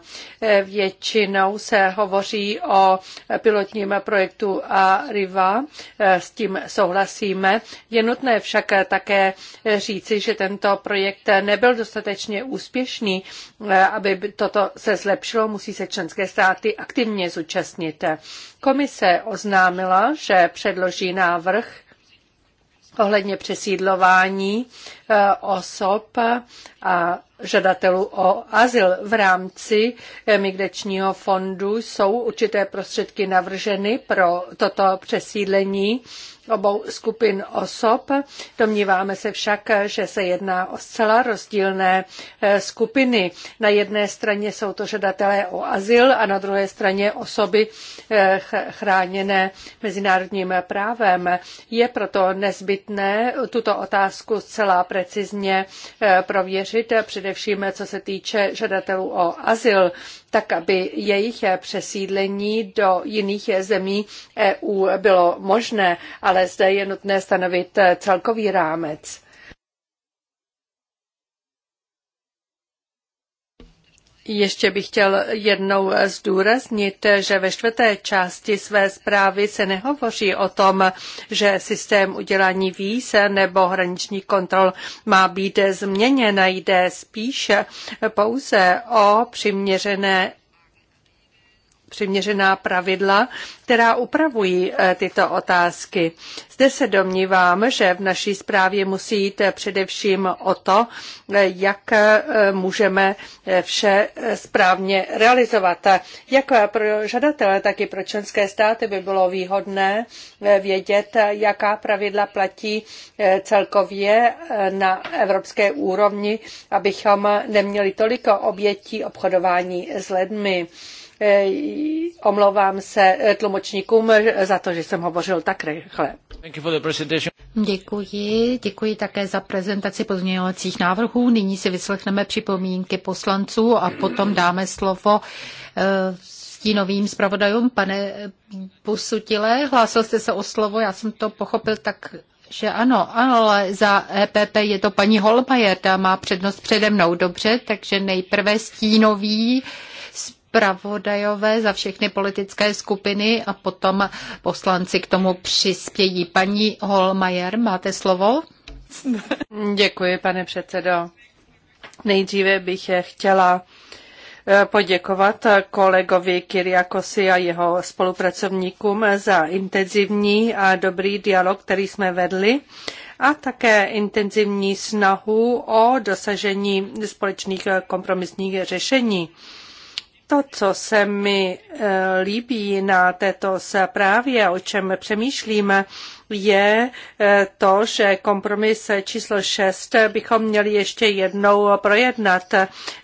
Většinou se hovoří o pilotním projektu ARIVA, s tím souhlasíme. Je nutné však také říci, že tento projekt nebyl dostatečně úspěšný. Aby toto se zlepšilo, musí se členské státy aktivně zúčastnit. Komise oznámila, že předloží návrh ohledně přesídlování eh, osob a žadatelů o azyl. V rámci eh, migračního fondu jsou určité prostředky navrženy pro toto přesídlení obou skupin osob. Domníváme se však, že se jedná o zcela rozdílné eh, skupiny. Na jedné straně jsou to žadatelé o azyl a na druhé straně osoby eh, chráněné mezinárodním právem. Je proto nezbytné tuto otázku zcela precizně eh, prověřit, především co se týče žadatelů o azyl tak aby jejich přesídlení do jiných zemí EU bylo možné, ale zde je nutné stanovit celkový rámec. Ještě bych chtěl jednou zdůraznit, že ve čtvrté části své zprávy se nehovoří o tom, že systém udělání víz nebo hraniční kontrol má být změněn. Jde spíše pouze o přiměřené přiměřená pravidla, která upravují eh, tyto otázky. Zde se domnívám, že v naší zprávě musí jít eh, především o to, eh, jak můžeme vše správně realizovat. Jak pro žadatele, tak i pro členské státy by bylo výhodné vědět, jaká pravidla platí celkově na evropské úrovni, abychom neměli toliko obětí obchodování s lidmi. Eh, omlouvám se eh, tlumočníkům eh, za to, že jsem hovořil tak rychle. Děkuji, děkuji také za prezentaci pozměňovacích návrhů. Nyní si vyslechneme připomínky poslanců a potom dáme slovo stínovým zpravodajům. Pane Pusutile. hlásil jste se o slovo, já jsem to pochopil tak, že ano, ale za EPP je to paní Holmajer, ta má přednost přede mnou, dobře, takže nejprve stínový zpravodajové za všechny politické skupiny a potom poslanci k tomu přispějí. Paní Holmajer, máte slovo? Děkuji, pane předsedo. Nejdříve bych je chtěla eh, poděkovat kolegovi Kyriakosi a jeho spolupracovníkům za intenzivní a dobrý dialog, který jsme vedli a také intenzivní snahu o dosažení společných kompromisních řešení. To, co se mi eh, líbí na této zprávě, o čem přemýšlíme, je eh, to, že kompromis číslo 6 bychom měli ještě jednou projednat.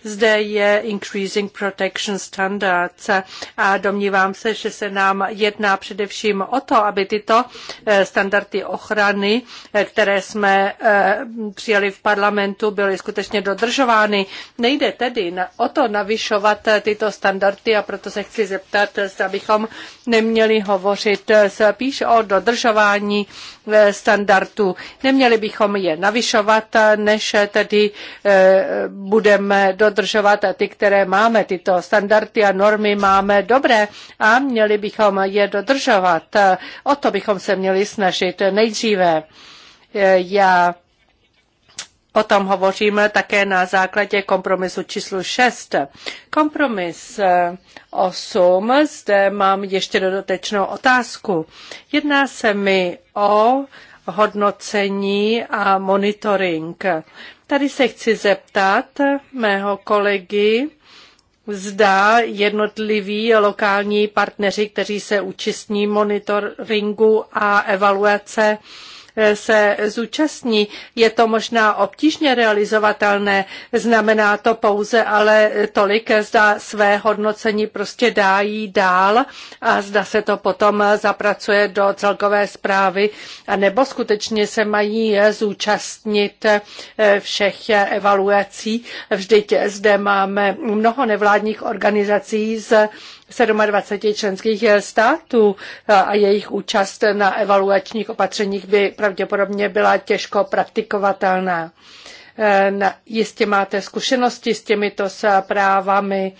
Zde je Increasing Protection Standards a domnívám se, že se nám jedná především o to, aby tyto eh, standardy ochrany, eh, které jsme přijali v parlamentu, byly skutečně dodržovány. Nejde tedy o to navyšovat tyto standardy a proto se chci zeptat, zda bychom neměli hovořit spíš o dodržování dosažení eh, standardů. Neměli bychom je navyšovat, eh, než tedy eh, budeme dodržovat ty, které máme. Tyto standardy a normy máme dobré a měli bychom je dodržovat. O to bychom se měli snažit nejdříve. Já O tom hovoříme také na základě kompromisu číslo 6. Kompromis 8. Eh, Zde mám ještě dodatečnou otázku. Jedná se mi o hodnocení a monitoring. Tady se chci zeptat mého kolegy, zda jednotliví lokální partneři, kteří se účastní monitoringu a evaluace, Eh, se zúčastní. Je to možná obtížně realizovatelné, znamená to pouze ale tolik, zda své hodnocení prostě dájí dál a zda se to potom zapracuje do celkové zprávy, nebo skutečně se mají zúčastnit eh, všech evaluací. Vždyť zde máme mnoho nevládních organizací z 27 členských eh, států eh, a jejich účast na evaluačních opatřeních by pravděpodobně byla těžko praktikovatelná. Eh, jistě máte zkušenosti s těmito právami,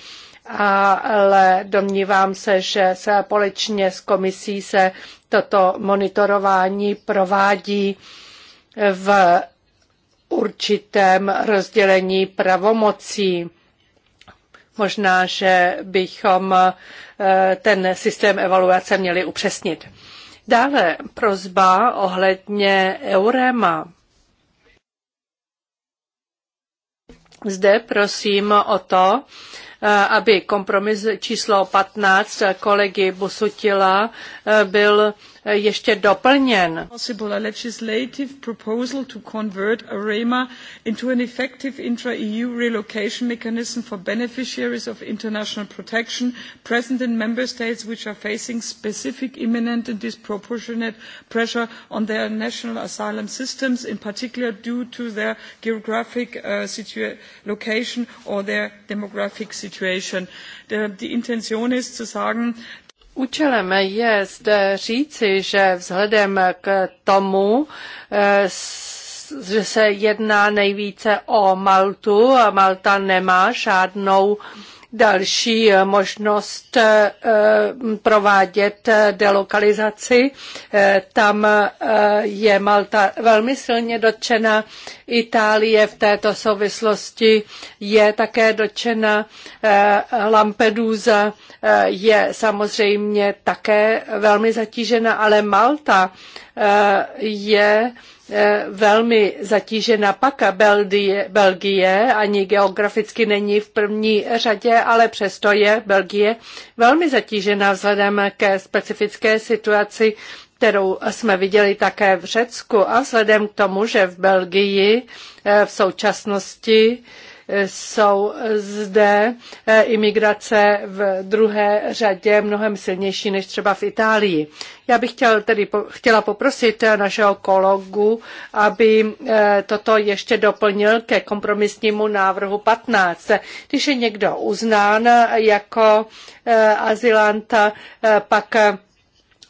ale domnívám se, že společně s komisí se toto monitorování provádí v určitém rozdělení pravomocí Možná, že bychom eh, ten systém evaluace měli upřesnit. Dále prozba ohledně Eurema. Zde prosím o to, eh, aby kompromis číslo 15 kolegy Busutila eh, byl ještě doplněn. Possible legislative proposal to convert into an effective intra-EU relocation mechanism for beneficiaries of international protection present in member states which are facing specific imminent and disproportionate pressure on their national asylum systems, in particular due to their geographic uh, location or their demographic situation. The, Intention ist zu sagen, Účelem je zde říci, že vzhledem k tomu, eh, že se jedná nejvíce o Maltu, Malta nemá žádnou Další eh, možnost eh, eh, provádět delokalizaci, tam je Malta velmi silně dotčena, Itálie v této souvislosti je také dotčena, Lampedusa je samozřejmě také velmi zatížena, ale Malta je Eh, velmi zatížena pak Belgie, Belgie, ani geograficky není v první řadě, ale přesto je Belgie velmi zatížena vzhledem ke specifické situaci, kterou jsme viděli také v Řecku a vzhledem k tomu, že v Belgii eh, v současnosti jsou zde eh, imigrace v druhé řadě mnohem silnější než třeba v Itálii. Já bych chtěl tedy, chtěla poprosit eh, našeho kolegu, aby eh, toto ještě doplnil ke kompromisnímu návrhu 15. Když je někdo uznán jako azylanta, pak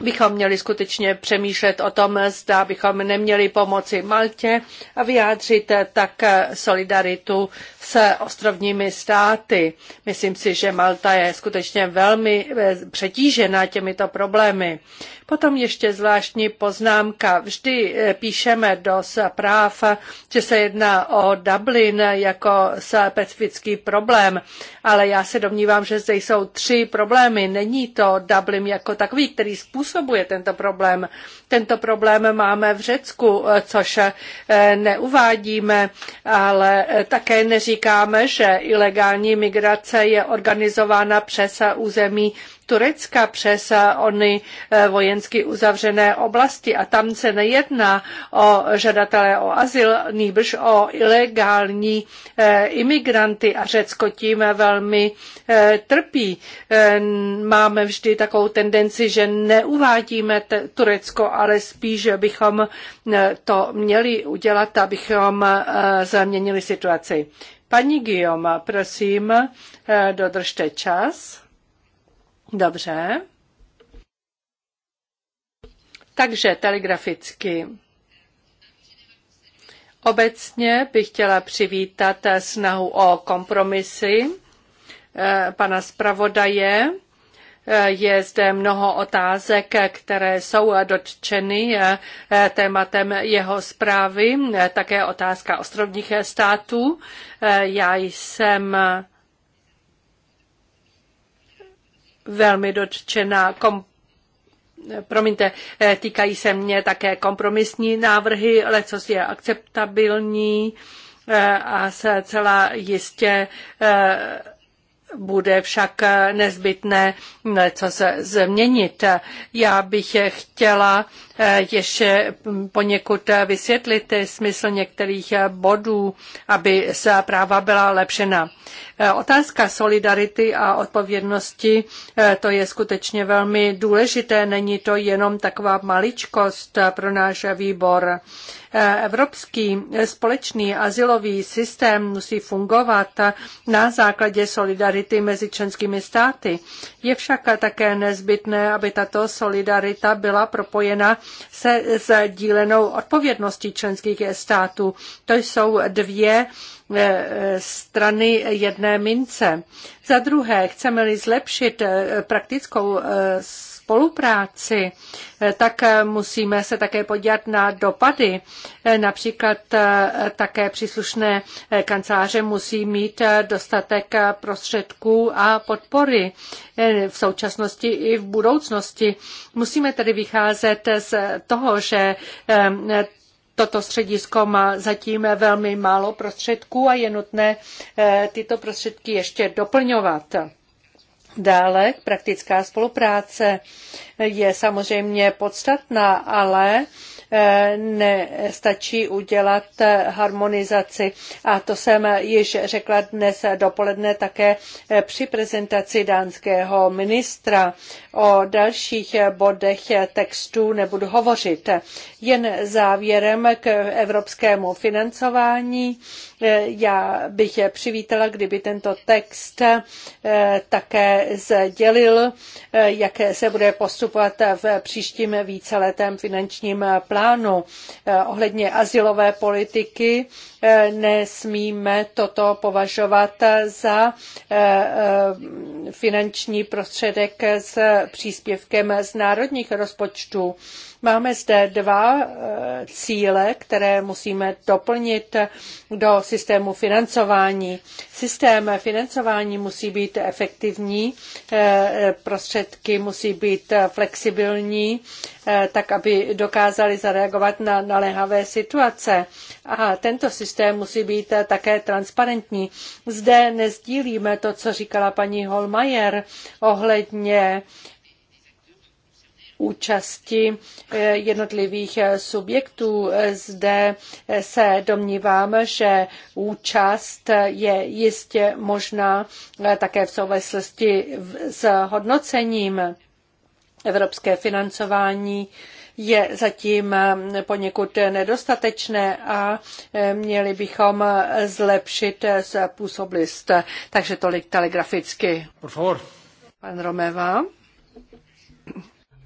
bychom měli skutečně přemýšlet o tom, zda bychom neměli pomoci Maltě a vyjádřit tak solidaritu s ostrovními státy. Myslím si, že Malta je skutečně velmi eh, přetížena těmito problémy. Potom ještě zvláštní poznámka. Vždy eh, píšeme do zpráv, že se jedná o Dublin jako specifický problém, ale já se domnívám, že zde jsou tři problémy. Není to Dublin jako takový, který způsobuje tento problém. Tento problém máme v Řecku, eh, což eh, neuvádíme, ale eh, také neříkáme, že ilegální migrace je organizována přes území Turecka přes ony vojensky uzavřené oblasti a tam se nejedná o žadatele o azyl, nýbrž o ilegální imigranty a Řecko tím velmi trpí. Máme vždy takovou tendenci, že neuvádíme Turecko ale spíš bychom eh, to měli udělat, abychom eh, změnili situaci. Paní Guillaume, prosím, eh, dodržte čas. Dobře. Takže telegraficky. Obecně bych chtěla přivítat snahu o kompromisy pana zpravodaje Eh, je zde mnoho otázek, které jsou dotčeny eh, tématem jeho zprávy, eh, také otázka ostrovních států. Já jsem velmi dotčena kom promiňte, týkají se mě také kompromisní návrhy, ale co je akceptabilní a se celá jistě bude však nezbytné něco se změnit. Já bych chtěla Eh, ještě poněkud eh, vysvětlit smysl některých eh, bodů, aby se práva byla lepšena. Otázka solidarity a odpovědnosti, to je skutečně velmi důležité. Není to jenom taková maličkost pro náš výbor. Evropský společný asilový systém musí fungovat na základě solidarity mezi členskými státy. Je však také nezbytné, aby tato solidarita byla propojena se sdílenou odpovědností členských států. To jsou dvě e, e, strany jedné mince. Za druhé, chceme-li zlepšit e, praktickou spolupráci, tak musíme se také podívat na dopady. Například eh, také příslušné eh, kanceláře musí mít eh, dostatek prostředků a podpory v současnosti i v budoucnosti. Musíme tedy vycházet z toho, že Toto středisko má zatím velmi málo prostředků a je nutné tyto prostředky ještě doplňovat. Dále praktická spolupráce je samozřejmě podstatná, ale eh, nestačí udělat eh, harmonizaci. A to jsem již řekla dnes dopoledne také eh, při prezentaci dánského ministra. O dalších bodech textu nebudu hovořit. Jen závěrem k evropskému financování já bych přivítala, kdyby tento text eh, také sdělil, eh, jak se bude postupovat v příštím víceletém finančním plánu. Eh, ohledně asilové politiky nesmíme toto považovat za finanční prostředek s příspěvkem z národních rozpočtů. Máme zde dva cíle, které musíme doplnit do systému financování. Systém financování musí být efektivní, eh, prostředky musí být flexibilní, eh, tak aby dokázali zareagovat na naléhavé situace. A tento systém musí být také transparentní. Zde nezdílíme to, co říkala paní Holmajer ohledně účasti eh, jednotlivých eh, subjektů. Zde eh, se domnívám, že účast je jistě možná také v souvislosti s hodnocením evropské financování je zatím poněkud nedostatečné a měli bychom zlepšit způsob list. Takže tolik telegraficky. Por favor. Pan Romeva.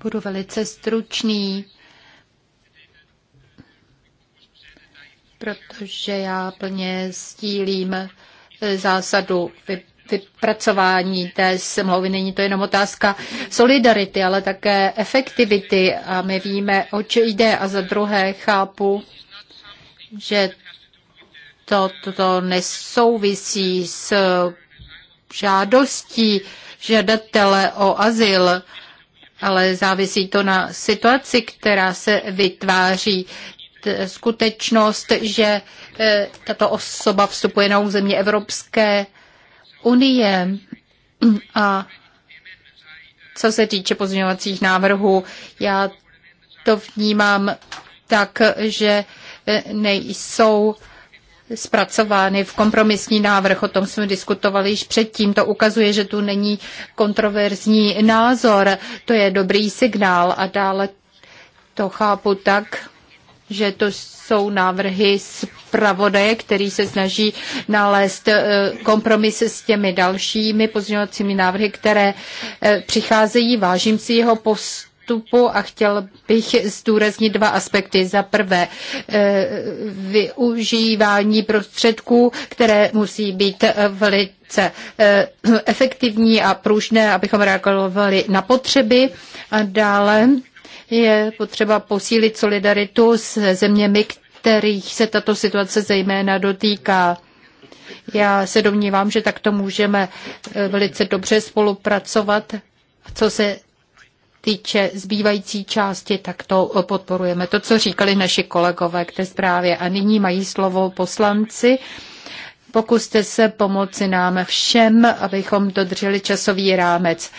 Budu velice stručný, protože já plně stílím eh, zásadu vypracování té smlouvy. Není to jenom otázka solidarity, ale také efektivity a my víme, o co jde. A za druhé chápu, že to, to, to nesouvisí s žádostí žadatele o azyl ale závisí to na situaci, která se vytváří. Skutečnost, že e, tato osoba vstupuje na území Evropské unie a co se týče pozměňovacích návrhů, já to vnímám tak, že e, nejsou zpracovány v kompromisní návrh. O tom jsme diskutovali již předtím. To ukazuje, že tu není kontroverzní názor. To je dobrý signál a dále to chápu tak, že to jsou návrhy zpravodaje, který se snaží nalézt eh, kompromis s těmi dalšími pozměňovacími návrhy, které eh, přicházejí. Vážím si jeho postupu vstupu a chtěl bych zdůraznit dva aspekty. Za prvé eh, využívání prostředků, které musí být velice eh, efektivní a pružné, abychom reagovali na potřeby. A dále je potřeba posílit solidaritu s zeměmi, kterých se tato situace zejména dotýká. Já se domnívám, že takto můžeme eh, velice dobře spolupracovat, co se týče zbývající části, tak to podporujeme. To, co říkali naši kolegové k té zprávě. A nyní mají slovo poslanci. Pokuste se pomoci nám všem, abychom dodrželi časový rámec.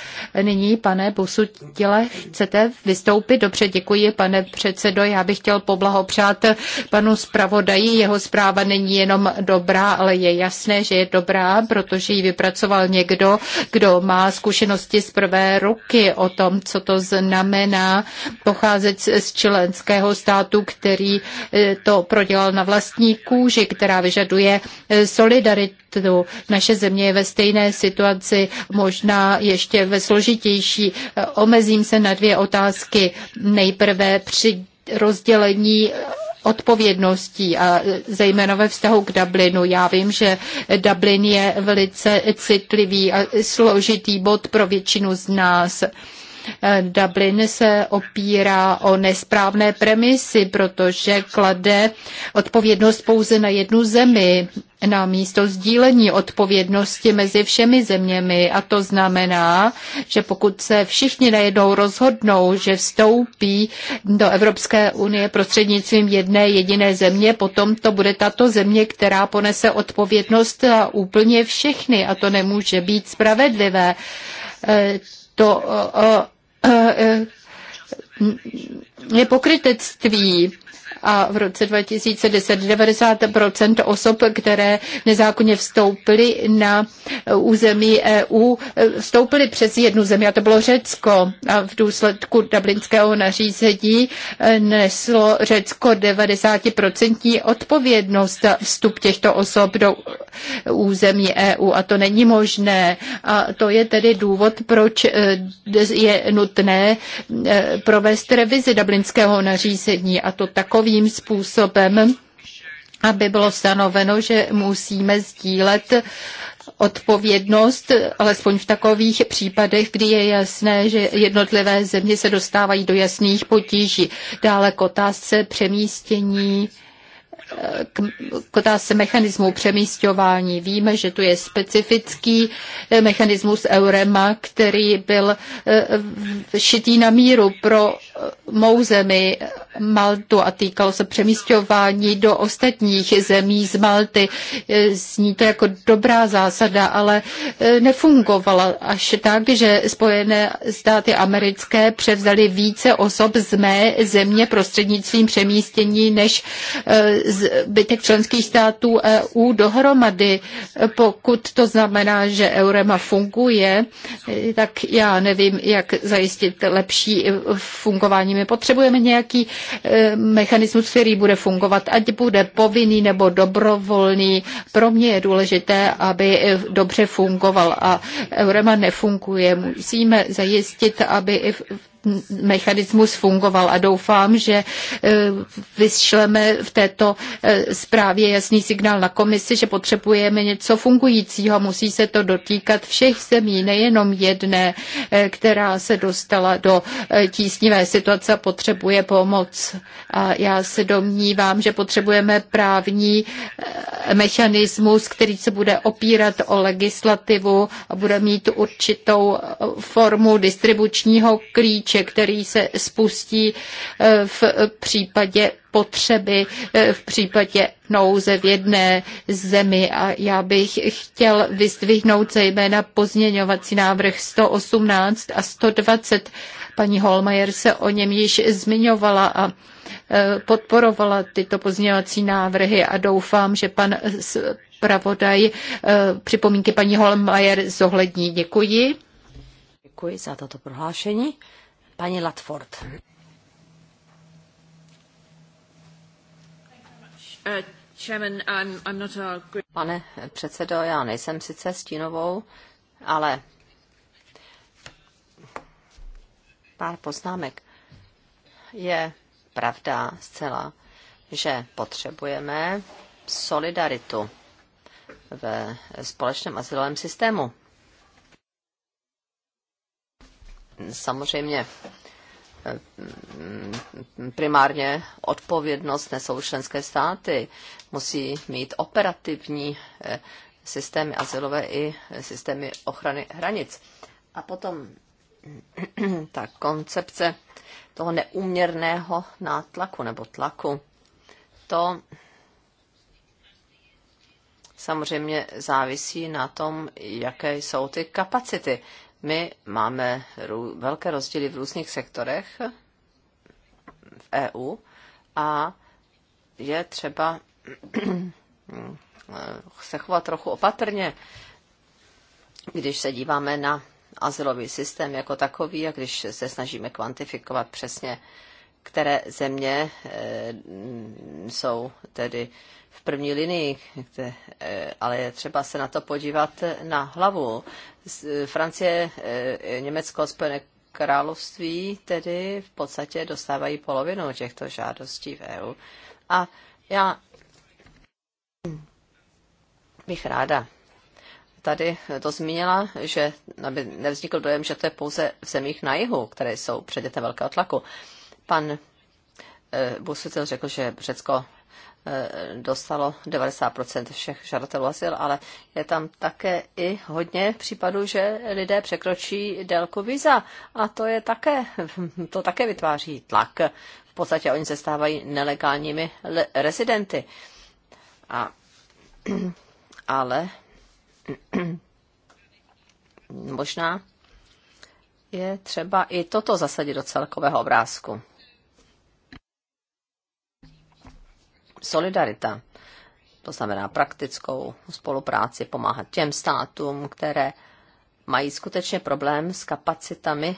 Nyní, pane Busutile, chcete vystoupit? Dobře, děkuji, pane předsedo. Já bych chtěl poblahopřát panu zpravodaji. Jeho zpráva není jenom dobrá, ale je jasné, že je dobrá, protože ji vypracoval někdo, kdo má zkušenosti z prvé ruky o tom, co to znamená pocházet z členského státu, který eh, to prodělal na vlastní kůži, která vyžaduje solidaritu solidaritu. Naše země je ve stejné situaci, možná ještě ve složitější. Omezím se na dvě otázky. Nejprve při rozdělení odpovědností a zejména ve vztahu k Dublinu. Já vím, že Dublin je velice citlivý a složitý bod pro většinu z nás. Dublin se opírá o nesprávné premisy, protože klade odpovědnost pouze na jednu zemi na místo sdílení odpovědnosti mezi všemi zeměmi. A to znamená, že pokud se všichni najednou rozhodnou, že vstoupí do Evropské unie prostřednictvím jedné jediné země, potom to bude tato země, která ponese odpovědnost a úplně všechny. A to nemůže být spravedlivé. E, to je eh, eh, pokrytectví a v roce 2010 90% osob, které nezákonně vstoupily na území EU, vstoupily přes jednu zemi a to bylo Řecko. A v důsledku dublinského nařízení neslo Řecko 90% odpovědnost za vstup těchto osob do území EU a to není možné. A to je tedy důvod, proč eh, je nutné eh, provést revizi dublinského nařízení a to takový takovým způsobem, aby bylo stanoveno, že musíme sdílet odpovědnost, alespoň v takových případech, kdy je jasné, že jednotlivé země se dostávají do jasných potíží. Dále k otázce přemístění k otázce mechanismu přemístování. Víme, že tu je specifický eh, mechanismus Eurema, který byl eh, šitý na míru pro mou zemi Maltu a týkalo se přemístování do ostatních zemí z Malty. Zní to jako dobrá zásada, ale e, nefungovala až tak, že Spojené státy americké převzali více osob z mé země prostřednictvím přemístění než e, zbytek členských států EU dohromady. Pokud to znamená, že Eurema funguje, e, tak já nevím, jak zajistit lepší fungování fungování. My potřebujeme nějaký eh, mechanismus, který bude fungovat, ať bude povinný nebo dobrovolný. Pro mě je důležité, aby eh, dobře fungoval a Eurema nefunguje. Musíme zajistit, aby i v mechanismus fungoval a doufám, že e, vyšleme v této e, zprávě jasný signál na komisi, že potřebujeme něco fungujícího. Musí se to dotýkat všech zemí, nejenom jedné, e, která se dostala do tísnivé situace a potřebuje pomoc. A já se domnívám, že potřebujeme právní mechanismus, který se bude opírat o legislativu a bude mít určitou formu distribučního klíče nosiče, který se spustí eh, v případě potřeby eh, v případě nouze v jedné zemi. A já bych chtěl vyzdvihnout zejména pozměňovací návrh 118 a 120. Paní Holmajer se o něm již zmiňovala a eh, podporovala tyto pozměňovací návrhy a doufám, že pan Pravodaj připomínky paní Holmajer zohlední. Děkuji. Děkuji za toto prohlášení. Paní Latford. Uh, Pane předsedo, já nejsem sice stínovou, ale pár poznámek. Je pravda zcela, že potřebujeme solidaritu ve společném asilovém systému. samozřejmě eh, primárně odpovědnost nesou členské státy. Musí mít operativní eh, systémy azylové i systémy ochrany hranic. A potom ta koncepce toho neuměrného nátlaku nebo tlaku, to samozřejmě závisí na tom, jaké jsou ty kapacity my máme velké rozdíly v různých sektorech v EU a je třeba se chovat trochu opatrně, když se díváme na azylový systém jako takový a když se snažíme kvantifikovat přesně které země eh, jsou tedy v první linii, eh, ale je třeba se na to podívat na hlavu. Eh, Francie, Německo, Spojené království tedy v podstatě dostávají polovinu těchto žádostí v EU. A já bych ráda tady to zmínila, že aby nevznikl dojem, že to je pouze v zemích na jihu, které jsou předmětem velkého tlaku. Pan eh, Busutil řekl, že Řecko eh, dostalo 90% všech žadatelů azyl, ale je tam také i hodně případů, že lidé překročí délku víza a to je také, to také vytváří tlak. V podstatě oni se stávají nelegálními rezidenty. A, ale možná je třeba i toto zasadit do celkového obrázku. solidarita. To znamená praktickou spolupráci, pomáhat těm státům, které mají skutečně problém s kapacitami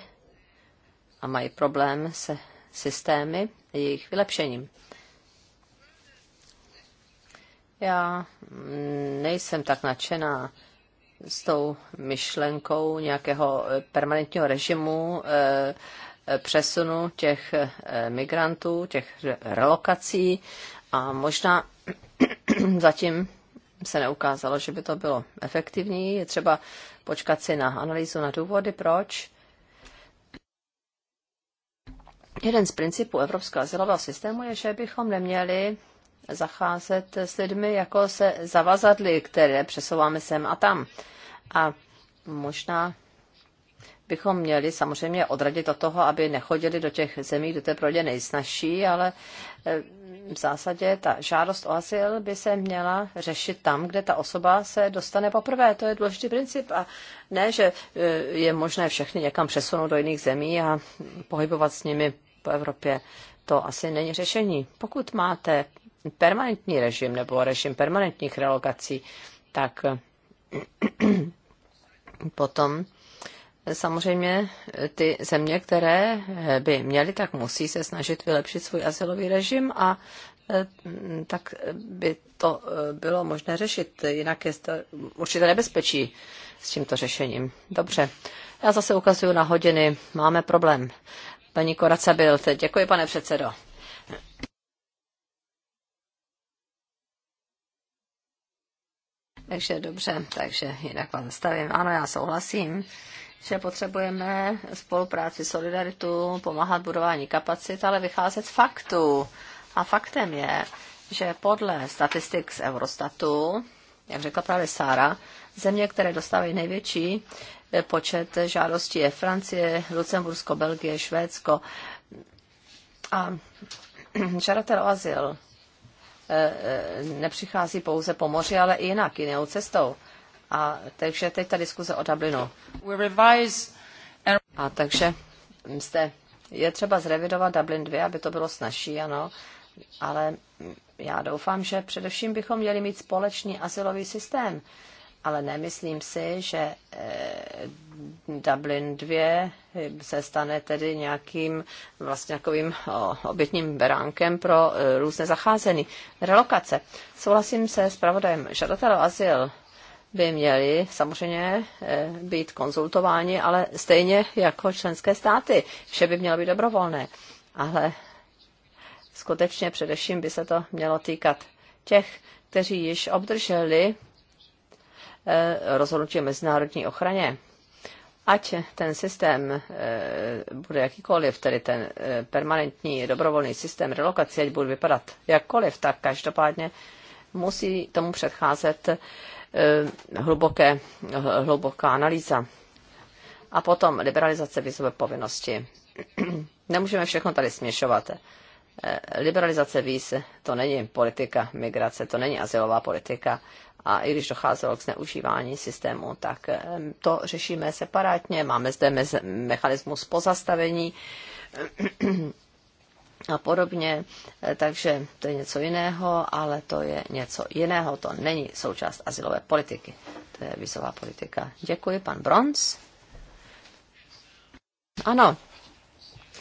a mají problém se systémy a jejich vylepšením. Já nejsem tak nadšená s tou myšlenkou nějakého eh, permanentního režimu eh, eh, přesunu těch migrantů, těch relokací a možná zatím se neukázalo, že by to bylo efektivní. Je třeba počkat si na analýzu, na důvody, proč. Jeden z principů evropského asilového systému je, že bychom neměli zacházet s lidmi jako se zavazadly, které přesouváme sem a tam. A možná bychom měli samozřejmě odradit od toho, aby nechodili do těch zemí, kde to je pro ně nejsnažší, ale eh, v zásadě ta žádost o azyl by se měla řešit tam, kde ta osoba se dostane poprvé. To je důležitý princip a ne, že e, je možné všechny někam přesunout do jiných zemí a pohybovat s nimi po Evropě. To asi není řešení. Pokud máte permanentní režim nebo režim permanentních relokací, tak potom samozřejmě eh, ty země, které eh, by měly, tak musí se snažit vylepšit svůj asilový režim a eh, tak by to bylo možné řešit. Jinak je to určité nebezpečí s tímto řešením. Dobře, já zase ukazuju na hodiny. Máme problém. Paní Koraca byl teď. Děkuji, pane předsedo. Takže dobře, takže jinak vám zastavím. Ano, já souhlasím že potřebujeme spolupráci, solidaritu, pomáhat budování kapacit, ale vycházet z faktů. A faktem je, že podle statistik z Eurostatu, jak řekla právě Sára, země, které dostávají největší eh, počet žádostí je Francie, Lucembursko, Belgie, Švédsko. A žadatel o azyl eh, eh, nepřichází pouze po moři, ale i jinak, jinou cestou. A takže teď ta diskuze o Dublinu. A takže jste, je třeba zrevidovat Dublin 2, aby to bylo snažší, ano, ale já doufám, že především bychom měli mít společný asilový systém. Ale nemyslím si, že eh, Dublin 2 se stane tedy nějakým vlastně takovým obětním beránkem pro eh, různé zacházení. Relokace. Souhlasím se s pravodajem. Žadatel o azyl by měli samozřejmě eh, být konzultováni, ale stejně jako členské státy. Vše by mělo být dobrovolné. Ale skutečně především by se to mělo týkat těch, kteří již obdrželi eh, rozhodnutí o mezinárodní ochraně. Ať ten systém eh, bude jakýkoliv, tedy ten permanentní dobrovolný systém relokace, ať bude vypadat jakkoliv, tak každopádně musí tomu předcházet Eh, hluboké, eh, hluboká analýza. A potom liberalizace výzové povinnosti. Nemůžeme všechno tady směšovat. Eh, liberalizace víz to není politika migrace, to není asilová politika. A i když docházelo k zneužívání systému, tak to řešíme separátně. Máme zde mechanismus pozastavení a podobně, eh, takže to je něco jiného, ale to je něco jiného, to není součást asilové politiky, to je vizová politika. Děkuji, pan Bronz. Ano,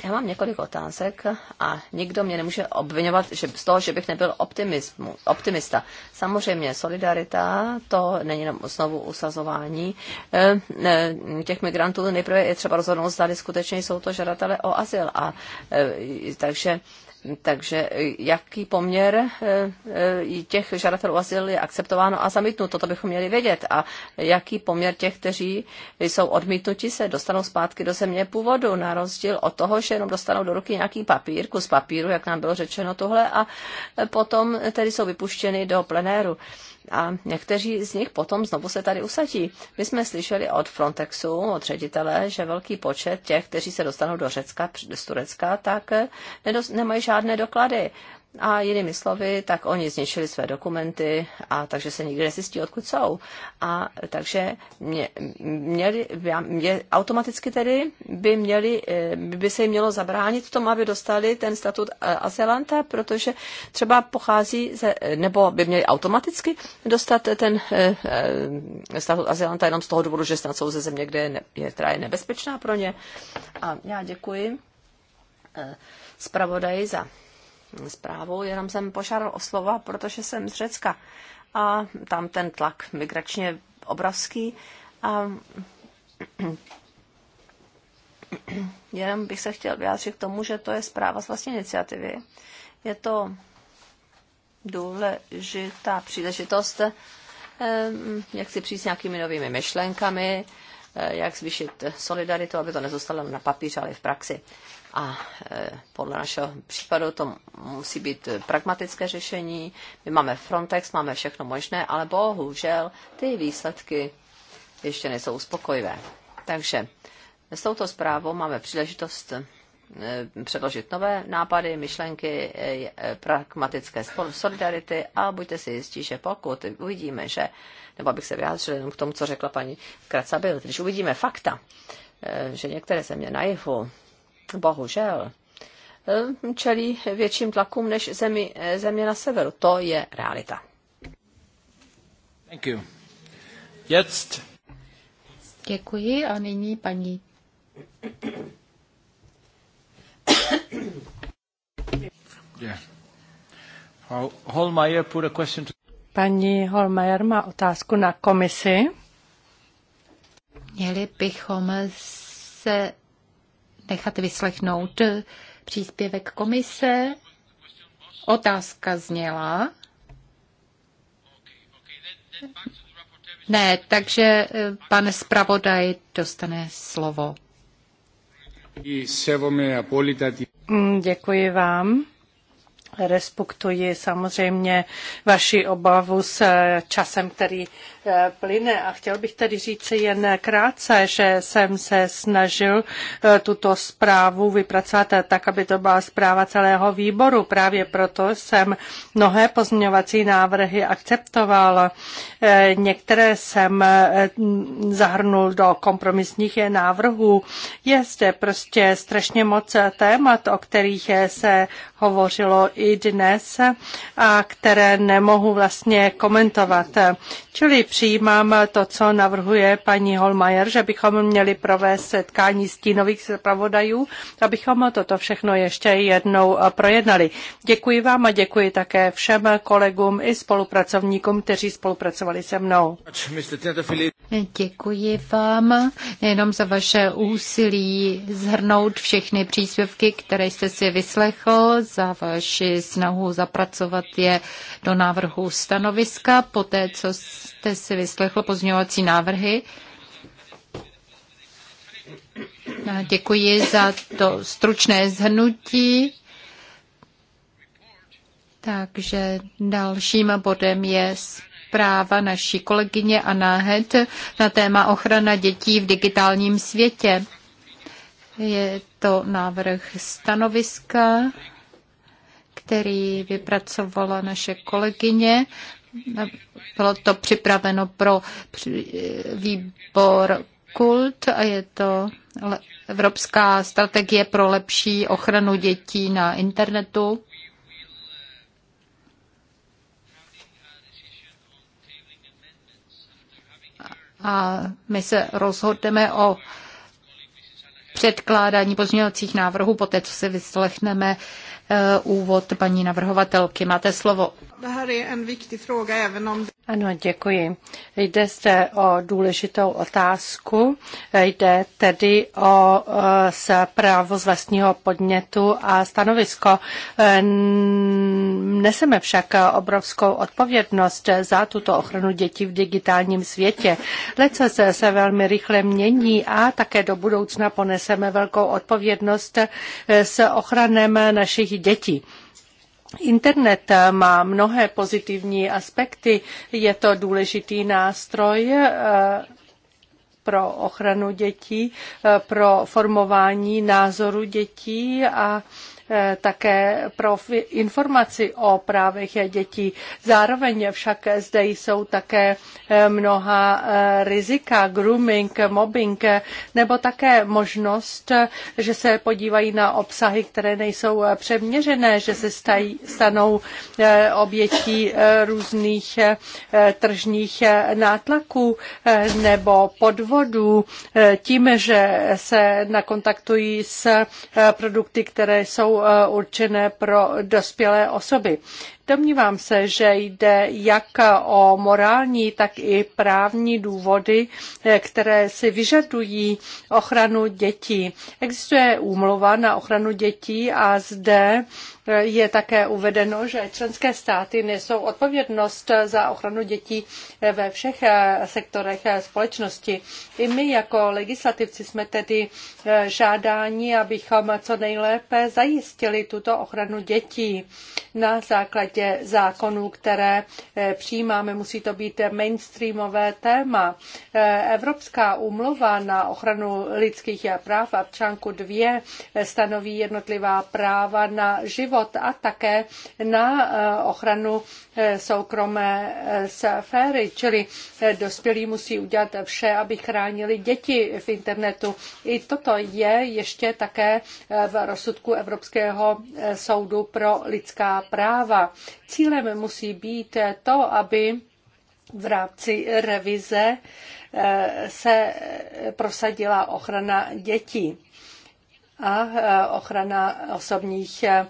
já mám několik otázek a nikdo mě nemůže obvinovat že, z toho, že bych nebyl optimismu, optimista. Samozřejmě solidarita, to není jenom znovu usazování e, těch migrantů. Nejprve je třeba rozhodnout, zda skutečně jsou to žadatelé o azyl. A, e, takže takže e, jaký poměr e, e, těch žadatelů o azyl je akceptováno a zamítnuto, to bychom měli vědět. A jaký poměr těch, kteří jsou odmítnuti, se dostanou zpátky do země původu, na rozdíl od toho, že jenom dostanou do ruky nějaký papír, kus papíru, jak nám bylo řečeno tohle, a potom tedy jsou vypuštěny do plenéru a někteří z nich potom znovu se tady usadí. My jsme slyšeli od Frontexu, od ředitele, že velký počet těch, kteří se dostanou do Řecka, z Turecka, tak nedos, nemají žádné doklady a jinými slovy, tak oni zničili své dokumenty a takže se nikdy nezjistí, odkud jsou. A takže mě, měli, mě, automaticky tedy by, měli, eh, by se jim mělo zabránit v tom, aby dostali ten statut eh, azylanta, protože třeba pochází, ze, nebo by měli automaticky dostat ten eh, statut azylanta jenom z toho důvodu, že snad jsou ze země, kde je, je, která je nebezpečná pro ně. A já děkuji zpravodaji za zprávu, jenom jsem požádal o slova, protože jsem z Řecka a tam ten tlak migračně obrovský a jenom bych se chtěl vyjádřit k tomu, že to je zpráva z vlastní iniciativy. Je to důležitá příležitost, eh, jak si přijít s nějakými novými myšlenkami, eh, jak zvýšit solidaritu, aby to nezůstalo na papíře, ale i v praxi. A e, podle našeho případu to musí být pragmatické řešení. My máme Frontex, máme všechno možné, ale bohužel ty výsledky ještě nejsou uspokojivé. Takže s touto zprávou máme příležitost e, předložit nové nápady, myšlenky e, pragmatické solidarity a buďte si jistí, že pokud uvidíme, že, nebo abych se vyjádřil jenom k tomu, co řekla paní Kracabil, když uvidíme fakta, že některé země na jihu bohužel eh, čelí větším tlakům než zemi, eh, země na severu. To je realita. Thank you. Jetzt. Děkuji a nyní paní. Yeah. Holmeyer put a question to... Paní Holmeyer má otázku na komisi. Měli bychom se nechat vyslechnout eh, příspěvek komise. Otázka zněla. Ne, takže eh, pan zpravodaj dostane slovo. Mm, děkuji vám. Respektuji samozřejmě vaši obavu s eh, časem, který plyne a chtěl bych tedy říci jen krátce, že jsem se snažil eh, tuto zprávu vypracovat tak, aby to byla zpráva celého výboru. Právě proto jsem mnohé pozměňovací návrhy akceptoval. Eh, některé jsem eh, zahrnul do kompromisních návrhů. Je zde prostě strašně moc témat, o kterých se hovořilo i dnes a které nemohu vlastně komentovat. Čili přijímám to, co navrhuje paní Holmajer, že bychom měli provést setkání stínových zpravodajů, abychom toto všechno ještě jednou projednali. Děkuji vám a děkuji také všem kolegům i spolupracovníkům, kteří spolupracovali se mnou. Děkuji vám jenom za vaše úsilí zhrnout všechny příspěvky, které jste si vyslechl, za vaši snahu zapracovat je do návrhu stanoviska, poté co jste si vyslechl pozměňovací návrhy. Děkuji za to stručné zhrnutí. Takže dalším bodem je zpráva naší kolegyně Anna Het na téma ochrana dětí v digitálním světě. Je to návrh stanoviska, který vypracovala naše kolegyně. Bylo to připraveno pro výbor kult a je to Evropská strategie pro lepší ochranu dětí na internetu. A my se rozhodneme o předkládání pozměňovacích návrhů, poté co si vyslechneme eh, úvod paní navrhovatelky. Máte slovo. Ano, děkuji. Jde zde o důležitou otázku. Jde tedy o právo z vlastního podnětu a stanovisko. Neseme však obrovskou odpovědnost za tuto ochranu dětí v digitálním světě. Lece se, se velmi rychle mění a také do budoucna poneseme velkou odpovědnost s ochranem našich dětí. Internet eh, má mnohé pozitivní aspekty. Je to důležitý nástroj eh, pro ochranu dětí, eh, pro formování názoru dětí a Eh, také pro informaci o právech dětí. Zároveň však zde jsou také eh, mnoha eh, rizika, grooming, mobbing, nebo také možnost, že se podívají na obsahy, které nejsou přeměřené, že se stají, stanou obětí různých tržních nátlaků nebo podvodů tím, že se nakontaktují s produkty, které jsou Eh, určené pro dospělé osoby. Domnívám se, že jde jak o morální, tak i právní důvody, které si vyžadují ochranu dětí. Existuje úmluva na ochranu dětí a zde je také uvedeno, že členské státy nesou odpovědnost za ochranu dětí ve všech sektorech společnosti. I my jako legislativci jsme tedy žádáni, abychom co nejlépe zajistili tuto ochranu dětí na základě řadě prostě zákonů, které eh, přijímáme. Musí to být mainstreamové téma. Eh, Evropská úmluva na ochranu lidských práv a v článku 2 eh, stanoví jednotlivá práva na život a také na ochranu soukromé sféry, čili dospělí musí udělat vše, aby chránili děti v internetu. I toto je ještě také v rozsudku Evropského soudu pro lidská práva. Cílem musí být to, aby v rámci revize eh, se prosadila ochrana dětí a eh, ochrana osobních eh,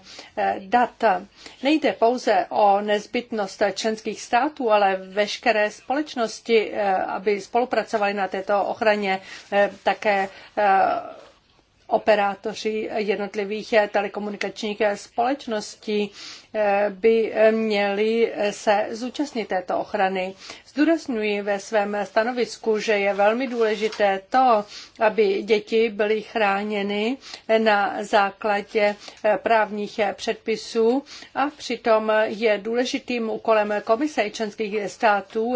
dat. Nejde pouze o nezbytnost členských států, ale veškeré společnosti, aby spolupracovaly na této ochraně, také operátoři jednotlivých eh, telekomunikačních eh, společností eh, by měli se zúčastnit této ochrany. Zdůrazňuji ve svém stanovisku, že je velmi důležité to, aby děti byly chráněny na základě právních předpisů a přitom je důležitým úkolem Komise i členských států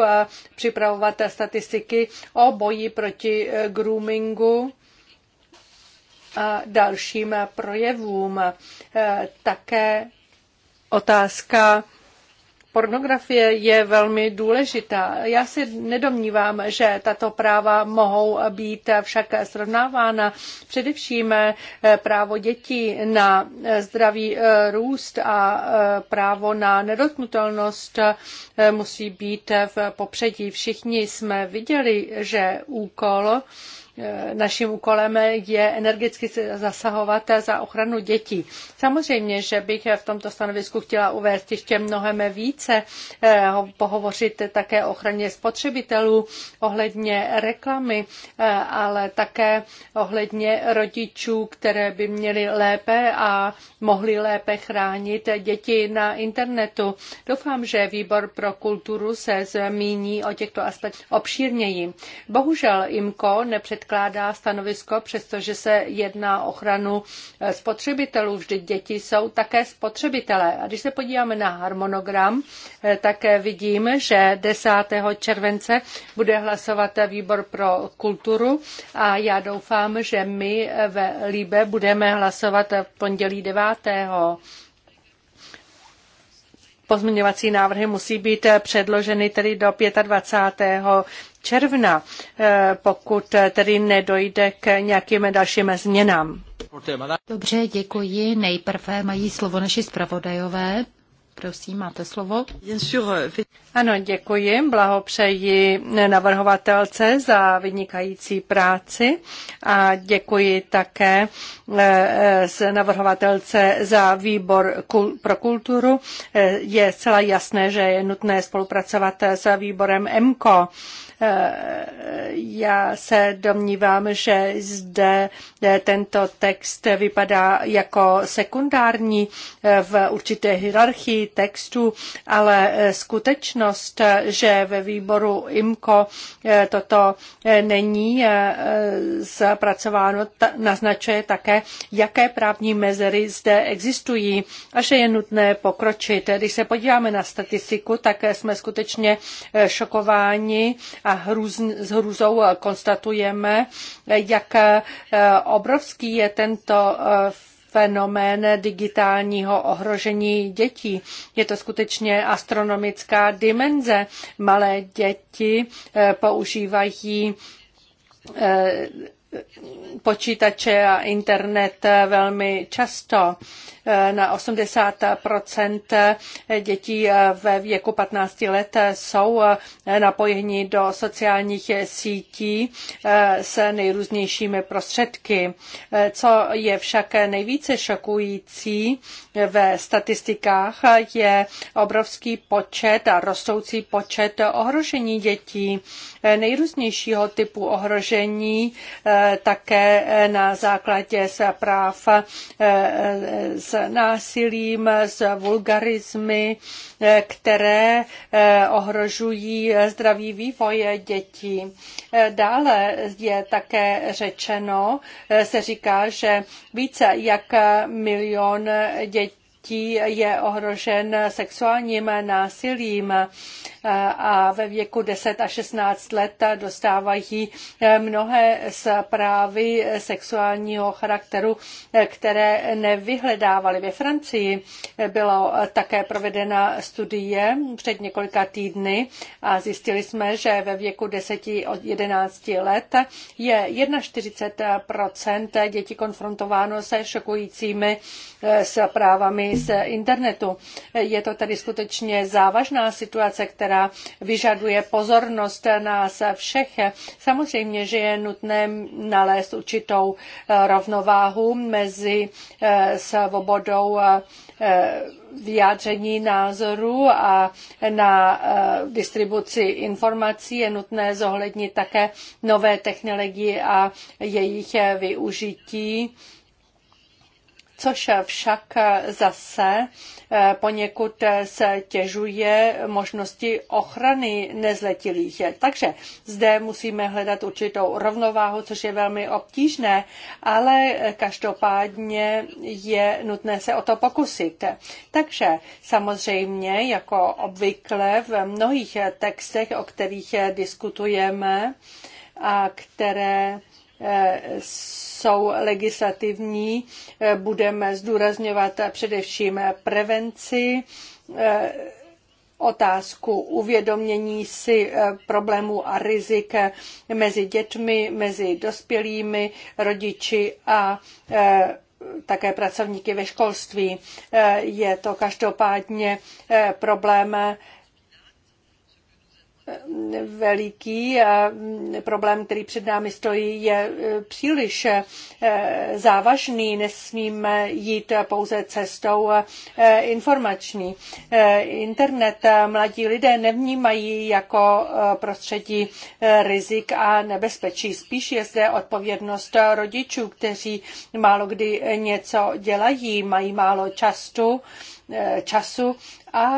připravovat statistiky o boji proti groomingu a dalším projevům. E, také otázka Pornografie je velmi důležitá. Já si nedomnívám, že tato práva mohou být však srovnávána. Především e, právo dětí na e, zdravý růst a právo na nedotknutelnost musí být v popředí. Všichni jsme viděli, že úkol E, naším úkolem je energicky zasahovat za ochranu dětí. Samozřejmě, že bych v tomto stanovisku chtěla uvést ještě mnohem více, e, pohovořit také o ochraně spotřebitelů ohledně reklamy, e, ale také ohledně rodičů, které by měli lépe a mohli lépe chránit děti na internetu. Doufám, že výbor pro kulturu se zmíní o těchto aspektech obšírněji. Bohužel IMCO nepřed předkládá stanovisko, přestože se jedná o ochranu eh, spotřebitelů. Vždyť děti jsou také spotřebitelé. A když se podíváme na harmonogram, eh, tak eh, vidím, že 10. července bude hlasovat výbor pro kulturu a já doufám, že my ve Líbe budeme hlasovat v pondělí 9 pozměňovací návrhy musí být předloženy tedy do 25 června, eh, pokud eh, tedy nedojde k nějakým dalším změnám. Dobře, děkuji. Nejprve mají slovo naši zpravodajové. Prosím, máte slovo. Ano, děkuji. Blahopřeji navrhovatelce za vynikající práci a děkuji také eh, z navrhovatelce za výbor pro kulturu. Je zcela jasné, že je nutné spolupracovat s výborem MKO já se domnívám, že zde eh, tento text vypadá jako sekundární eh, v určité hierarchii textu, ale eh, skutečnost, že ve výboru IMCO toto není zapracováno, naznačuje také, jaké právní mezery zde existují a že je nutné pokročit. Když se podíváme na statistiku, tak jsme skutečně šokováni a a s hrůzou konstatujeme, jak eh, obrovský je tento eh, fenomén digitálního ohrožení dětí. Je to skutečně astronomická dimenze. Malé děti eh, používají počítače a internet velmi často. Na 80 dětí ve věku 15 let jsou napojeni do sociálních sítí s nejrůznějšími prostředky. Co je však nejvíce šokující ve statistikách, je obrovský počet a rostoucí počet ohrožení dětí, nejrůznějšího typu ohrožení také na základě zpráv eh, s násilím, s vulgarizmy, eh, které eh, ohrožují zdravý vývoj dětí. Dále je také řečeno, se říká, že více jak milion dětí dětí je ohrožen sexuálním násilím a ve věku 10 a 16 let dostávají mnohé zprávy sexuálního charakteru, které nevyhledávali. Ve Francii byla také provedena studie před několika týdny a zjistili jsme, že ve věku 10 od 11 let je 41 dětí konfrontováno se šokujícími zprávami z internetu. Je to tedy skutečně závažná situace, která vyžaduje pozornost nás všech. Samozřejmě, že je nutné nalézt určitou eh, rovnováhu mezi eh, svobodou eh, vyjádření názoru a na distribuci informací je nutné zohlednit také nové technologie a jejich využití což však zase eh, poněkud eh, těžuje možnosti ochrany nezletilých. Takže zde musíme hledat určitou rovnováhu, což je velmi obtížné, ale každopádně je nutné se o to pokusit. Takže samozřejmě, jako obvykle v mnohých textech, o kterých diskutujeme a které jsou legislativní. Budeme zdůrazňovat především prevenci, otázku uvědomění si eh, problémů a rizik eh, mezi dětmi, mezi dospělými, rodiči a eh, také pracovníky ve školství. Je to každopádně problém, veliký. Problém, který před námi stojí, je e, příliš e, závažný. Nesmíme jít pouze cestou e, informační. Internet mladí lidé nevnímají jako prostředí rizik a nebezpečí. Spíš je zde odpovědnost rodičů, kteří málo kdy něco dělají, mají málo času, času a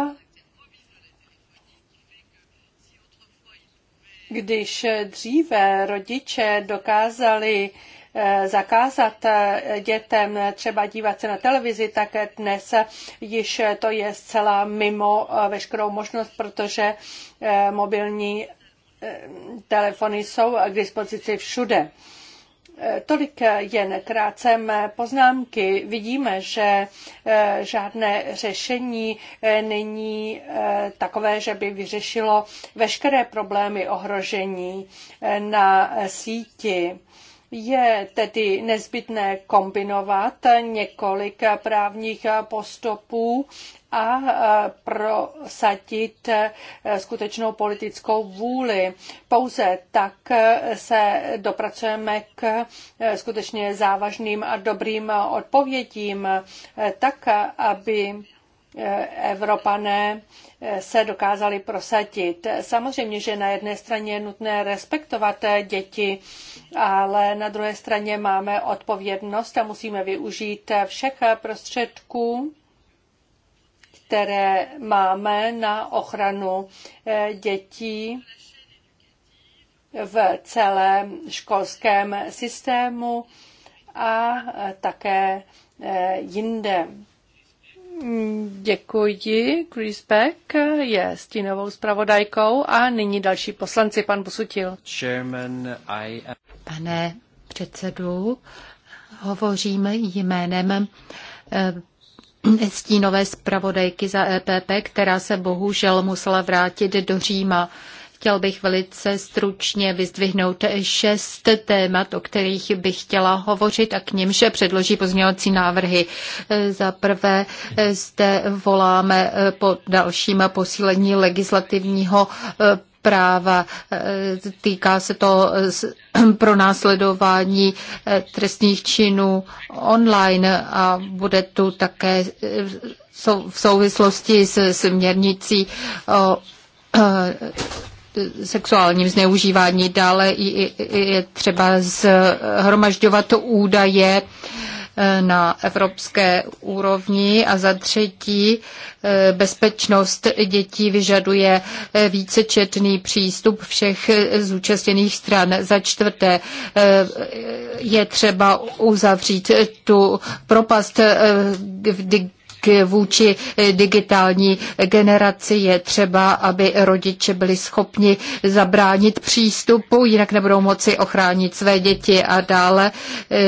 Když dříve rodiče dokázali eh, zakázat eh, dětem třeba dívat se na televizi, tak dnes již to je zcela mimo eh, veškerou možnost, protože mobilní telefony jsou k dispozici všude. Eh, tolik eh, jen krátce mé poznámky. Vidíme, že eh, žádné řešení není takové, že by vyřešilo veškeré problémy ohrožení na síti. Je tedy nezbytné kombinovat několik právních postupů a prosadit e, skutečnou politickou vůli. Pouze tak e, se dopracujeme k e, skutečně závažným a dobrým odpovědím, tak aby Evropané se dokázali prosadit. Samozřejmě, že na jedné straně je nutné respektovat děti, ale na druhé straně máme odpovědnost a musíme využít všech prostředků které máme na ochranu eh, dětí v celém školském systému a eh, také eh, jinde. Děkuji. Chris Beck je stínovou zpravodajkou a nyní další poslanci, pan Busutil. Chairman, I... Pane předsedu, hovoříme jménem stínové zpravodajky za EPP, která se bohužel musela vrátit do Říma. Chtěl bych velice stručně vyzdvihnout šest témat, o kterých bych chtěla hovořit a k nimž předloží pozměňovací návrhy. Za prvé zde voláme po dalším posílení legislativního práva, eh, týká se to pro následování eh, trestních činů online a bude tu také eh, v souvislosti s směrnicí o sexuálním zneužívání. Dále je třeba zhromažďovat údaje Eh, na evropské úrovni a za třetí eh, bezpečnost dětí vyžaduje eh, vícečetný přístup všech zúčastněných stran. Za čtvrté je třeba uzavřít tu propast v vůči digitální generaci je třeba, aby rodiče byli schopni zabránit přístupu, jinak nebudou moci ochránit své děti a dále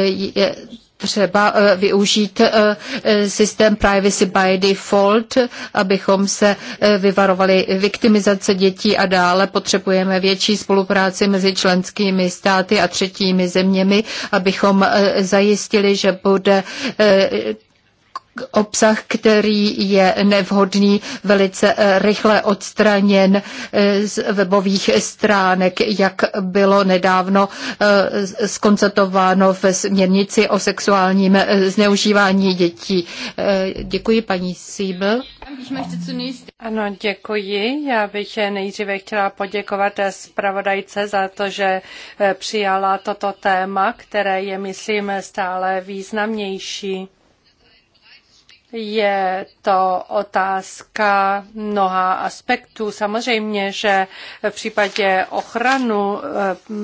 je třeba eh, využít eh, eh, systém privacy by default, abychom se vyvarovali viktimizace dětí a dále potřebujeme větší spolupráci mezi členskými státy a třetími zeměmi, abychom zajistili, že bude obsah, který je nevhodný, velice eh, rychle odstraněn eh, z webových stránek, jak bylo nedávno eh, skoncentováno ve směrnici o sexuálním zneužívání dětí. Děkuji paní Siebel. Ano, děkuji. Já bych nejdříve chtěla poděkovat zpravodajce za to, že přijala toto téma, které je, myslím, stále významnější. Je to otázka mnoha aspektů. Samozřejmě, že v případě ochranu eh,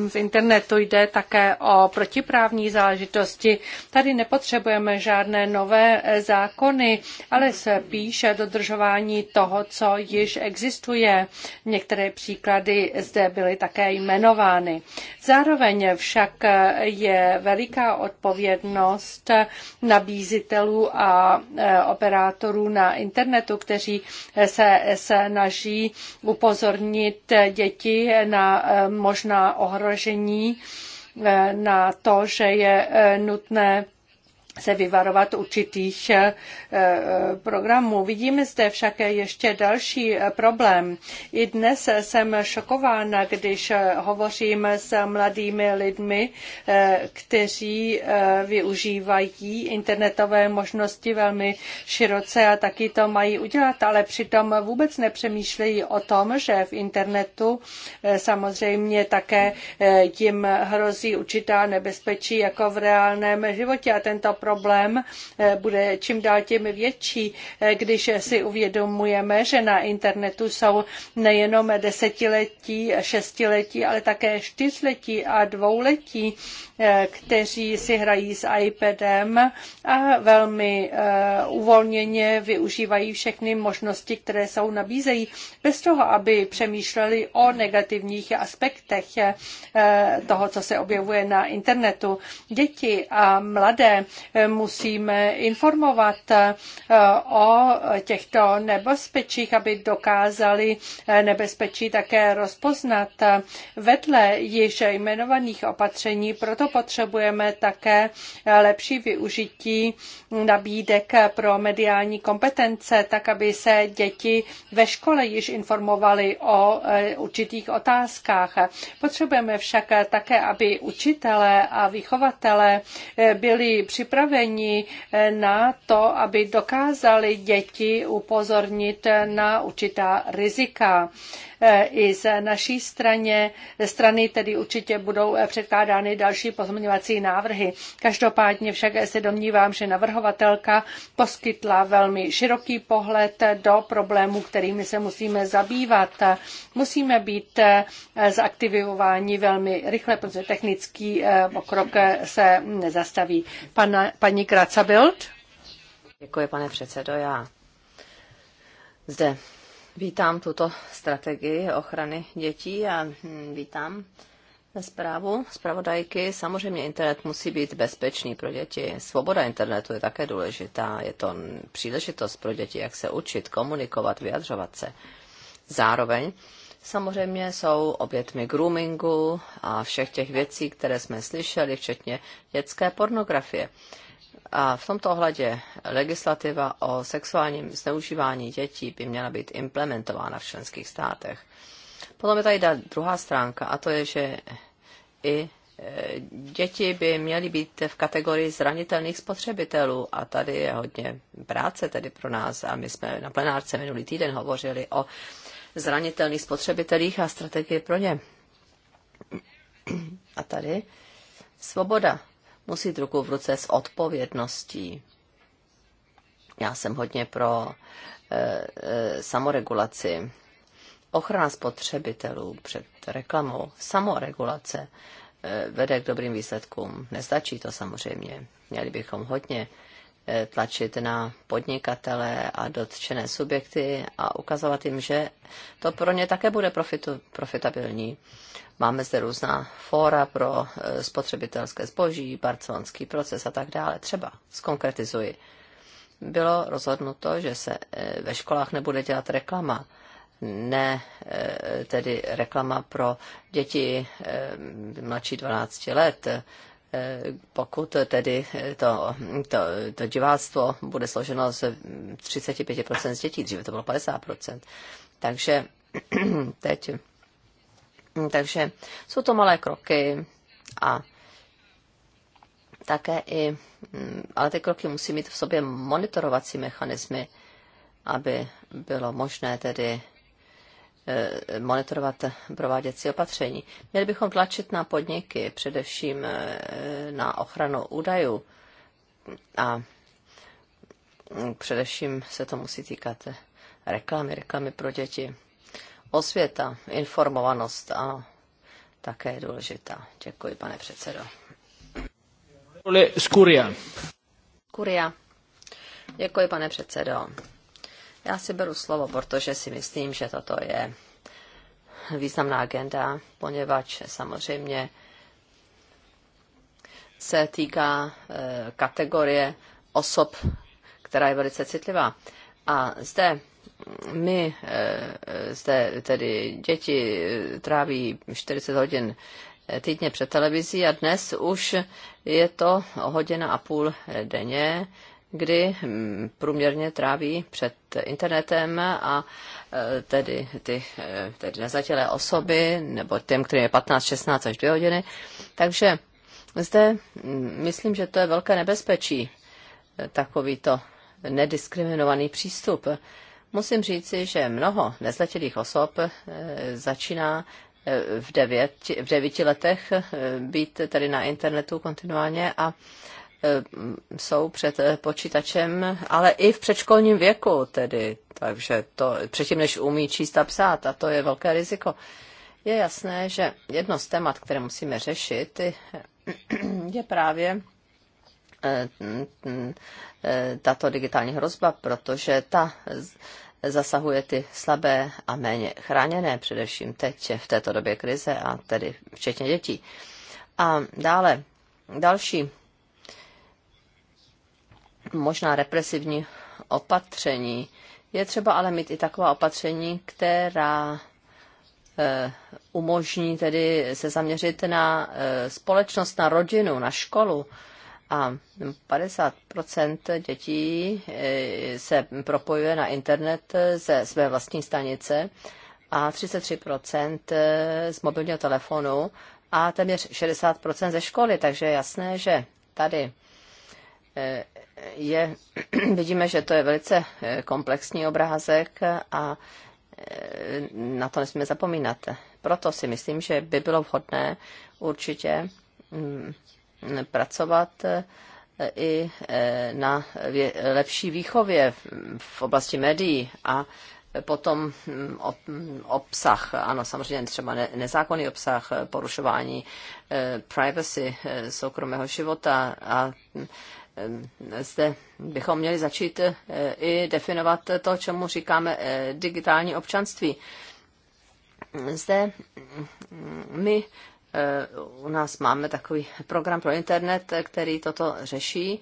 v internetu jde také o protiprávní záležitosti. Tady nepotřebujeme žádné nové zákony, ale se píše dodržování toho, co již existuje. Některé příklady zde byly také jmenovány. Zároveň však je veliká odpovědnost nabízitelů a eh, operátorů na internetu, kteří se snaží upozornit děti na eh, možná ohrožení eh, na to, že je eh, nutné se vyvarovat určitých eh, eh, programů. Vidíme zde však ještě další eh, problém. I dnes jsem šokována, když hovořím s mladými lidmi, kteří využívají internetové možnosti velmi široce a taky to mají udělat, ale přitom vůbec nepřemýšlejí o tom, že v internetu samozřejmě také jim hrozí určitá nebezpečí jako v reálném životě a tento problém eh, bude čím dál tím větší, eh, když si uvědomujeme, že na internetu jsou nejenom desetiletí, šestiletí, ale také čtyřletí a dvouletí, eh, kteří si hrají s iPadem a velmi uvolněně využívají všechny možnosti, které jsou nabízejí, bez toho, aby přemýšleli o negativních aspektech toho, co se objevuje na internetu. Děti a mladé musíme informovat eh, o těchto nebezpečích, aby dokázali eh, nebezpečí také rozpoznat. Vedle již jmenovaných opatření proto potřebujeme také eh, lepší využití nabídek pro mediální kompetence, tak aby se děti ve škole již informovaly o určitých otázkách. Potřebujeme však také, aby učitelé a vychovatelé byli připraveni připraveni eh, na to, aby dokázali děti upozornit na určitá rizika. E, i z naší straně, strany tedy určitě budou e, předkládány další pozměňovací návrhy. Každopádně však se domnívám, že navrhovatelka poskytla velmi široký pohled do problémů, kterými se musíme zabývat. Musíme být e, zaktivováni velmi rychle, protože technický pokrok se nezastaví. Pana, paní Kracabild? Děkuji, pane předsedo. Já zde Vítám tuto strategii ochrany dětí a hm, vítám zprávu zpravodajky. Samozřejmě internet musí být bezpečný pro děti. Svoboda internetu je také důležitá. Je to příležitost pro děti, jak se učit, komunikovat, vyjadřovat se. Zároveň samozřejmě jsou obětmi groomingu a všech těch věcí, které jsme slyšeli, včetně dětské pornografie. A v tomto ohledě legislativa o sexuálním zneužívání dětí by měla být implementována v členských státech. Potom je tady druhá stránka, a to je, že i e, děti by měly být v kategorii zranitelných spotřebitelů a tady je hodně práce tedy pro nás a my jsme na plenárce minulý týden hovořili o zranitelných spotřebitelích a strategii pro ně. A tady svoboda musí jít ruku v ruce s odpovědností. Já jsem hodně pro e, e, samoregulaci. Ochrana spotřebitelů před reklamou, samoregulace e, vede k dobrým výsledkům. Nestačí to samozřejmě. Měli bychom hodně Eh, tlačit na podnikatele a dotčené subjekty a ukazovat jim, že to pro ně také bude profitu, profitabilní. Máme zde různá fóra pro eh, spotřebitelské zboží, barcelonský proces a tak dále. Třeba zkonkretizuji. Bylo rozhodnuto, že se eh, ve školách nebude dělat reklama ne tedy reklama pro děti mladší 12 let, pokud tedy to, to, to diváctvo bude složeno z 35% z dětí, dříve to bylo 50%. Takže teď, takže jsou to malé kroky a také i, mm, ale ty kroky musí mít v sobě monitorovací mechanismy, aby bylo možné tedy Eh, monitorovat prováděcí opatření. Měli bychom tlačit na podniky, především eh, na ochranu údajů a mm, především se to musí týkat reklamy, reklamy pro děti. Osvěta, informovanost, a také je důležitá. Děkuji, pane předsedo. Kuria. Kuria. Děkuji, pane předsedo. Já si beru slovo, protože si myslím, že toto je významná agenda, poněvadž samozřejmě se týká eh, kategorie osob, která je velice citlivá. A zde my eh, zde tedy děti eh, tráví 40 hodin týdně před televizí a dnes už je to hodina a půl denně kdy hm, průměrně tráví před internetem a e, tedy ty e, tedy nezatělé osoby, nebo těm, kterým je 15, 16 až 2 hodiny. Takže zde hm, myslím, že to je velké nebezpečí, e, takovýto nediskriminovaný přístup. Musím říci, že mnoho nezletilých osob začíná v, devět, v devíti letech být tedy na internetu kontinuálně a Eh, jsou před eh, počítačem, ale i v předškolním věku tedy, takže to předtím, než umí číst a psát, a to je velké riziko. Je jasné, že jedno z témat, které musíme řešit, je právě eh, tato digitální hrozba, protože ta zasahuje ty slabé a méně chráněné, především teď v této době krize a tedy včetně dětí. A dále další možná represivní opatření. Je třeba ale mít i taková opatření, která eh, umožní tedy se zaměřit na eh, společnost, na rodinu, na školu. A 50 dětí eh, se propojuje na internet ze své vlastní stanice a 33 z mobilního telefonu a téměř 60 ze školy. Takže je jasné, že tady je, vidíme, že to je velice eh, komplexní obrázek a eh, na to nesmíme zapomínat. Proto si myslím, že by bylo vhodné určitě mm, pracovat eh, i na lepší výchově v oblasti médií a potom mm, obsah, ano, samozřejmě třeba nezákonný obsah, porušování privacy, soukromého života a Ehm, zde bychom měli začít eh, i definovat to, čemu říkáme eh, digitální občanství. Zde mm, my eh, u nás máme takový program pro internet, který toto řeší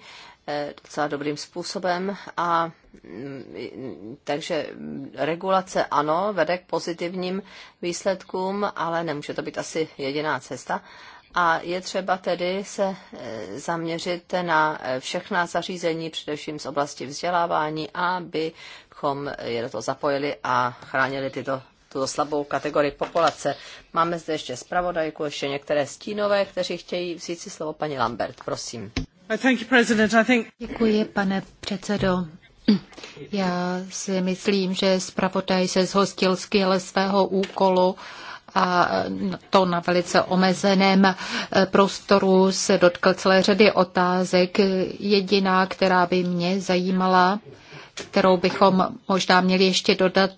docela dobrým způsobem a mm, takže regulace ano, vede k pozitivním výsledkům, ale nemůže to být asi jediná cesta. A je třeba tedy se e, zaměřit na e, všechna zařízení, především z oblasti vzdělávání, abychom je do toho zapojili a chránili tyto tuto slabou kategorii populace. Máme zde ještě zpravodajku, ještě některé stínové, kteří chtějí vzít si slovo paní Lambert, prosím. Uh, Děkuji, pane předsedo. Já si myslím, že zpravodaj se zhostil skvěle svého úkolu a to na velice omezeném eh, prostoru se dotkl celé řady otázek. Jediná, která by mě zajímala, kterou bychom možná měli ještě dodat,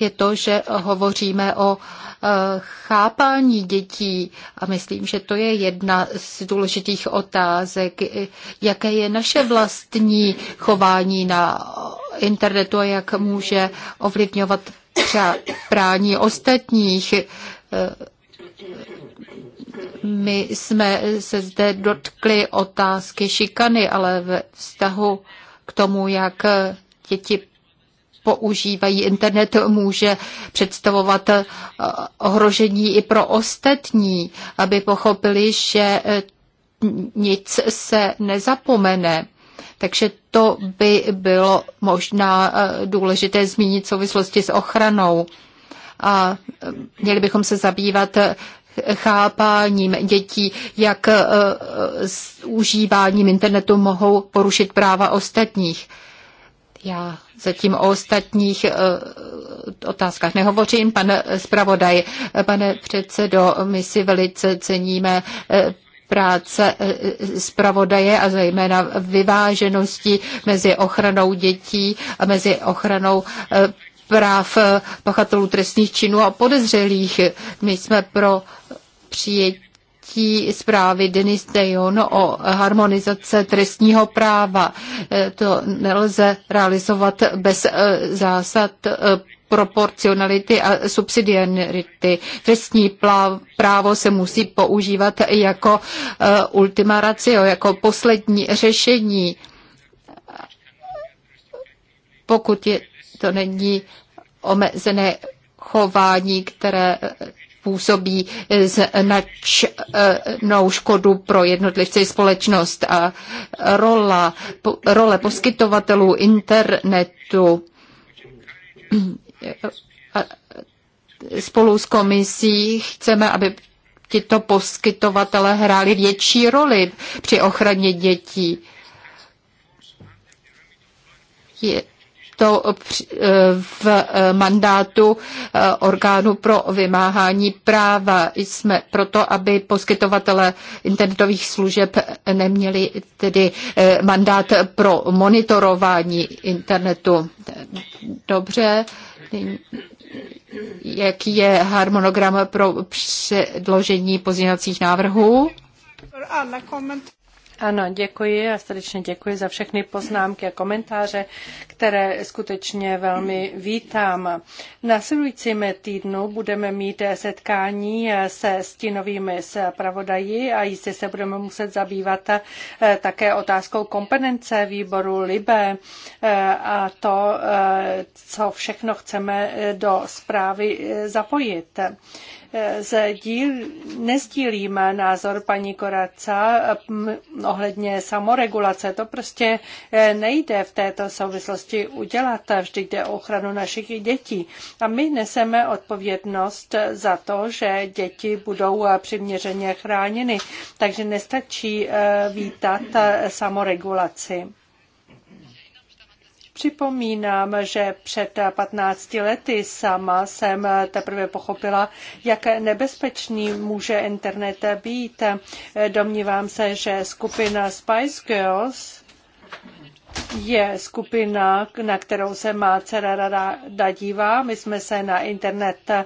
je to, že hovoříme o eh, chápání dětí a myslím, že to je jedna z důležitých otázek, jaké je naše vlastní chování na internetu a jak může ovlivňovat prání ostatních. Eh, my jsme se zde dotkli otázky šikany, ale ve vztahu k tomu, jak děti používají internet, může představovat eh, ohrožení i pro ostatní, aby pochopili, že eh, nic se nezapomene. Takže to by bylo možná eh, důležité zmínit v souvislosti s ochranou. A eh, měli bychom se zabývat eh, chápáním dětí, jak s užíváním internetu mohou porušit práva ostatních. Já zatím o ostatních otázkách nehovořím. pane zpravodaj, pane předsedo, my si velice ceníme práce e, e, zpravodaje a zejména vyváženosti mezi ochranou dětí a mezi ochranou e, práv pachatelů trestných činů a podezřelých. My jsme pro přijetí zprávy Denis Dejon o harmonizace trestního práva. To nelze realizovat bez zásad proporcionality a subsidiarity. Trestní právo se musí používat jako eh, ultima ratio, jako poslední řešení. Pokud je, to není omezené chování, které eh, působí eh, značnou škodu pro jednotlivce i společnost a rola, role poskytovatelů internetu spolu s komisí chceme, aby tito poskytovatele hráli větší roli při ochraně dětí. Je to v mandátu eh, orgánu pro vymáhání práva. Jsme proto, aby poskytovatele internetových služeb neměli tedy eh, mandát pro monitorování internetu. Dobře. Jaký je harmonogram pro předložení pozměňovacích návrhů? Ano, děkuji a srdečně děkuji za všechny poznámky a komentáře, které skutečně velmi vítám. V následujícím týdnu budeme mít setkání se stínovými zpravodaji a jistě se budeme muset zabývat eh, také otázkou kompetence výboru LIBE eh, a to, eh, co všechno chceme do zprávy zapojit. Zdíl, nezdílím názor paní Koraca ohledně samoregulace. To prostě eh, nejde v této souvislosti udělat. Vždy jde o ochranu našich dětí. A my neseme odpovědnost za to, že děti budou eh, přiměřeně chráněny. Takže nestačí eh, vítat samoregulaci. Připomínám, že před 15 lety sama jsem teprve pochopila, jak nebezpečný může internet být. Domnívám se, že skupina Spice Girls je skupina, na kterou se má dcera rada dívá. My jsme se na internet eh,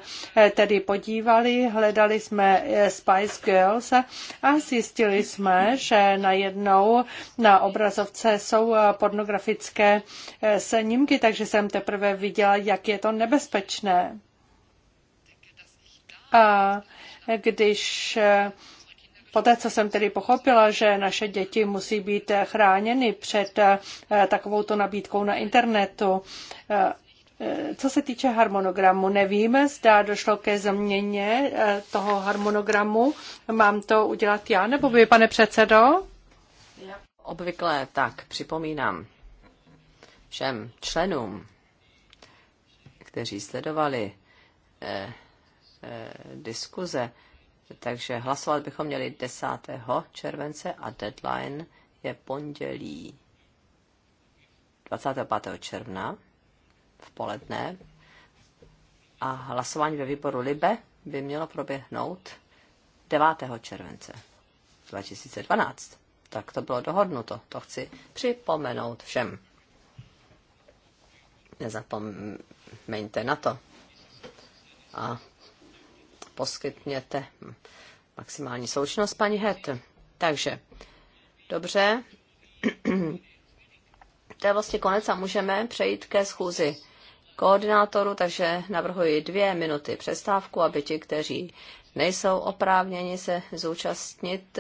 tedy podívali, hledali jsme eh, Spice Girls a zjistili jsme, že najednou na obrazovce jsou eh, pornografické snímky, takže jsem teprve viděla, jak je to nebezpečné. A když Poté, co jsem tedy pochopila, že naše děti musí být chráněny před eh, takovouto nabídkou na internetu, eh, co se týče harmonogramu, nevíme, zda došlo ke změně eh, toho harmonogramu. Mám to udělat já nebo vy, pane předsedo? Obvykle tak připomínám všem členům, kteří sledovali eh, eh, diskuze, eh, takže hlasovat bychom měli 10. července a deadline je pondělí 25. června v poledne. A hlasování ve výboru Libe by mělo proběhnout 9. července 2012. Tak to bylo dohodnuto, to chci připomenout všem. Nezapomeňte na to. A poskytněte maximální součinnost, paní Het. Takže, dobře. to je vlastně konec a můžeme přejít ke schůzi koordinátoru, takže navrhuji dvě minuty přestávku, aby ti, kteří nejsou oprávněni se zúčastnit,